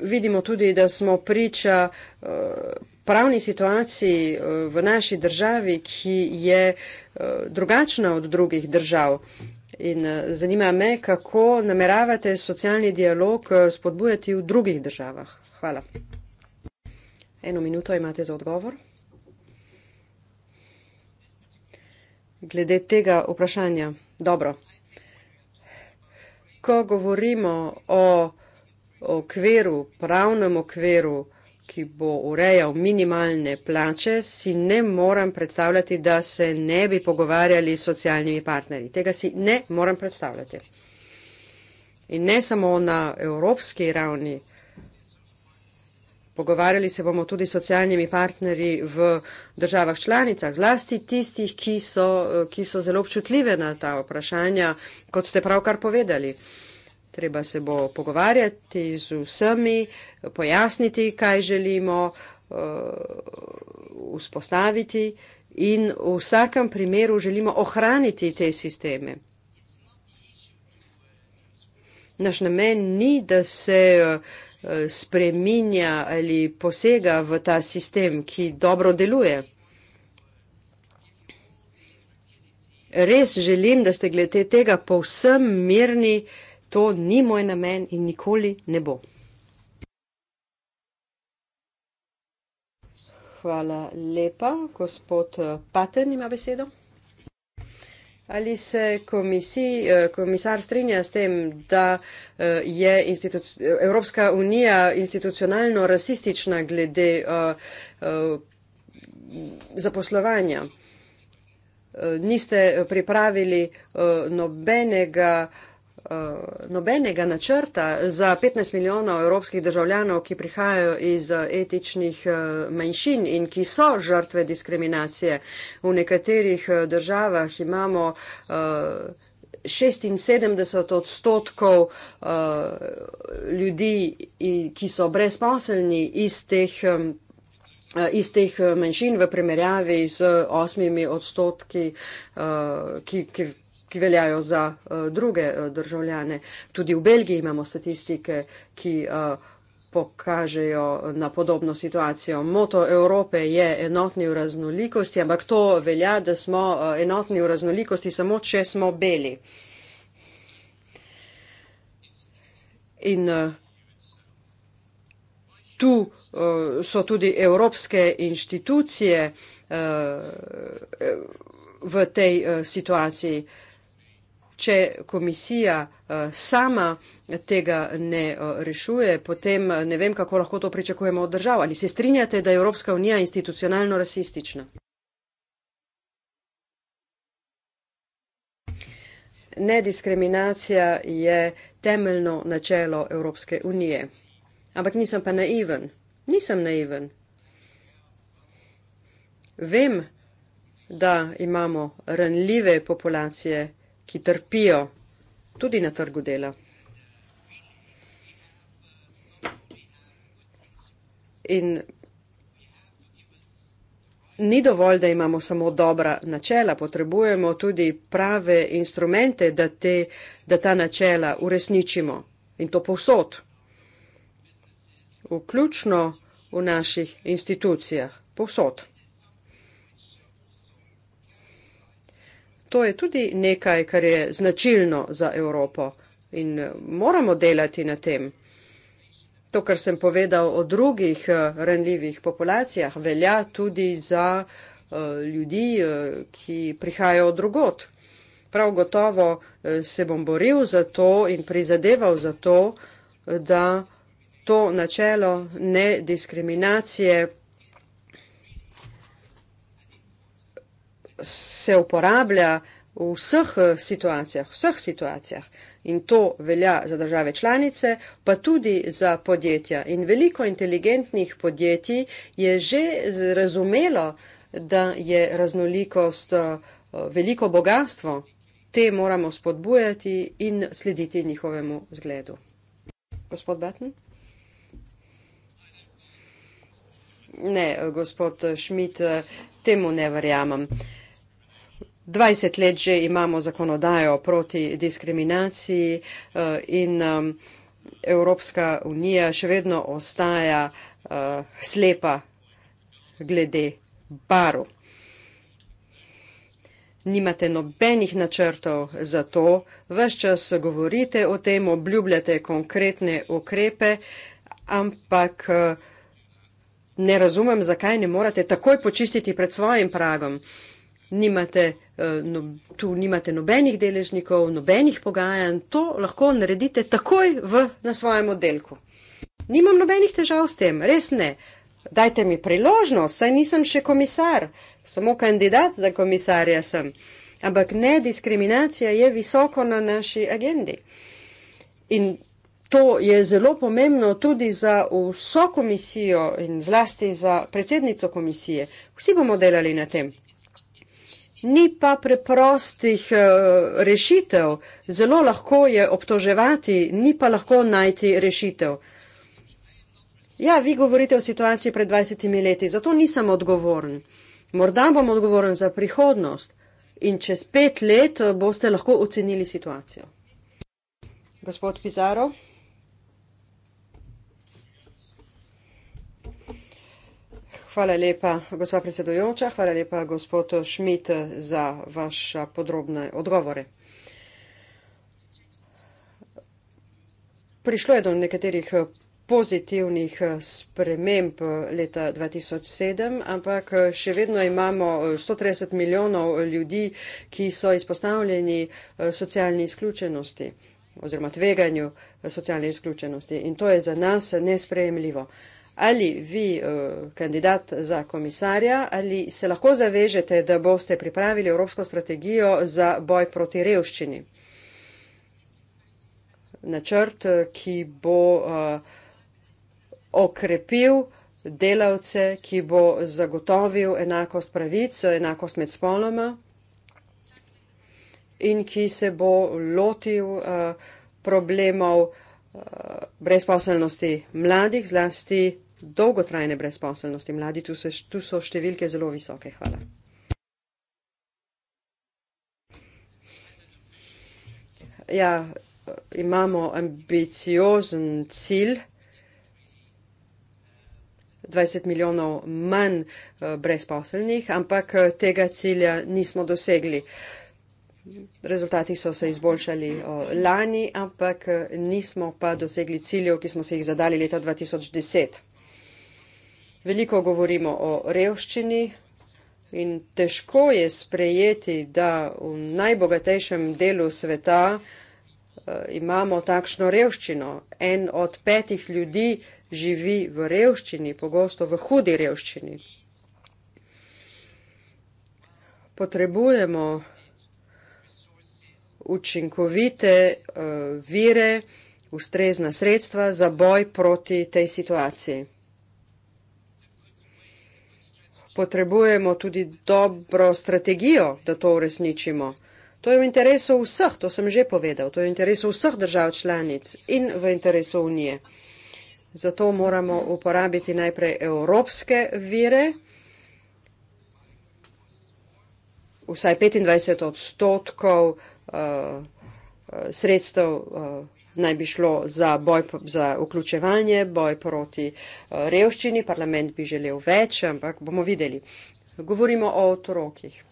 Vidimo tudi, da smo priča. Uh, pravni situaciji eh, v naši državi, ki je eh, drugačna od drugih držav. In eh, zanima me, kako nameravate socialni dialog spodbujati v drugih državah. Hvala. Eno minuto imate za odgovor. Glede tega vprašanja. Dobro. Ko govorimo o okviru, pravnem okviru, ki bo urejal minimalne plače, si ne morem predstavljati, da se ne bi pogovarjali s socialnimi partnerji. Tega si ne morem predstavljati. In ne samo na evropski ravni. Pogovarjali se bomo tudi s socialnimi partnerji v državah članicah, zlasti tistih, ki so, ki so zelo občutljive na ta vprašanja, kot ste pravkar povedali treba se bo pogovarjati z vsemi, pojasniti, kaj želimo uh, vzpostaviti in v vsakem primeru želimo ohraniti te sisteme. Naš namen ni, da se eh, spreminja ali posega v ta sistem, ki dobro deluje. Res želim, da ste glede tega povsem mirni, uh, To ni moj namen in nikoli ne bo. Hvala lepa. Gospod eh, Paten ima besedo. Ali se komisij, eh, komisar strinja s tem, da eh, je Evropska unija institucionalno rasistična glede zaposlovanja? Niste pripravili nobenega Eh, nobenega načrta za 15 milijonov evropskih državljanov, ki prihajajo iz eh, etičnih eh, manjšin in ki so žrtve diskriminacije. V nekaterih državah imamo 76 odstotkov ljudi, ki so brezposelni iz teh iz teh manjšin v primerjavi z osmimi odstotki, ki, ki ki veljajo za uh, druge uh, državljane. Tudi v Belgiji imamo statistike, ki uh, pokažejo na podobno situacijo. Moto Evrope je enotni v raznolikosti, ampak to velja, da smo uh, enotni v raznolikosti samo, če smo beli. In uh, tu uh, so tudi evropske inštitucije uh, v tej uh, situaciji. Uh, če komisija eh, sama tega ne eh, rešuje, potem ne vem, kako lahko to pričakujemo od držav. Ali se strinjate, da je Evropska unija institucionalno rasistična? Nediskriminacija je temeljno načelo Evropske unije. Ampak nisem pa naiven. Nisem naiven. Vem, da imamo ranljive populacije ki trpijo tudi na trgu dela. In ni dovolj, da imamo samo dobra načela, potrebujemo tudi prave instrumente, da, te, da ta načela uresničimo in to povsod, vključno v naših institucijah, povsod. To je tudi nekaj, kar je značilno za Evropo in eh, moramo delati na tem. To, kar sem povedal o drugih eh, ranljivih populacijah, velja tudi za eh, ljudi, ki prihajajo od drugot. Prav gotovo se bom boril za to in prizadeval za to, da to načelo nediskriminacije se uporablja v vseh eh, situacijah, vseh situacijah. In to velja za države članice, pa tudi za podjetja. In veliko inteligentnih podjetij je že razumelo, da je raznolikost eh, veliko bogatstvo. Te moramo spodbujati in slediti njihovemu zgledu. Gospod Batten? Ne, gospod Šmit, eh, temu ne verjamem. Uh, 20 let že imamo zakonodajo proti diskriminaciji eh, in um, Evropska unija še vedno ostaja eh, slepa glede baru. Nimate nobenih načrtov za to, vse čas govorite o tem, obljubljate konkretne ukrepe, ampak eh, ne razumem, zakaj ne morete takoj počistiti pred svojim pragom nimate, eh, no, tu nimate nobenih deležnikov, nobenih pogajanj, to lahko naredite takoj v, na svojem oddelku. Nimam nobenih težav s tem, res ne. Dajte mi priložnost, saj nisem še komisar, samo kandidat za komisarja sem. Ampak ne, diskriminacija je visoko na naši agendi. In to je zelo pomembno tudi za vso komisijo in zlasti za predsednico komisije. Vsi bomo delali na tem. Ni pa preprostih uh, rešitev, zelo lahko je obtoževati, ni pa lahko najti rešitev. Ja, vi govorite o situaciji pred 20 leti, zato nisem odgovoren. Morda bom odgovoren za prihodnost in čez pet let eh, boste lahko ocenili situacijo. Gospod Pizarro. Hvala lepa, gospa predsedujoča, hvala lepa, gospod Šmit, za vaše podrobne odgovore. Prišlo je do nekaterih pozitivnih sprememb leta 2007, ampak še vedno imamo 130 milijonov ljudi, ki so izpostavljeni socialni izključenosti oziroma tveganju socialne izključenosti. In to je za nas nesprejemljivo. Ali vi, eh, kandidat za komisarja, ali se lahko zavežete, da boste pripravili evropsko strategijo za boj proti revščini? Načrt, eh, ki bo eh, okrepil delavce, ki bo zagotovil enakost pravic, enakost med spoloma in ki se bo lotil problemov brezposelnosti mladih, zlasti dolgotrajne brezposelnosti mladi, tu, se, tu so številke zelo visoke. Hvala. Ja, imamo ambiciozen cilj. 20 milijonov manj eh, brezposelnih, ampak eh, tega cilja nismo dosegli. Rezultati so se izboljšali eh, lani, ampak nismo pa dosegli ciljev, ki smo se jih zadali leta 2010. Veliko govorimo o revščini in težko je sprejeti, da v najbogatejšem delu sveta eh, imamo takšno revščino. En od petih ljudi živi v revščini, pogosto v hudi revščini. Potrebujemo učinkovite eh, vire, ustrezna sredstva za boj proti tej situaciji potrebujemo tudi dobro strategijo, da to uresničimo. To je v interesu vseh, to sem že povedal, to je v interesu vseh držav članic in v interesu Unije. Zato moramo uporabiti najprej evropske vire, vsaj 25 odstotkov uh, sredstev uh, naj bi šlo za boj za vključevanje, boj proti eh, revščini, parlament bi želel več, ampak bomo videli. Govorimo o otrokih.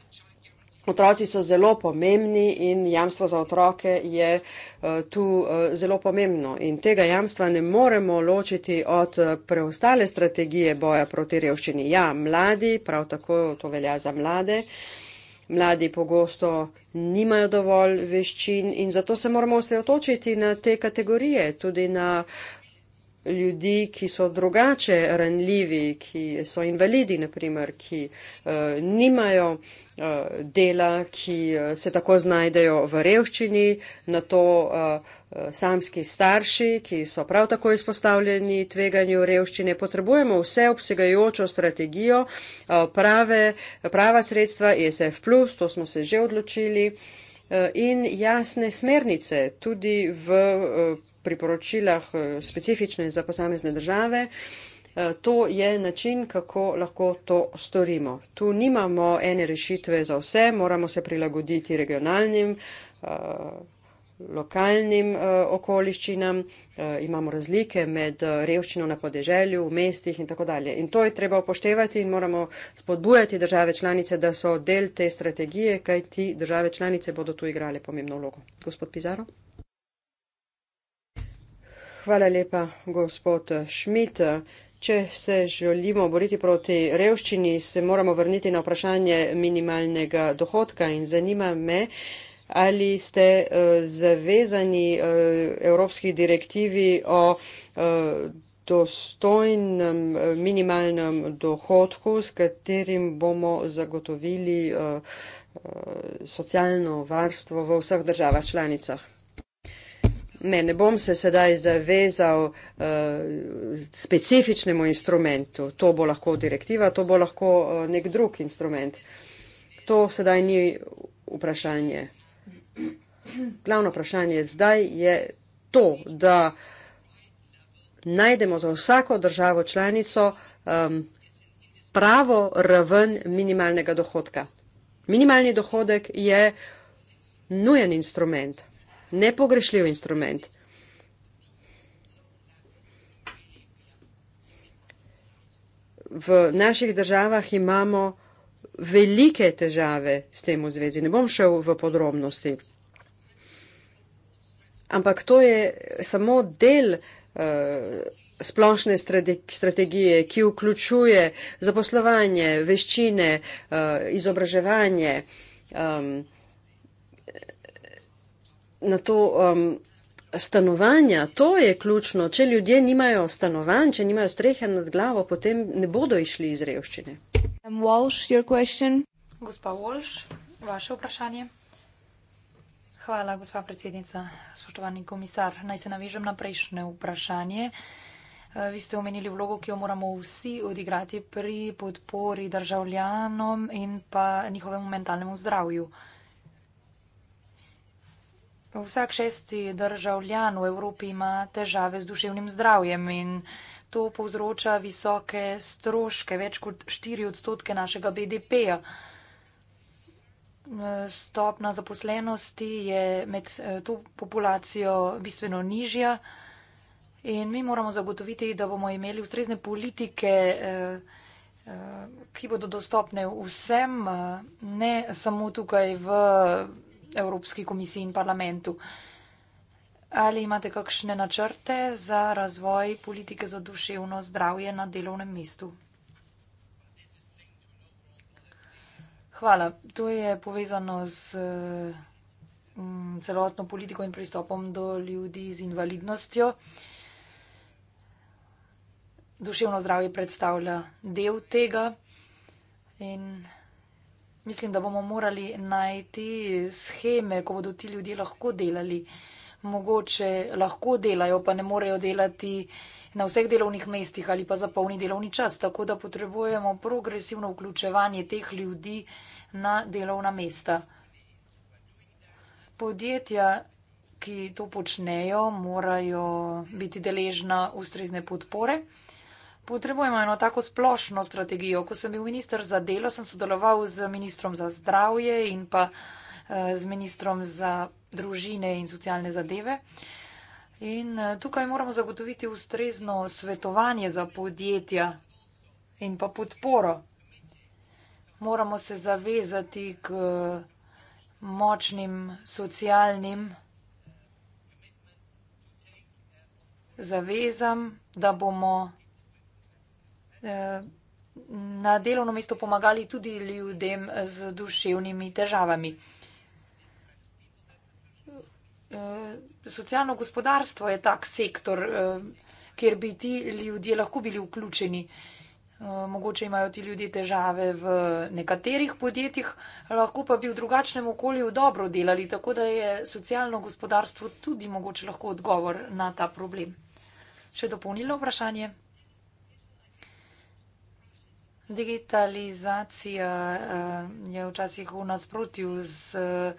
Otroci so zelo pomembni in jamstvo za otroke je eh, tu eh, zelo pomembno. In tega jamstva ne moremo ločiti od preostale strategije boja proti revščini. Ja, mladi, prav tako to velja za mlade. Mladi pogosto nimajo dovolj veščin in zato se moramo osredotočiti na te kategorije, tudi na ljudi, ki so drugače ranljivi, ki so invalidi, naprimer, ki uh, nimajo uh, dela, ki uh, se tako znajdejo v revščini, na to uh, samski starši, ki so prav tako izpostavljeni tveganju revščine. Potrebujemo vse obsegajočo strategijo, uh, prave, prava sredstva ESF, to smo se že odločili, uh, in jasne smernice tudi v. Uh, priporočilah eh, specifičnih za posamezne države. Eh, to je način, kako lahko to storimo. Tu nimamo ene rešitve za vse, moramo se prilagoditi regionalnim, eh, lokalnim okoliščinam, imamo razlike med revščino na podeželju, v mestih in tako dalje. In to je treba upoštevati in moramo spodbujati države članice, da so del te strategije, kaj ti države članice bodo tu igrale pomembno vlogo. Gospod Pizarov? Hvala lepa, gospod Šmit. Če se želimo boriti proti revščini, se moramo vrniti na vprašanje minimalnega dohodka in zanima me, ali ste eh, zavezani eh, Evropski direktivi o eh, dostojnem minimalnem dohodku, s katerim bomo zagotovili socialno varstvo v vseh državah članicah. Ne, ne bom se sedaj zavezal uh, specifičnemu instrumentu. To bo lahko direktiva, to bo lahko uh, nek drug instrument. To sedaj ni vprašanje. Glavno vprašanje zdaj je to, da najdemo za vsako državo članico um, pravo raven minimalnega dohodka. Minimalni dohodek je nujen instrument nepogrešljiv instrument. V naših državah imamo velike težave s tem v zvezi. Ne bom šel v podrobnosti. Ampak to je samo del uh, splošne strategije, ki vključuje zaposlovanje, veščine, uh, izobraževanje. Um, na to um, stanovanja. To je ključno. Če ljudje nimajo stanovanj, če nimajo strehe nad glavo, potem ne bodo išli iz revščine. Walsh, gospa Walsh, vaše vprašanje. Hvala, gospa predsednica. Spoštovani komisar, naj se navežem na prejšnje vprašanje. Eh, vi ste omenili vlogo, ki jo moramo vsi odigrati pri podpori državljanom in pa njihovemu mentalnemu zdravju. Uh, Vsak šesti državljan v Evropi ima težave z duševnim zdravjem in to povzroča visoke stroške, več kot 4 odstotke našega BDP-ja. Stopna zaposlenosti je med to populacijo bistveno nižja in mi moramo zagotoviti, da bomo imeli ustrezne politike, eh, eh, ki bodo dostopne vsem, eh, ne samo tukaj v Evropi. Evropski komisiji in parlamentu. Ali imate kakšne načrte za razvoj politike za duševno zdravje na delovnem mestu? Hvala. To je povezano z mm, celotno politiko in pristopom do ljudi z invalidnostjo. Duševno zdravje predstavlja del tega in Mislim, da bomo morali najti scheme, ko bodo ti ljudje lahko delali. Mogoče lahko delajo, pa ne morejo delati na vseh delovnih mestih ali pa za polni delovni čas. Tako da potrebujemo progresivno vključevanje teh ljudi na delovna mesta. Podjetja, ki to počnejo, morajo biti deležna ustrezne podpore. Potrebujemo eno tako splošno strategijo. Ko sem bil ministr za delo, sem sodeloval z ministrom za zdravje in pa eh, z ministrom za družine in socialne zadeve. In eh, tukaj moramo zagotoviti ustrezno svetovanje za podjetja in pa podporo. Moramo se zavezati k močnim socialnim zavezam, da bomo na delovno mesto pomagali tudi ljudem z duševnimi težavami. Eh, socialno gospodarstvo je tak sektor, eh, kjer bi ti ljudje lahko bili vključeni. Eh, mogoče imajo ti ljudje težave v nekaterih podjetjih, lahko pa bi v drugačnem okolju dobro delali, tako da je socialno gospodarstvo tudi mogoče lahko odgovor na ta problem. Še dopolnilo vprašanje. Digitalizacija eh, je včasih v nasprotju z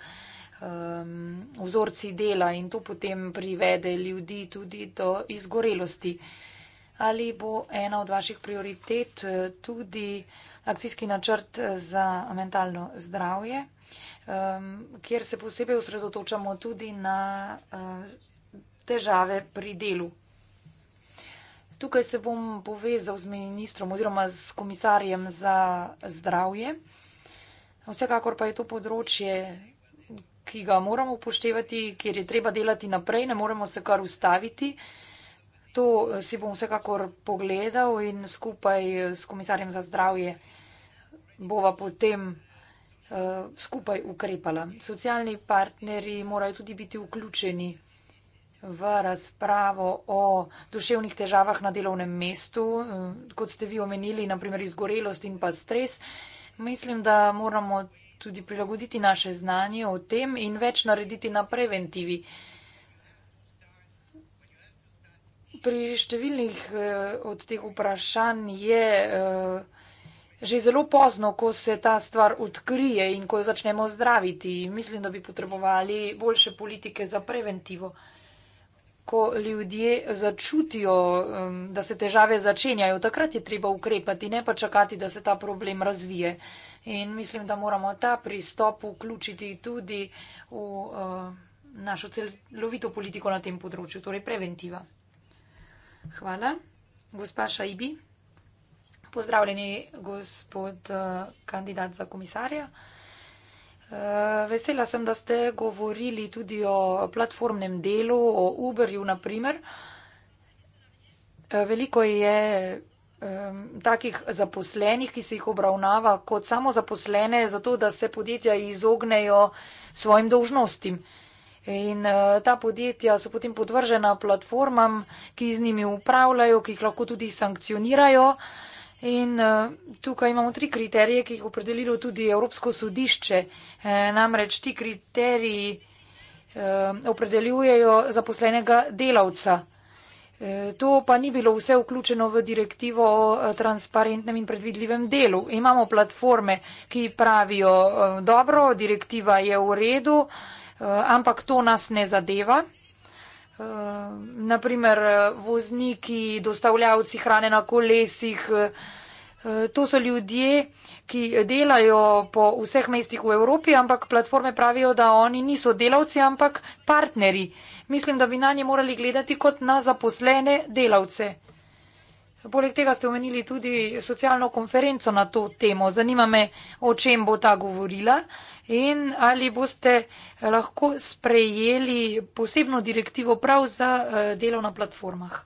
vzorci dela in to potem privede ljudi tudi do izgorelosti. Ali bo ena od vaših prioritet eh, tudi akcijski načrt eh, za mentalno zdravje, kjer se posebej osredotočamo tudi na težave pri delu? Tukaj se bom povezal z ministrom oziroma z komisarjem za zdravje. Vsekakor pa je to področje, ki ga moramo upoštevati, kjer je treba delati naprej, ne moremo se kar ustaviti. To si bom vsekakor pogledal in skupaj s komisarjem za zdravje bova potem uh, skupaj ukrepala. Socialni partnerji morajo tudi biti vključeni v razpravo o duševnih težavah na delovnem mestu, kot ste vi omenili, naprimer izgorelost in pa stres. Mislim, da moramo tudi prilagoditi naše znanje o tem in več narediti na preventivi. Pri številnih eh, od teh vprašanj je eh, že zelo pozno, ko se ta stvar odkrije in ko jo začnemo zdraviti. Mislim, da bi potrebovali boljše politike za preventivo ko ljudje začutijo, um, da se težave začenjajo, takrat je treba ukrepati, ne pa čakati, da se ta problem razvije. In mislim, da moramo ta pristop vključiti tudi v uh, našo celovito politiko na tem področju, torej preventiva. Hvala. Gospa Šajbi, pozdravljeni gospod uh, kandidat za komisarja. Eh, vesela sem, da ste govorili tudi o platformnem delu, o Uberju naprimer. Eh, veliko je takih zaposlenih, ki se jih obravnava kot samo zaposlene, zato da se podjetja izognejo svojim dolžnostim. In eh, ta podjetja so potem podvržena platformam, ki z njimi upravljajo, ki jih lahko tudi sankcionirajo. In uh, tukaj imamo tri kriterije, ki jih je opredelilo tudi Evropsko sodišče. E, namreč ti kriteriji e, opredeljujejo zaposlenega delavca. E, to pa ni bilo vse vključeno v direktivo o transparentnem in predvidljivem delu. Imamo platforme, ki pravijo, e, dobro, direktiva je v redu, e, ampak to nas ne zadeva. Uh, eh, naprimer, eh, vozniki, dostavljavci hrane na kolesih, uh, to so ljudje, ki delajo po vseh mestih v Evropi, ampak platforme pravijo, da oni niso delavci, ampak partneri. Mislim, da bi na nje morali gledati kot na zaposlene delavce. Poleg tega ste omenili tudi socialno konferenco na to temo. Zanima me, o čem bo ta govorila in ali boste eh, lahko sprejeli posebno direktivo prav za eh, delo na platformah.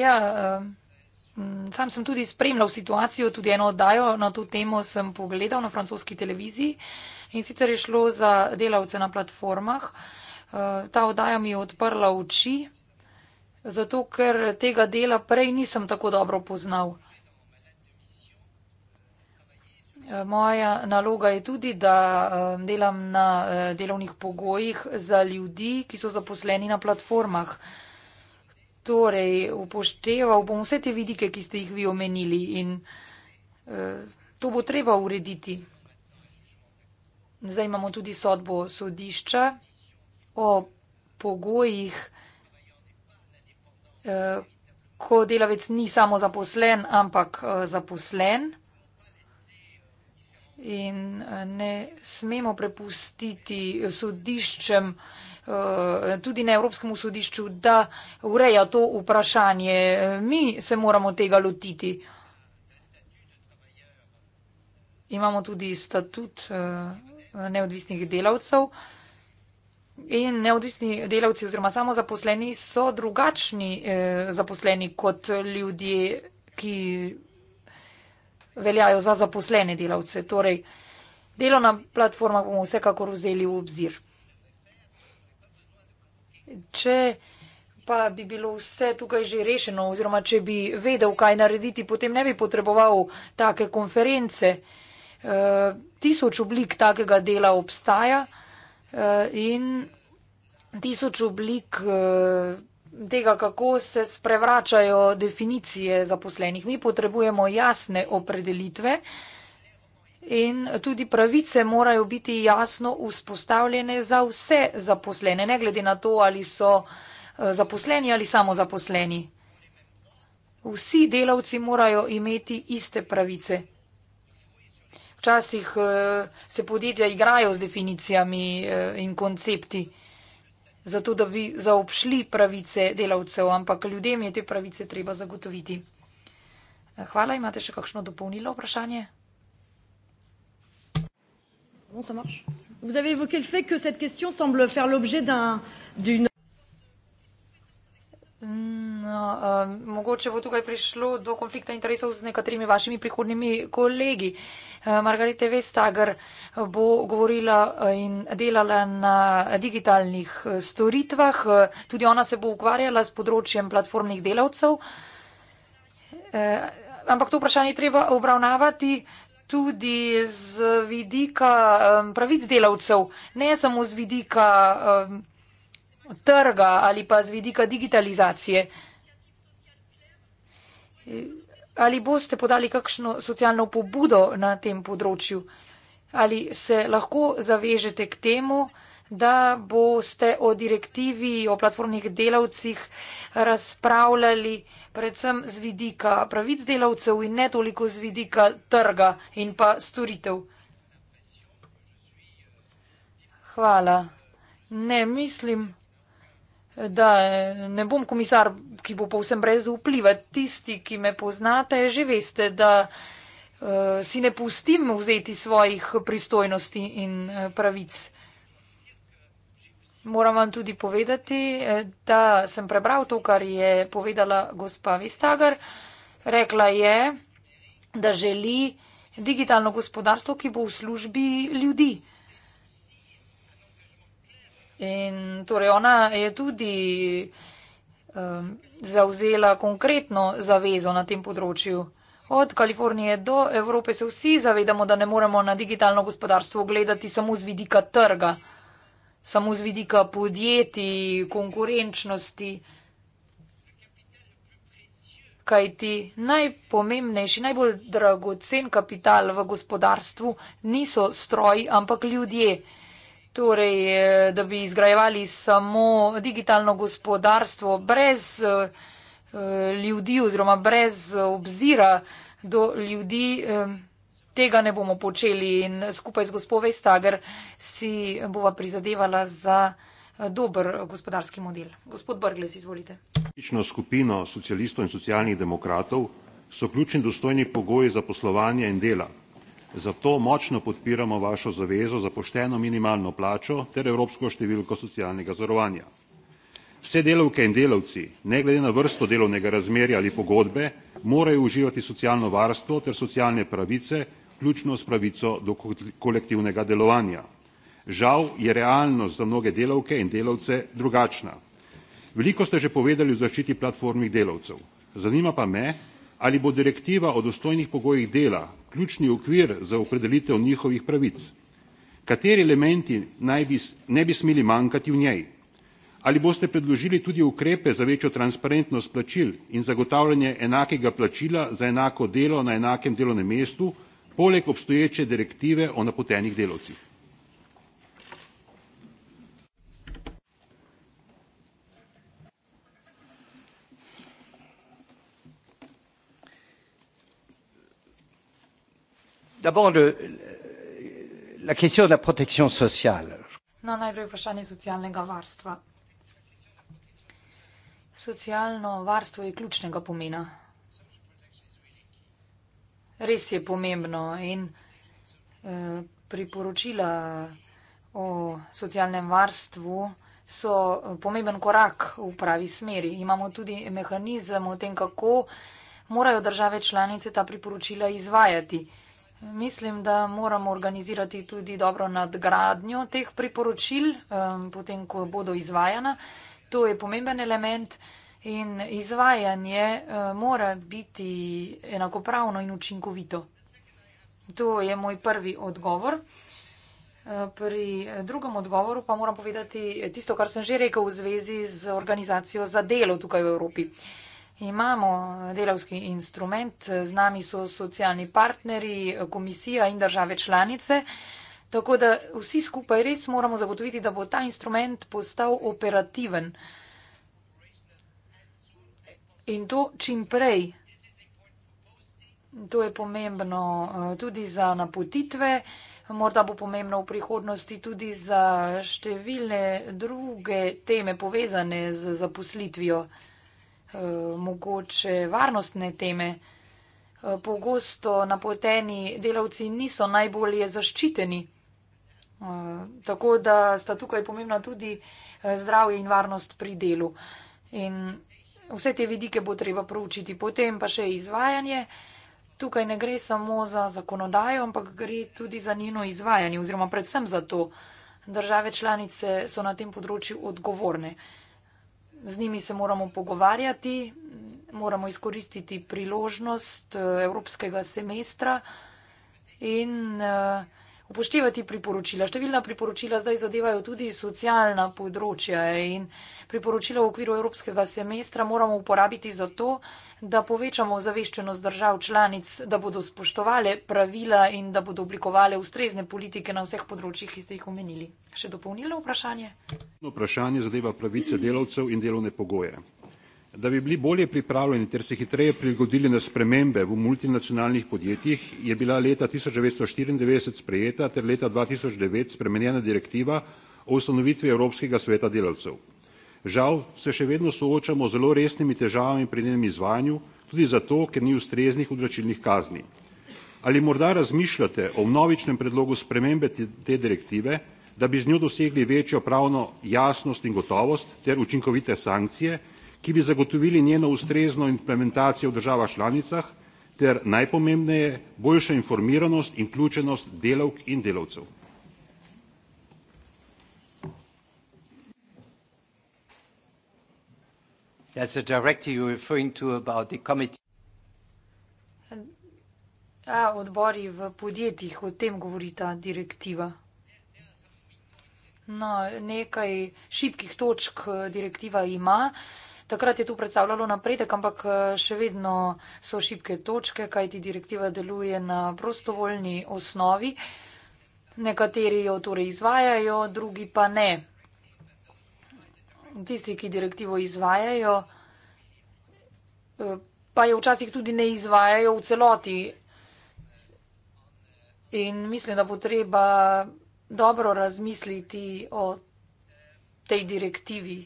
Ja, eh, sam sem tudi spremljal situacijo, tudi eno oddajo na to temo sem pogledal na francoski televiziji in sicer je šlo za delavce na platformah. Eh, ta oddaja mi je odprla oči, zato ker tega dela prej nisem tako dobro poznal. Eh, moja naloga je tudi, da eh, delam na delovnih pogojih za ljudi, ki so zaposleni na platformah. Torej, upošteval bom vse te vidike, ki ste jih vi omenili in to bo treba urediti. Zdaj imamo tudi sodbo sodišča o pogojih, eh, ko delavec ni samo zaposlen, ampak eh, zaposlen in eh, ne smemo prepustiti sodiščem, tudi na Evropskemu sodišču, da ureja to vprašanje. Mi se moramo tega lotiti. Imamo tudi statut neodvisnih delavcev, ki je In neodvisni delavci oziroma samozaposleni so drugačni eh, zaposleni kot ljudje, ki veljajo za zaposlene delavce. Torej, delo na platformah bomo vsekakor vzeli v obzir. Če pa bi bilo vse tukaj že rešeno oziroma če bi vedel, kaj narediti, potem ne bi potreboval take konference. Eh, tisoč oblik takega dela obstaja. Eh, in tisoč oblik eh, tega, kako se sprevračajo definicije zaposlenih. Mi potrebujemo jasne opredelitve in tudi pravice morajo biti jasno vzpostavljene za vse zaposlene, ne glede na to, ali so eh, zaposleni ali samo zaposleni. Vsi delavci morajo imeti iste pravice včasih eh, se podjetja igrajo z definicijami eh, in koncepti, zato da bi zaobšli pravice delavcev, ampak ljudem je te pravice treba zagotoviti. Eh, hvala, imate še kakšno dopolnilo vprašanje? Hmm. No, um, mogoče bo tukaj prišlo do konflikta interesov z nekaterimi vašimi prihodnimi kolegi. Uh, Margarite Vestager bo govorila uh, in delala na digitalnih uh, storitvah. Tudi ona se bo ukvarjala s področjem platformnih delavcev. Ampak to vprašanje treba obravnavati tudi z vidika um, pravic delavcev, ne samo z vidika um, trga ali pa z vidika digitalizacije. Ali boste podali kakšno socialno pobudo na tem področju? Ali se lahko zavežete k temu, da boste o direktivi, o platformnih delavcih razpravljali predvsem z vidika pravic delavcev in ne toliko z vidika trga in pa storitev? Hvala. Ne mislim da ne bom komisar, ki bo povsem brez vpliva. Tisti, ki me poznate, že veste, da eh, si ne pustim vzeti svojih pristojnosti in eh, pravic. Moram vam tudi povedati, eh, da sem prebral to, kar je povedala gospa Vestager. Rekla je, da želi digitalno gospodarstvo, ki bo v službi ljudi. In torej ona je tudi um, zauzela konkretno zavezo na tem področju. Od Kalifornije do Evrope se vsi zavedamo, da ne moremo na digitalno gospodarstvo gledati samo z vidika trga, samo z vidika podjetij, konkurenčnosti. Kaj ti najpomembnejši, najbolj dragocen kapital v gospodarstvu niso stroji, ampak ljudje torej eh, da bi izgrajevali samo digitalno gospodarstvo brez eh, eh, ljudi oziroma brez obzira do ljudi, tega ne bomo počeli in skupaj z gospod Vestager si bova prizadevala za dober gospodarski model. Gospod Brgles, izvolite. Politično skupino socialistov in socialnih demokratov so ključni dostojni pogoji za poslovanje in dela. Zato močno podpiramo vašo zavezo za pošteno minimalno plačo ter evropsko številko socialnega zarovanja. Vse delavke in delavci, ne glede na vrsto delovnega razmerja ali pogodbe, morajo uživati socialno varstvo ter socialne pravice, ključno s pravico do kolektivnega delovanja. Žal je realnost za mnoge delavke in delavce drugačna. Veliko ste že povedali o zaščiti platformnih delavcev. Zanima pa me, ali bo direktiva o dostojnih pogojih dela ključni okvir za opredelitev njihovih pravic. Kateri elementi naj bi, ne bi smeli manjkati v njej? Ali boste predložili tudi ukrepe za večjo transparentnost plačil in zagotavljanje enakega plačila za enako delo na enakem delovnem mestu, poleg obstoječe direktive o napotenih delovcih? D'abord, le, la question de la protection sociale. No, najprej vprašanje socialnega varstva. Socialno varstvo je ključnega pomena. Res je pomembno in eh, priporočila o socialnem varstvu so eh, pomemben korak v pravi smeri. Imamo tudi mehanizem o tem, kako morajo države članice ta priporočila izvajati. Mislim, da moramo organizirati tudi dobro nadgradnjo teh priporočil, potem, ko bodo izvajana. To je pomemben element in izvajanje eh, mora biti enakopravno in učinkovito. To je moj prvi odgovor. Eh, pri eh, drugem odgovoru pa moram povedati tisto, kar sem že rekel v zvezi z organizacijo za delo tukaj v Evropi. Imamo eh, delavski instrument, eh, z nami so socialni partnerji, eh, komisija in države članice. Tako da vsi skupaj res moramo zagotoviti, da bo ta instrument postal operativen. In to čim prej. To je pomembno tudi za napotitve, morda bo pomembno v prihodnosti tudi za številne druge teme povezane z zaposlitvijo. Eh, mogoče varnostne teme. Eh, pogosto napoteni delavci niso najbolje zaščiteni, eh, tako da sta tukaj pomembna tudi zdravje in varnost pri delu. In vse te vidike bo treba proučiti. Potem pa še izvajanje. Tukaj ne gre samo za zakonodajo, ampak gre tudi za njeno izvajanje oziroma predvsem za to. Države članice so na tem področju odgovorne z njimi se moramo pogovarjati, moramo izkoristiti priložnost eh, evropskega semestra in uh, upoštevati priporočila. Številna priporočila zdaj zadevajo tudi socialna področja in priporočila v okviru evropskega semestra moramo uporabiti za to, da povečamo zaveščenost držav članic, da bodo spoštovale pravila in da bodo oblikovale ustrezne politike na vseh področjih, ki ste jih omenili. Še dopolnilo vprašanje? Vprašanje zadeva pravice delavcev in delovne pogoje. Da bi bili bolje pripravljeni ter se hitreje prilagodili na spremembe v multinacionalnih podjetjih, je bila leta 1994 sprejeta ter leta 2009 spremenjena direktiva o ustanovitvi Evropskega sveta delavcev. Žal se še vedno soočamo z zelo resnimi težavami pri njenem izvajanju, tudi zato, ker ni ustreznih odločilnih kazni. Ali morda razmišljate o novičnem predlogu spremembe te direktive, da bi z njo dosegli večjo pravno jasnost in gotovost ter učinkovite sankcije, ki bi zagotovili njeno ustrezno implementacijo v državah članicah ter najpomembneje boljšo informiranost in vključenost delavk in delavcev. That's a directive you're referring to about the committee. A odbori v podjetjih, o tem govori ta direktiva. No, nekaj šibkih točk eh, direktiva ima. Uh, Takrat je to predstavljalo napredek, ampak eh, še vedno so šibke točke, kaj ti direktiva deluje na prostovoljni osnovi. Nekateri jo torej izvajajo, drugi pa ne. Tisti, ki direktivo izvajajo, eh, pa jo včasih tudi ne izvajajo v celoti. In mislim, da bo treba dobro razmisliti o tej direktivi.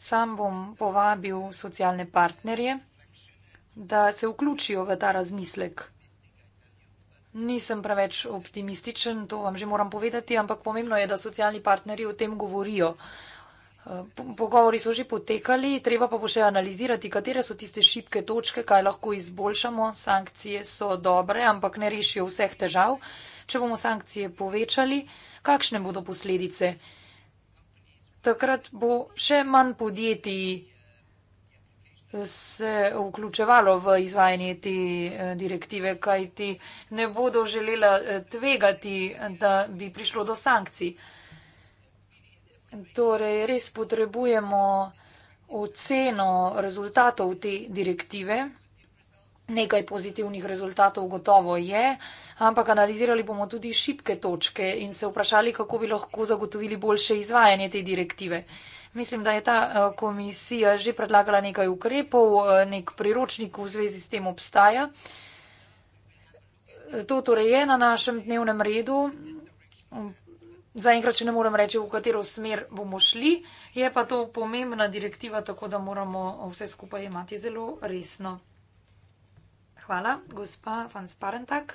Sam bom povabil socialne partnerje, da se vključijo v ta razmislek. Nisem preveč optimističen, to vam že moram povedati, ampak pomembno je, da socialni partnerji o tem govorijo. Eh, pogovori so že potekali, treba pa bo še analizirati, katere so tiste šibke točke, kaj lahko izboljšamo. Sankcije so dobre, ampak ne rešijo vseh težav. Če bomo sankcije povečali, kakšne bodo posledice? takrat bo še manj podjetij eh, se vključevalo v izvajanje te eh, direktive, kaj ti ne bodo želela eh, tvegati, da bi prišlo do sankcij. Torej, res potrebujemo oceno rezultatov te direktive. Nekaj pozitivnih rezultatov gotovo je, ampak analizirali bomo tudi šibke točke in se vprašali, kako bi lahko zagotovili boljše izvajanje te direktive. Mislim, da je ta eh, komisija že predlagala nekaj ukrepov, eh, nek priročnik v zvezi s tem obstaja. To torej je na našem dnevnem redu. Zaenkrat, če ne morem reči, v katero smer bomo šli, je pa to pomembna direktiva, tako da moramo vse skupaj imati zelo resno. Hvala. Gospa van Sparentak.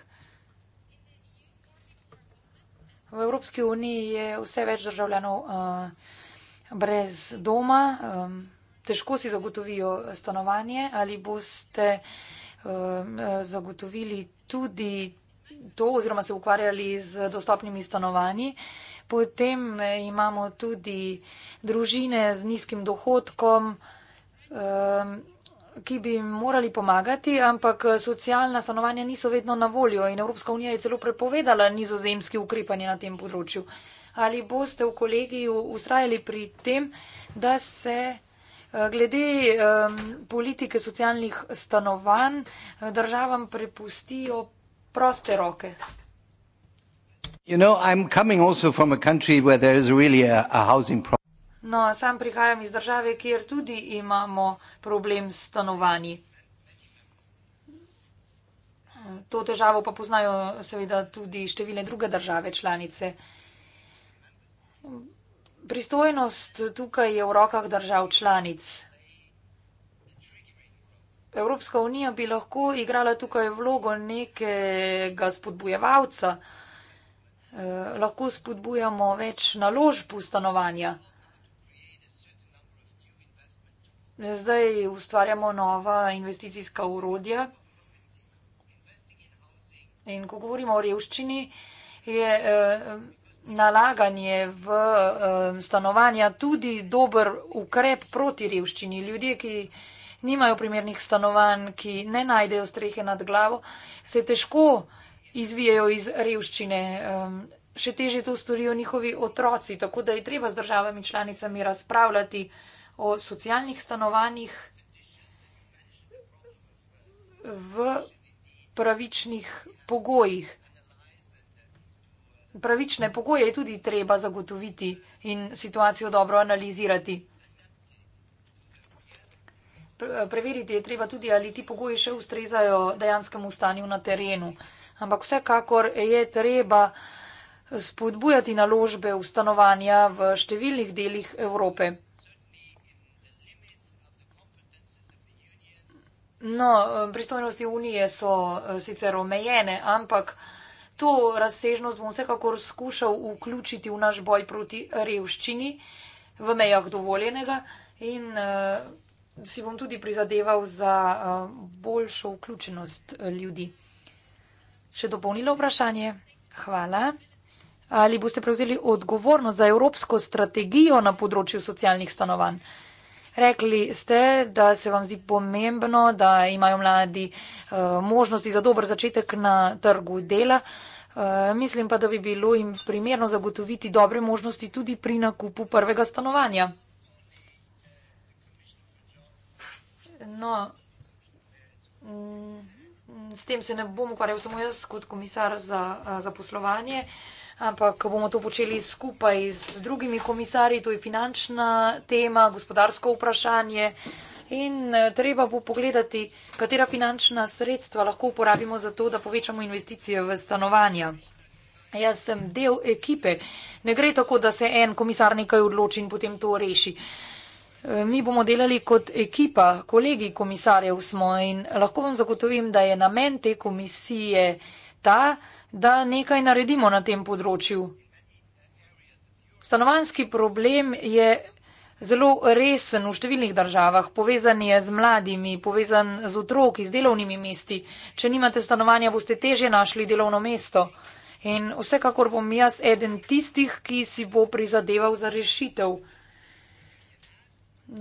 V Evropski uniji je vse več državljanov eh, brez doma. Eh, težko si zagotovijo stanovanje. Ali boste eh, zagotovili tudi to oziroma se ukvarjali z dostopnimi stanovanji? Potem imamo tudi družine z nizkim dohodkom, ki bi jim morali pomagati, ampak eh, socialna stanovanja niso vedno na voljo in Evropska unija je celo prepovedala nizozemski ukrepanje na tem področju. Ali boste v kolegiju ustrajali pri tem, da se eh, glede um, politike socialnih stanovanj eh, državam prepustijo proste roke? You know, No, sam prihajam iz države, kjer tudi imamo problem s stanovanji. To težavo pa poznajo seveda tudi številne druge države članice. Pristojnost tukaj je v rokah držav članic. Evropska unija bi lahko igrala tukaj vlogo nekega spodbujevalca. Eh, lahko spodbujamo več naložb v stanovanja. Zdaj ustvarjamo nova investicijska urodja. In ko govorimo o revščini, je eh, nalaganje v eh, stanovanja tudi dober ukrep proti revščini. Ljudje, ki nimajo primernih stanovanj, ki ne najdejo strehe nad glavo, se težko izvijajo iz revščine. Eh, še teže to storijo njihovi otroci, tako da je treba z državami članicami razpravljati o socialnih stanovanjih v pravičnih pogojih. Pravične pogoje je tudi treba zagotoviti in situacijo dobro analizirati. Preveriti je treba tudi, ali ti pogoji še ustrezajo dejanskemu stanju na terenu. Ampak vsekakor je treba spodbujati naložbe v stanovanja v številnih delih Evrope. No, eh, pristojnosti unije so eh, sicer omejene, ampak to razsežnost bom vsekakor skušal vključiti v naš boj proti revščini v mejah dovoljenega in uh, si bom tudi prizadeval za uh, boljšo vključenost ljudi. Še dopolnilo vprašanje. Hvala. Ali boste prevzeli odgovornost za evropsko strategijo na področju socialnih stanovanj? Rekli ste, da se vam zdi pomembno, da imajo mladi uh, možnosti za dober začetek na trgu dela. Uh, mislim pa, da bi bilo jim primerno zagotoviti dobre možnosti tudi pri nakupu prvega stanovanja. No, mm, s tem se ne bom ukvarjal samo jaz kot komisar za, eh, za poslovanje. Uh, ampak bomo to počeli skupaj z drugimi komisarji, to je finančna tema, gospodarsko vprašanje. In eh, treba bo pogledati, katera finančna sredstva lahko uporabimo za to, da povečamo investicije v stanovanja. Jaz sem del ekipe. Ne gre tako, da se en komisar nekaj odloči in potem to reši. Eh, mi bomo delali kot ekipa, kolegi komisarjev smo in lahko vam zagotovim, da je namen te komisije ta, da nekaj naredimo na tem področju. Stanovanski problem je zelo resen v številnih državah, povezan je z mladimi, povezan z otroki, z delovnimi mesti. Če nimate stanovanja, boste teže našli delovno mesto. In vsekakor bom jaz eden tistih, ki si bo prizadeval za rešitev.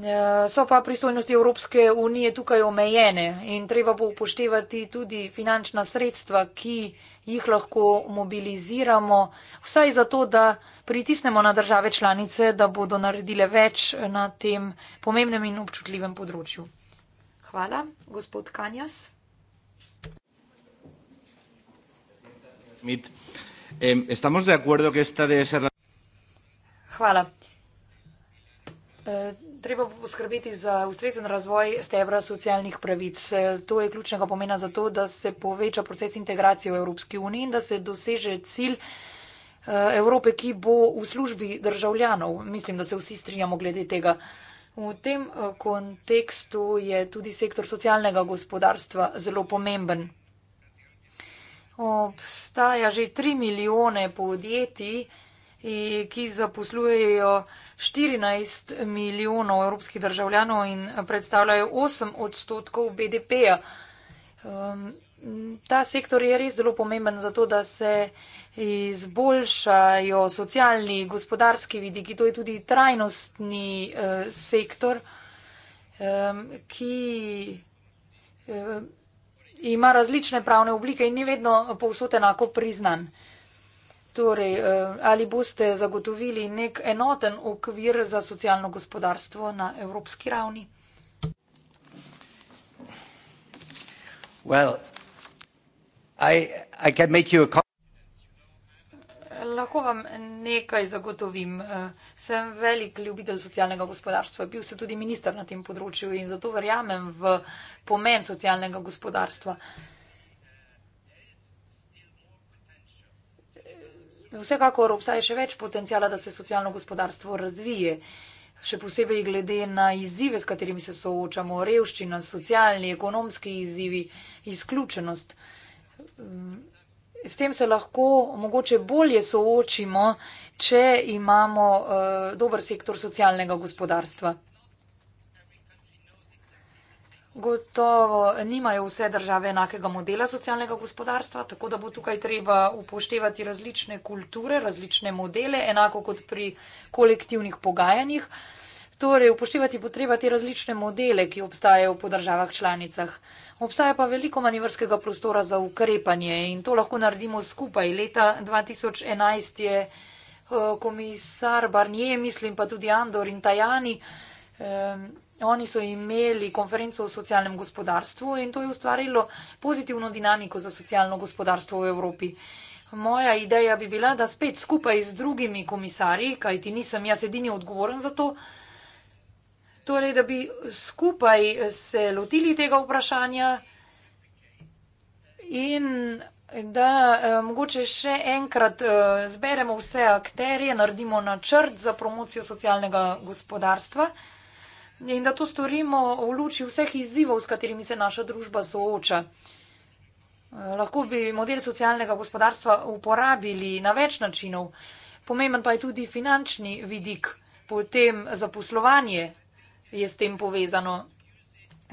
Eh, so pa pristojnosti Evropske unije tukaj omejene in treba bo upoštevati tudi finančna sredstva, ki jih lahko mobiliziramo, vsaj zato, da pritisnemo na države članice, da bodo naredile več na tem pomembnem in občutljivem področju. Hvala, gospod Kanjas. Hvala. Eh, treba poskrbeti za ustrezen razvoj stebra socialnih pravic. E, to je ključnega pomena za to, da se poveča proces integracije v Evropski uniji in da se doseže cilj e, Evrope, ki bo v službi državljanov. Mislim, da se vsi strinjamo glede tega. V tem e, kontekstu je tudi sektor socialnega gospodarstva zelo pomemben. Obstaja že tri milijone podjetij, ki zaposlujejo 14 milijonov evropskih državljanov in predstavljajo 8 odstotkov BDP-ja. Um, ta sektor je res zelo pomemben zato, da se izboljšajo socialni, gospodarski vidiki. To je tudi trajnostni uh, sektor, um, ki uh, ima različne pravne oblike in ni vedno povsod enako priznan. Uh, Torej, eh, ali boste zagotovili nek enoten okvir za socialno gospodarstvo na evropski ravni? Well, I, I can make you a Lahko vam nekaj zagotovim. Eh, sem velik ljubitelj socialnega gospodarstva. Bil sem tudi minister na tem področju in zato verjamem v pomen socialnega gospodarstva. vsekakor obstaja še več potencijala, da se socialno gospodarstvo razvije. Še posebej glede na izzive, s katerimi se soočamo, revščina, socialni, ekonomski izzivi, izključenost. S tem se lahko mogoče bolje soočimo, če imamo eh, dober sektor socialnega gospodarstva. Gotovo nimajo vse države enakega modela socialnega gospodarstva, tako da bo tukaj treba upoštevati različne kulture, različne modele, enako kot pri kolektivnih pogajanjih. Torej, upoštevati bo treba te različne modele, ki obstajajo po državah članicah. Obstaja pa veliko manjvrskega prostora za ukrepanje in to lahko naredimo skupaj. Leta 2011 je eh, komisar Barnier, mislim pa tudi Andor in Tajani. Eh, Oni so imeli konferenco o socialnem gospodarstvu in to je ustvarilo pozitivno dinamiko za socialno gospodarstvo v Evropi. Moja ideja bi bila, da spet skupaj z drugimi komisarji, kajti nisem jaz edini odgovoren za to, torej, da bi skupaj se lotili tega vprašanja in da eh, mogoče še enkrat eh, zberemo vse akterje, naredimo načrt za promocijo socialnega gospodarstva in da to storimo v luči vseh izzivov, s katerimi se naša družba sooča. Eh, lahko bi model socialnega gospodarstva uporabili na več načinov. Pomemben pa je tudi finančni vidik, potem zaposlovanje je s tem povezano.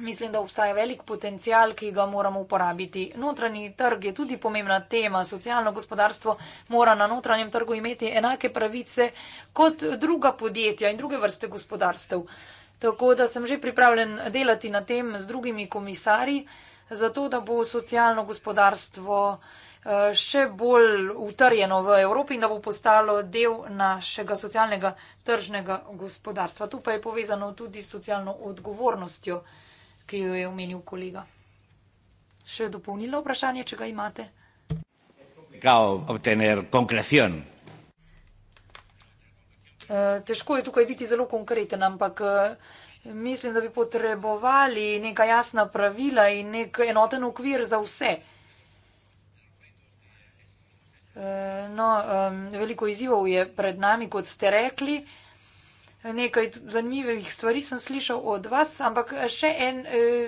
Mislim, da obstaja velik potencial, ki ga moramo uporabiti. Notranji trg je tudi pomembna tema. Socialno gospodarstvo mora na notranjem trgu imeti enake pravice kot druga podjetja in druge vrste gospodarstv. Tako da sem že pripravljen delati na tem z drugimi komisari, zato da bo socialno gospodarstvo eh, še bolj utrjeno v Evropi in da bo postalo del našega socialnega tržnega gospodarstva. Tu pa je povezano tudi s socialno odgovornostjo, ki jo je omenil kolega. Še dopolnilo vprašanje, če ga imate? Kao obtener konkrecion. Eh, težko je tukaj biti zelo konkreten, ampak eh, mislim, da bi potrebovali neka jasna pravila in nek enoten okvir za vse. Eh, no, veliko izzivov je pred nami, kot ste rekli. Nekaj zanimivih stvari sem slišal od vas, ampak še en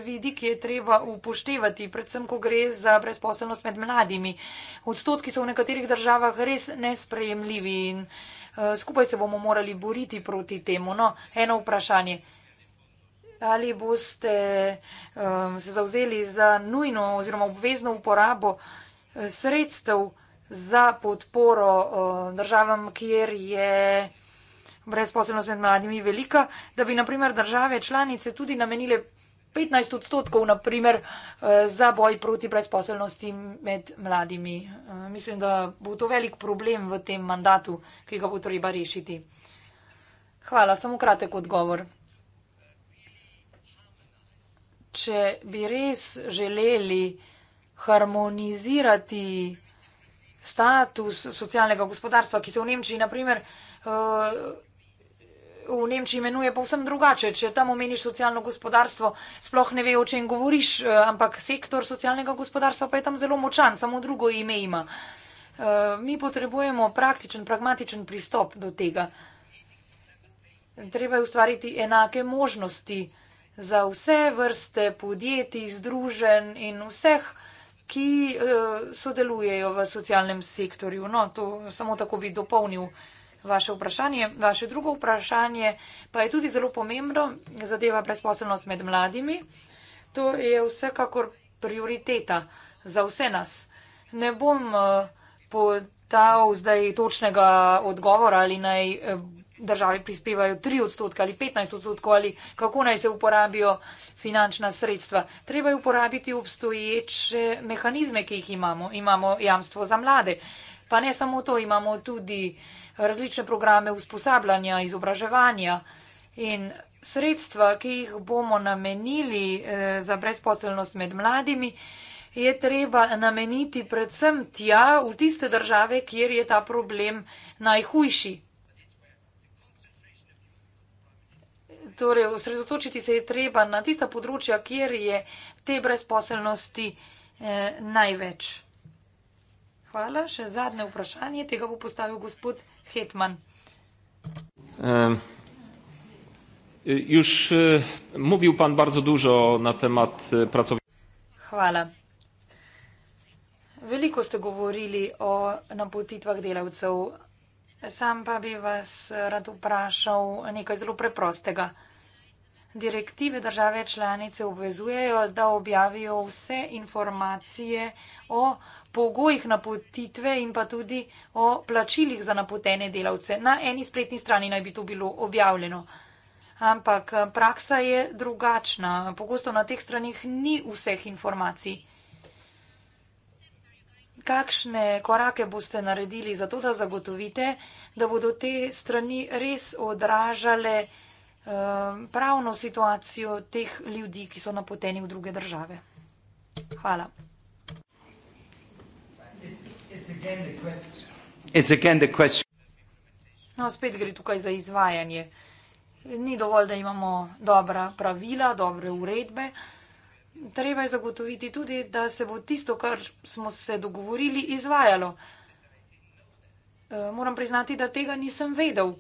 vidik je treba upoštevati, predvsem, ko gre za brezposelnost med mladimi. Odstotki so v nekaterih državah res nesprejemljivi in uh, Eh, skupaj se bomo morali boriti proti temu. No, eno vprašanje. Ali boste um, se zauzeli za nujno oziroma obvezno uporabo eh, sredstev za podporo um, državam, kjer je brezposobnost med mladimi velika, da bi naprimer države članice tudi namenile 15 odstotkov, naprimer, eh, za boj proti brezposelnosti med mladimi. Eh, mislim, da bo to velik problem v tem mandatu, ki ga bo treba rešiti. Hvala, samo kratek odgovor. Če bi res želeli harmonizirati status socialnega gospodarstva, ki se v Nemčiji, naprimer, eh, v Nemčiji imenuje povsem drugače. Če tam omeniš socialno gospodarstvo, sploh ne ve, o čem govoriš, eh, ampak sektor socialnega gospodarstva pa je tam zelo močan, samo drugo ime ima. Eh, mi potrebujemo praktičen, pragmatičen pristop do tega. Treba je ustvariti enake možnosti za vse vrste podjetij, združen in vseh, ki eh, sodelujejo v socialnem sektorju. No, to samo tako bi dopolnil vsega vaše vprašanje. Vaše drugo vprašanje pa je tudi zelo pomembno, zadeva brezposobnost med mladimi. To je vsekakor prioriteta za vse nas. Ne bom eh, podal zdaj točnega odgovora, ali naj eh, države prispevajo 3 odstotka ali 15 odstotkov ali kako naj se uporabijo finančna sredstva. Treba je uporabiti obstoječe mehanizme, ki jih imamo. Imamo jamstvo za mlade. Pa ne samo to, imamo tudi uh, različne programe usposabljanja, izobraževanja in sredstva, ki jih bomo namenili eh, za brezposelnost med mladimi, je treba nameniti predvsem tja v tiste države, kjer je ta problem najhujši. Torej, osredotočiti se je treba na tista področja, kjer je te brezposelnosti eh, največ. Hvala. Še zadnje vprašanje, tega bo postavil gospod Hetman. Um, już uh, mówił pan bardzo dużo na temat uh, e, pracowników. Chwala. Wielko ste mówili o napotitwach delawców. Sam pa by was rad upraszał niekoj zelo preprostego direktive države članice obvezujejo, da objavijo vse informacije o pogojih napotitve in pa tudi o plačilih za napotene delavce. Na eni spletni strani naj bi to bilo objavljeno. Ampak eh, praksa je drugačna. Pogosto na teh stranih ni vseh informacij. Kakšne korake boste naredili za to, da zagotovite, da bodo te strani res odražale informacije, Um, pravno situacijo teh ljudi, ki so napoteni v druge države. Hvala. No, spet gre tukaj za izvajanje. Ni dovolj, da imamo dobra pravila, dobre uredbe. Treba je zagotoviti tudi, da se bo tisto, kar smo se dogovorili, izvajalo. Uh, moram priznati, da tega nisem vedel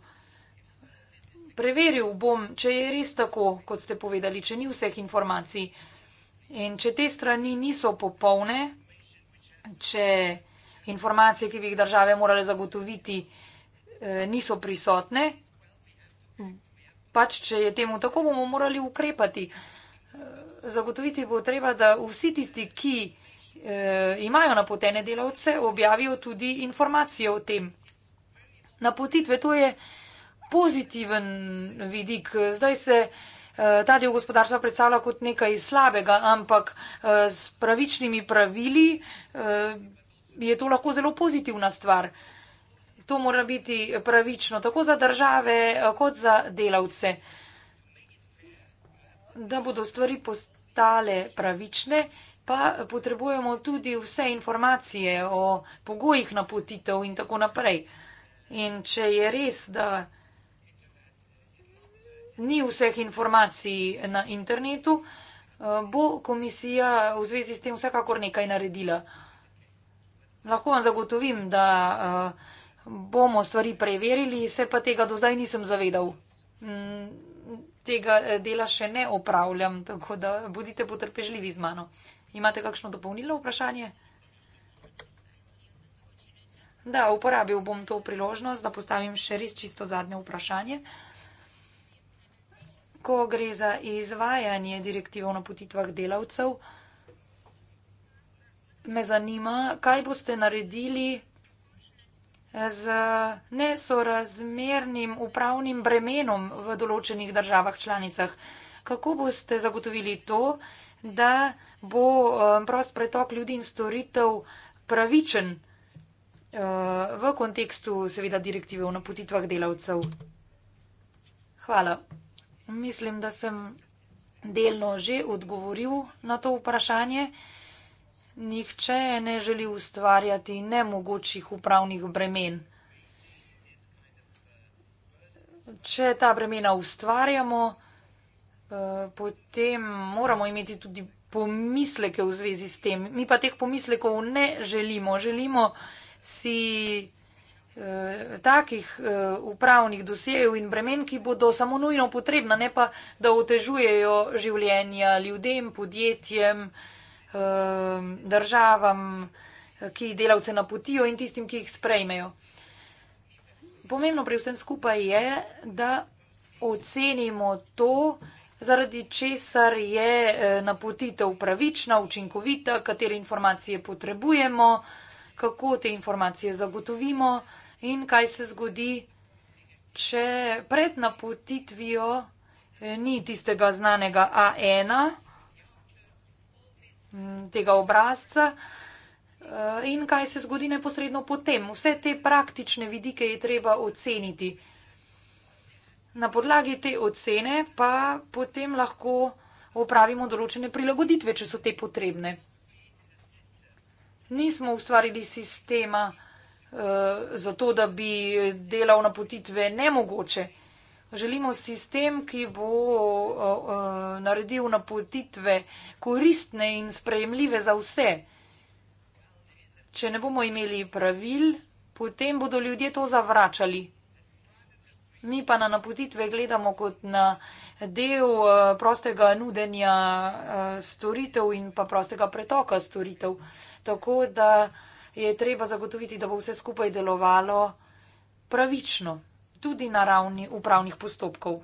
preveril bom, če je res tako, kot ste povedali, če ni vseh informacij. In če te strani niso popolne, če informacije, ki bi jih države morale zagotoviti, eh, niso prisotne, pač če je temu tako, bomo morali ukrepati. Eh, zagotoviti bo treba, da vsi tisti, ki eh, imajo napotene delavce, objavijo tudi informacije o tem. Napotitve to je pozitiven vidik. Zdaj se eh, ta del gospodarstva predstavlja kot nekaj slabega, ampak eh, s pravičnimi pravili eh, je to lahko zelo pozitivna stvar. To mora biti pravično tako za države kot za delavce. Da bodo stvari postale pravične, pa potrebujemo tudi vse informacije o pogojih napotitev in tako naprej. In če je res, da ni vseh informacij na internetu, eh, bo komisija v zvezi s tem vsekakor nekaj naredila. Lahko vam zagotovim, da eh, bomo stvari preverili, se pa tega do zdaj nisem zavedal. Mm, tega eh, dela še ne opravljam, tako da bodite potrpežljivi z mano. Imate kakšno dopolnilo vprašanje? Da, uporabil bom to priložnost, da postavim še res čisto zadnje vprašanje ko gre za izvajanje direktiv o napotitvah delavcev, me zanima, kaj boste naredili z nesorazmernim upravnim bremenom v določenih državah članicah. Kako boste zagotovili to, da bo um, prost pretok ljudi in storitev pravičen uh, v kontekstu seveda direktive o napotitvah delavcev? Hvala. Mislim, da sem delno že odgovoril na to vprašanje. Nihče ne želi ustvarjati nemogočih upravnih bremen. Če ta bremena ustvarjamo, eh, potem moramo imeti tudi pomisleke v zvezi s tem. Mi pa teh pomislekov ne želimo. Želimo si Eh, takih eh, upravnih dosjejev in bremen, ki bodo samo nujno potrebna, ne pa da otežujejo življenja ljudem, podjetjem, eh, državam, ki delavce napotijo in tistim, ki jih sprejmejo. Pomembno pri vsem skupaj je, da ocenimo to, zaradi česar je napotitev pravična, učinkovita, katere informacije potrebujemo, kako te informacije zagotovimo in In kaj se zgodi, če pred napotitvijo eh, ni tistega znanega A1, mm, tega obrazca, eh, in kaj se zgodi neposredno potem. Vse te praktične vidike je treba oceniti. Na podlagi te ocene pa potem lahko opravimo določene prilagoditve, če so te potrebne. Nismo ustvarili sistema vsega, Eh, zato da bi delal napotitve nemogoče. Želimo sistem, ki bo eh, eh, naredil napotitve koristne in sprejemljive za vse. Če ne bomo imeli pravil, potem bodo ljudje to zavračali. Mi pa na napotitve gledamo kot na del prostega nudenja storitev in pa prostega pretoka storitev. Tako da je treba zagotoviti, da bo vse skupaj delovalo pravično, tudi na ravni upravnih postopkov.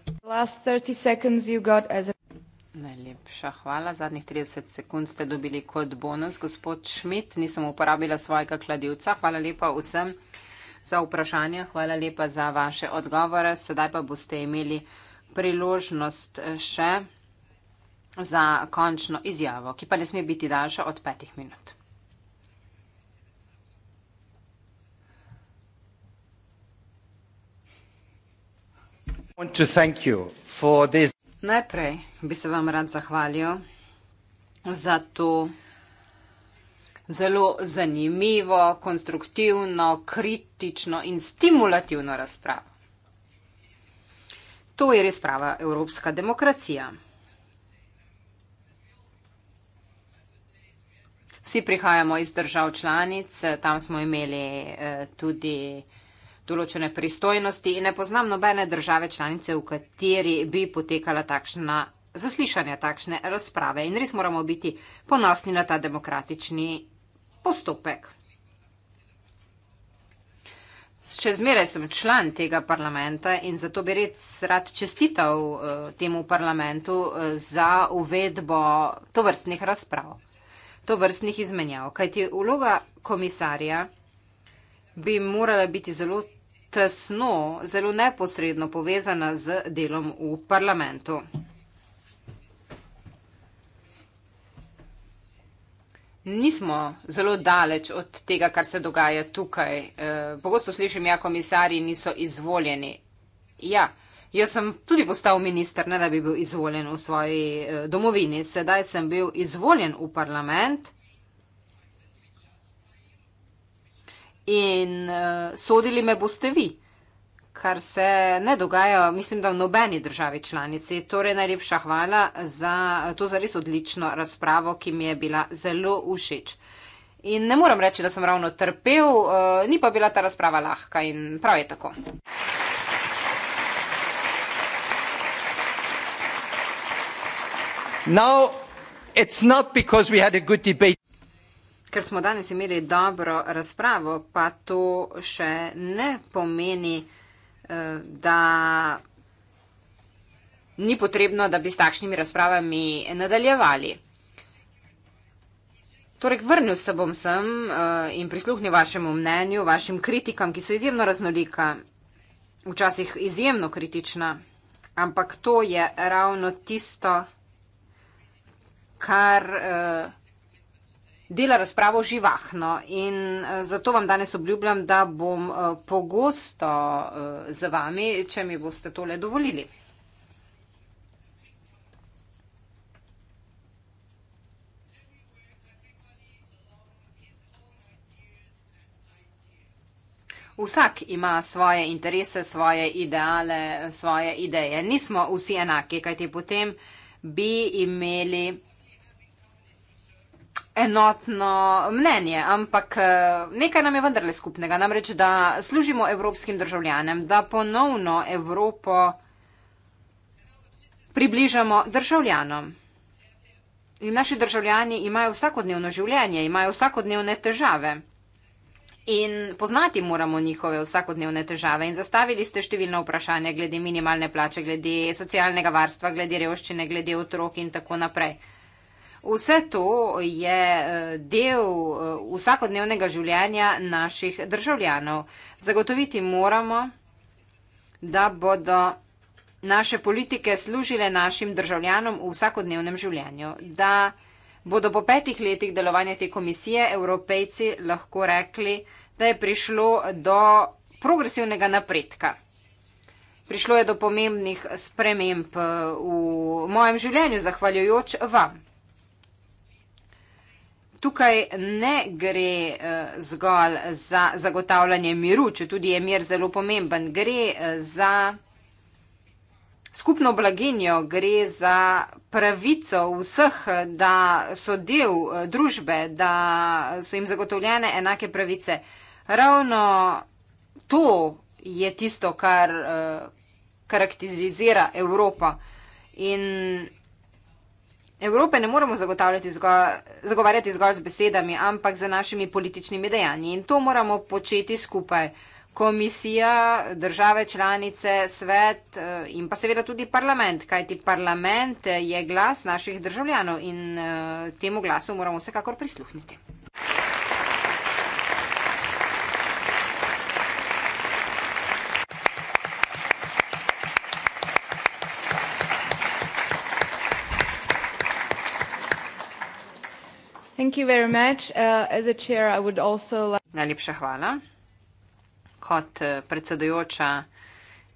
Najlepša hvala. Zadnjih 30 sekund ste dobili kot bonus. Gospod Šmit, nisem uporabila svojega kladivca. Hvala lepa vsem za vprašanje, hvala lepa za vaše odgovore. Sedaj pa boste imeli priložnost še za končno izjavo, ki pa ne sme biti daljša od petih minut. Najprej bi se vam rad zahvalil za to zelo zanimivo, konstruktivno, kritično in stimulativno razpravo. To je res prava evropska demokracija. Vsi prihajamo iz držav članic, tam smo imeli eh, tudi vsega, določene pristojnosti in ne poznam nobene države članice, v kateri bi potekala takšna zaslišanja, takšne razprave. In res moramo biti ponosni na ta demokratični postopek. Še zmeraj sem član tega parlamenta in zato bi red rad čestital eh, temu parlamentu eh, za uvedbo tovrstnih razprav, tovrstnih izmenjav. Kajti vloga komisarja bi morala biti zelo tesno, zelo neposredno povezana z delom v parlamentu. Nismo zelo daleč od tega, kar se dogaja tukaj. Eh, pogosto slišim, ja, komisarji niso izvoljeni. Ja, jaz sem tudi postal minister, ne da bi bil izvoljen v svoji eh, domovini. Sedaj sem bil izvoljen v parlament. in uh, sodili me boste vi, kar se ne dogaja, mislim, da v nobeni državi članici. Torej, najlepša hvala za eh, to zares odlično razpravo, ki mi je bila zelo všeč. In ne moram reči, da sem ravno trpel, uh, ni pa bila ta razprava lahka in prav je tako. Now, it's not because we had a good debate ker smo danes imeli dobro razpravo, pa to še ne pomeni, eh, da ni potrebno, da bi s takšnimi razpravami nadaljevali. Torej, vrnil se bom sem eh, in prisluhnil vašemu mnenju, vašim kritikam, ki so izjemno raznolika, včasih izjemno kritična, ampak to je ravno tisto, kar. Uh, dela razpravo živahno in eh, zato vam danes obljubljam, da bom eh, pogosto eh, z vami, če mi boste tole dovolili. Vsak ima svoje interese, svoje ideale, svoje ideje. Nismo vsi enaki, kajti potem bi imeli enotno mnenje, ampak eh, nekaj nam je vendarle skupnega, namreč da služimo evropskim državljanem, da ponovno Evropo približamo državljanom. In naši državljani imajo vsakodnevno življenje, imajo vsakodnevne težave. In poznati moramo njihove vsakodnevne težave. In zastavili ste številna vprašanja glede minimalne plače, glede socialnega varstva, glede revščine, glede otrok in tako naprej. Vse to je eh, del eh, vsakodnevnega življenja naših državljanov. Zagotoviti moramo, da bodo naše politike služile našim državljanom v vsakodnevnem življenju, da bodo po petih letih delovanja te komisije evropejci lahko rekli, da je prišlo do progresivnega napredka. Prišlo je do pomembnih sprememb eh, v mojem življenju, zahvaljujoč vam. Tukaj ne gre eh, zgolj za zagotavljanje miru, če tudi je mir zelo pomemben. Gre eh, za skupno blaginjo, gre za pravico vseh, da so del eh, družbe, da so jim zagotovljene enake pravice. Ravno to je tisto, kar karakterizira Evropa. In Evrope ne moramo zgo, zagovarjati zgolj z besedami, ampak z našimi političnimi dejanji. In to moramo početi skupaj. Komisija, države članice, svet eh, in pa seveda tudi parlament, kajti parlament je glas naših državljanov in eh, temu glasu moramo vsekakor prisluhniti. Thank you very much. Uh, as a chair, I would also like. Najlepša hvala. Kot uh, predsedujoča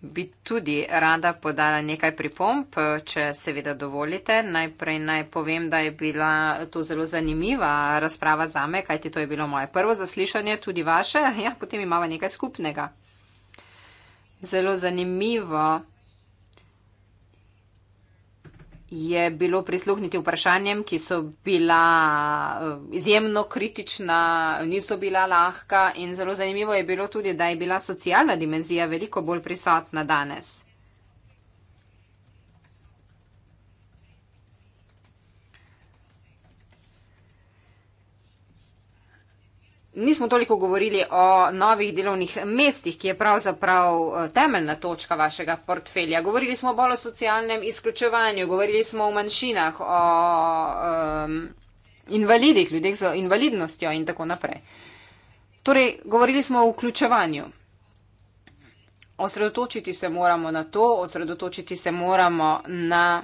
bi tudi rada podala nekaj pripomp, uh, če seveda dovolite. Najprej naj povem, da je bila to zelo zanimiva razprava za me, kajti to je bilo moje prvo zaslišanje, tudi vaše. Ja, potem imamo nekaj skupnega. Zelo zanimivo je bilo prisluhniti vprašanjem, ki so bila eh, izjemno kritična, niso bila lahka in zelo zanimivo je bilo tudi, da je bila socialna dimenzija veliko bolj prisotna danes. nismo toliko govorili o novih delovnih mestih, ki je pravzaprav eh, temeljna točka vašega portfelja. Govorili smo bolj o socialnem izključevanju, govorili smo o manjšinah, o um, invalidih, ljudeh z invalidnostjo in tako naprej. Torej, govorili smo o vključevanju. Osredotočiti se moramo na to, osredotočiti se moramo na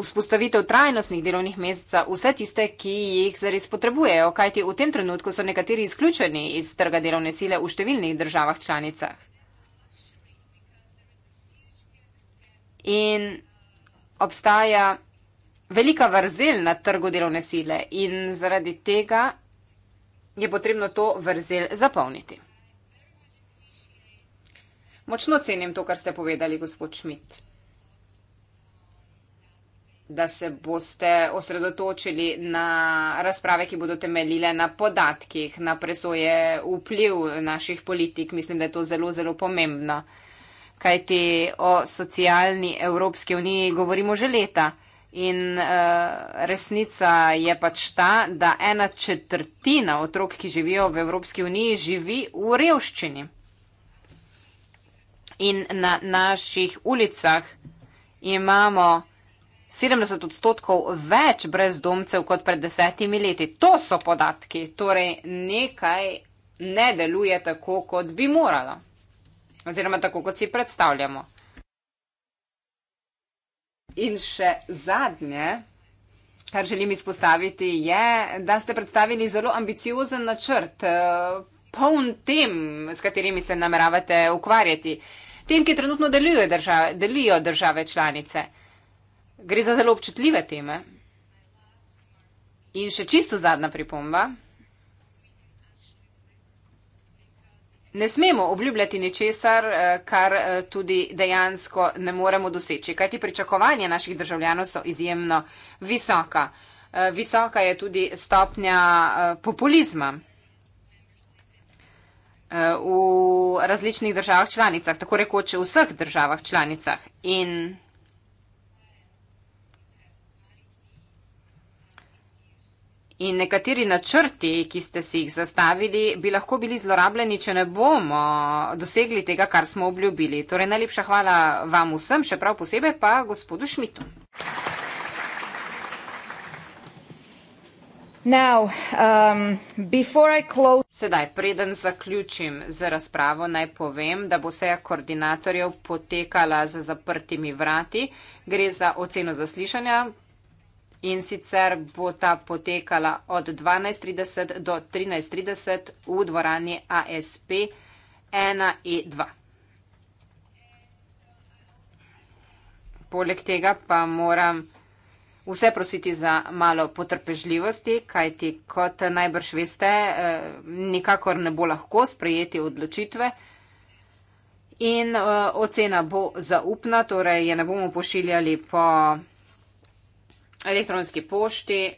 vzpostavitev trajnostnih delovnih mest za vse tiste, ki jih zares potrebujejo, kajti v tem trenutku so nekateri izključeni iz trga delovne sile v številnih državah članicah. In obstaja velika vrzel na trgu delovne sile in zaradi tega je potrebno to vrzel zapolniti. Močno cenim to, kar ste povedali, gospod Šmit da se boste osredotočili na razprave, ki bodo temeljile na podatkih, na presoje vpliv naših politik. Mislim, da je to zelo, zelo pomembno. Kajti o socialni Evropski uniji govorimo že leta. In uh, resnica je pač ta, da ena četrtina otrok, ki živijo v Evropski uniji, živi v revščini. In na naših ulicah imamo 70 odstotkov več brezdomcev kot pred desetimi leti. To so podatki. Torej nekaj ne deluje tako, kot bi moralo. Oziroma tako, kot si predstavljamo. In še zadnje, kar želim izpostaviti, je, da ste predstavili zelo ambiciozen načrt, eh, poln tem, s katerimi se nameravate ukvarjati. Tem, ki trenutno delijo države, delijo države članice gre za zelo občutljive teme. In še čisto zadnja pripomba. Ne smemo obljubljati ničesar, eh, kar eh, tudi dejansko ne moremo doseči, kajti pričakovanja naših državljanov so izjemno visoka. Eh, visoka je tudi stopnja populizma v različnih državah članicah, tako rekoč v vseh državah članicah. In In nekateri načrti, ki ste si jih zastavili, bi lahko bili zlorabljeni, če ne bomo dosegli tega, kar smo obljubili. Torej, najlepša hvala vam vsem, še prav posebej pa gospodu Šmitu. Now, um, close... Sedaj, preden zaključim z razpravo, naj povem, da bo seja koordinatorjev potekala za zaprtimi vrati. Gre za oceno zaslišanja, in sicer bo ta potekala od 12.30 do 13.30 v dvorani ASP 1E2. E Poleg tega pa moram vse prositi za malo potrpežljivosti, kajti kot najbrž veste, eh, nikakor ne bo lahko sprejeti odločitve in eh, ocena bo zaupna, torej je ne bomo pošiljali po vsega, elektronski pošti,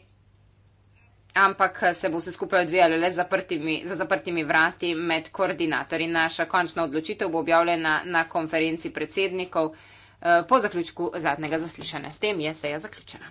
ampak se bo vse skupaj odvijalo le zaprtimi, za zaprtimi vrati med koordinatorji. Naša končna odločitev bo objavljena na konferenci predsednikov eh, po zaključku zadnjega zaslišanja. S tem je seja zaključena.